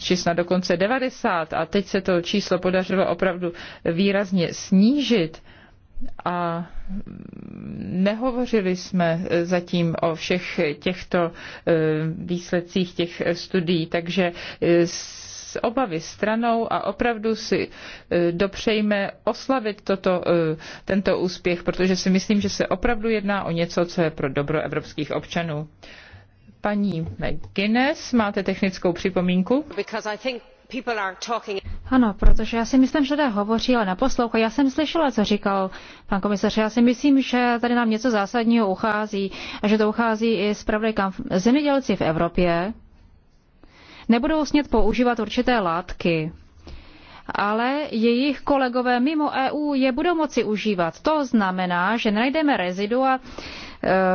či snad dokonce 90 a teď se to číslo podařilo opravdu výrazně snížit a nehovořili jsme eh, zatím o všech těchto eh, výsledcích těch studií, takže eh, s obavy stranou a opravdu si dopřejme oslavit toto, tento úspěch, protože si myslím, že se opravdu jedná o něco, co je pro dobro evropských občanů. Paní McGuinness, máte technickou připomínku? Ano, protože já si myslím, že lidé hovoří, ale neposlouchají. Já jsem slyšela, co říkal pan komisař. Já si myslím, že tady nám něco zásadního uchází a že to uchází i kam Zemědělci v Evropě nebudou smět používat určité látky, ale jejich kolegové mimo EU je budou moci užívat. To znamená, že najdeme rezidua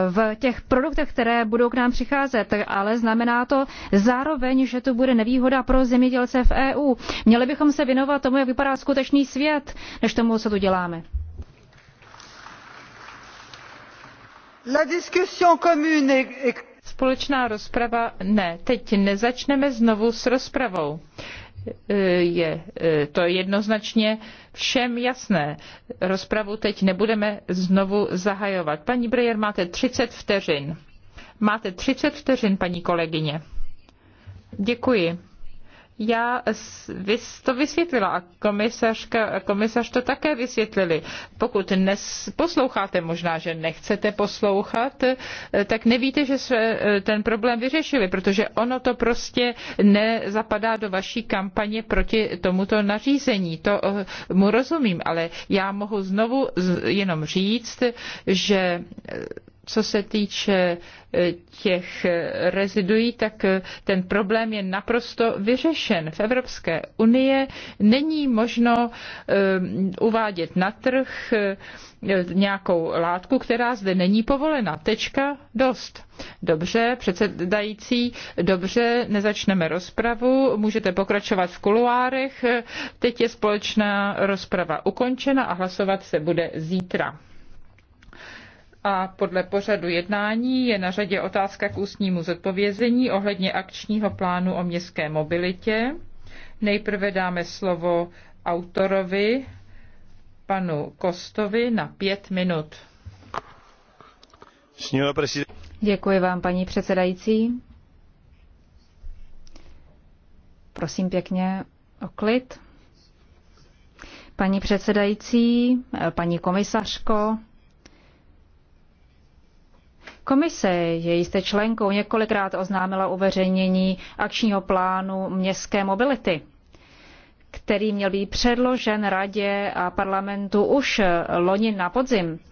v těch produktech, které budou k nám přicházet, ale znamená to zároveň, že to bude nevýhoda pro zemědělce v EU. Měli bychom se věnovat tomu, jak vypadá skutečný svět, než tomu, co tu děláme. La discussion commune est... Společná rozprava ne, teď nezačneme znovu s rozpravou je eh, to jednoznačně všem jasné. Rozpravu teď nebudeme znovu zahajovat. Paní Brejer, máte 30 vteřin. Máte 30 vteřin, paní kolegyně. Děkuji já to vysvětlila a komisařka, komisař to také vysvětlili. Pokud posloucháte, možná, že nechcete poslouchat, eh, tak nevíte, že se eh, ten problém vyřešili, protože ono to prostě nezapadá do vaší kampaně proti tomuto nařízení. To eh, mu rozumím, ale já mohu znovu jenom říct, že co se týče e, těch e, rezidují, tak e, ten problém je naprosto vyřešen. V Evropské unie není možno uvádět na trh nějakou látku, která zde není povolena. Tečka, dost. Dobře, předsedající, dobře, nezačneme rozpravu, můžete pokračovat v kuluárech. Teď je společná rozprava ukončena a hlasovat se bude zítra a podle pořadu jednání je na řadě otázka k ústnímu zodpovězení ohledně akčního plánu o městské mobilitě. Nejprve dáme slovo autorovi, panu Kostovi, na pět minut. Děkuji vám, paní předsedající. Prosím pěkně o klid. Paní předsedající, paní komisařko, Komise je jste členkou několikrát oznámila uveřejnění akčního plánu městské mobility který měl být předložen radě a parlamentu už loni na podzim.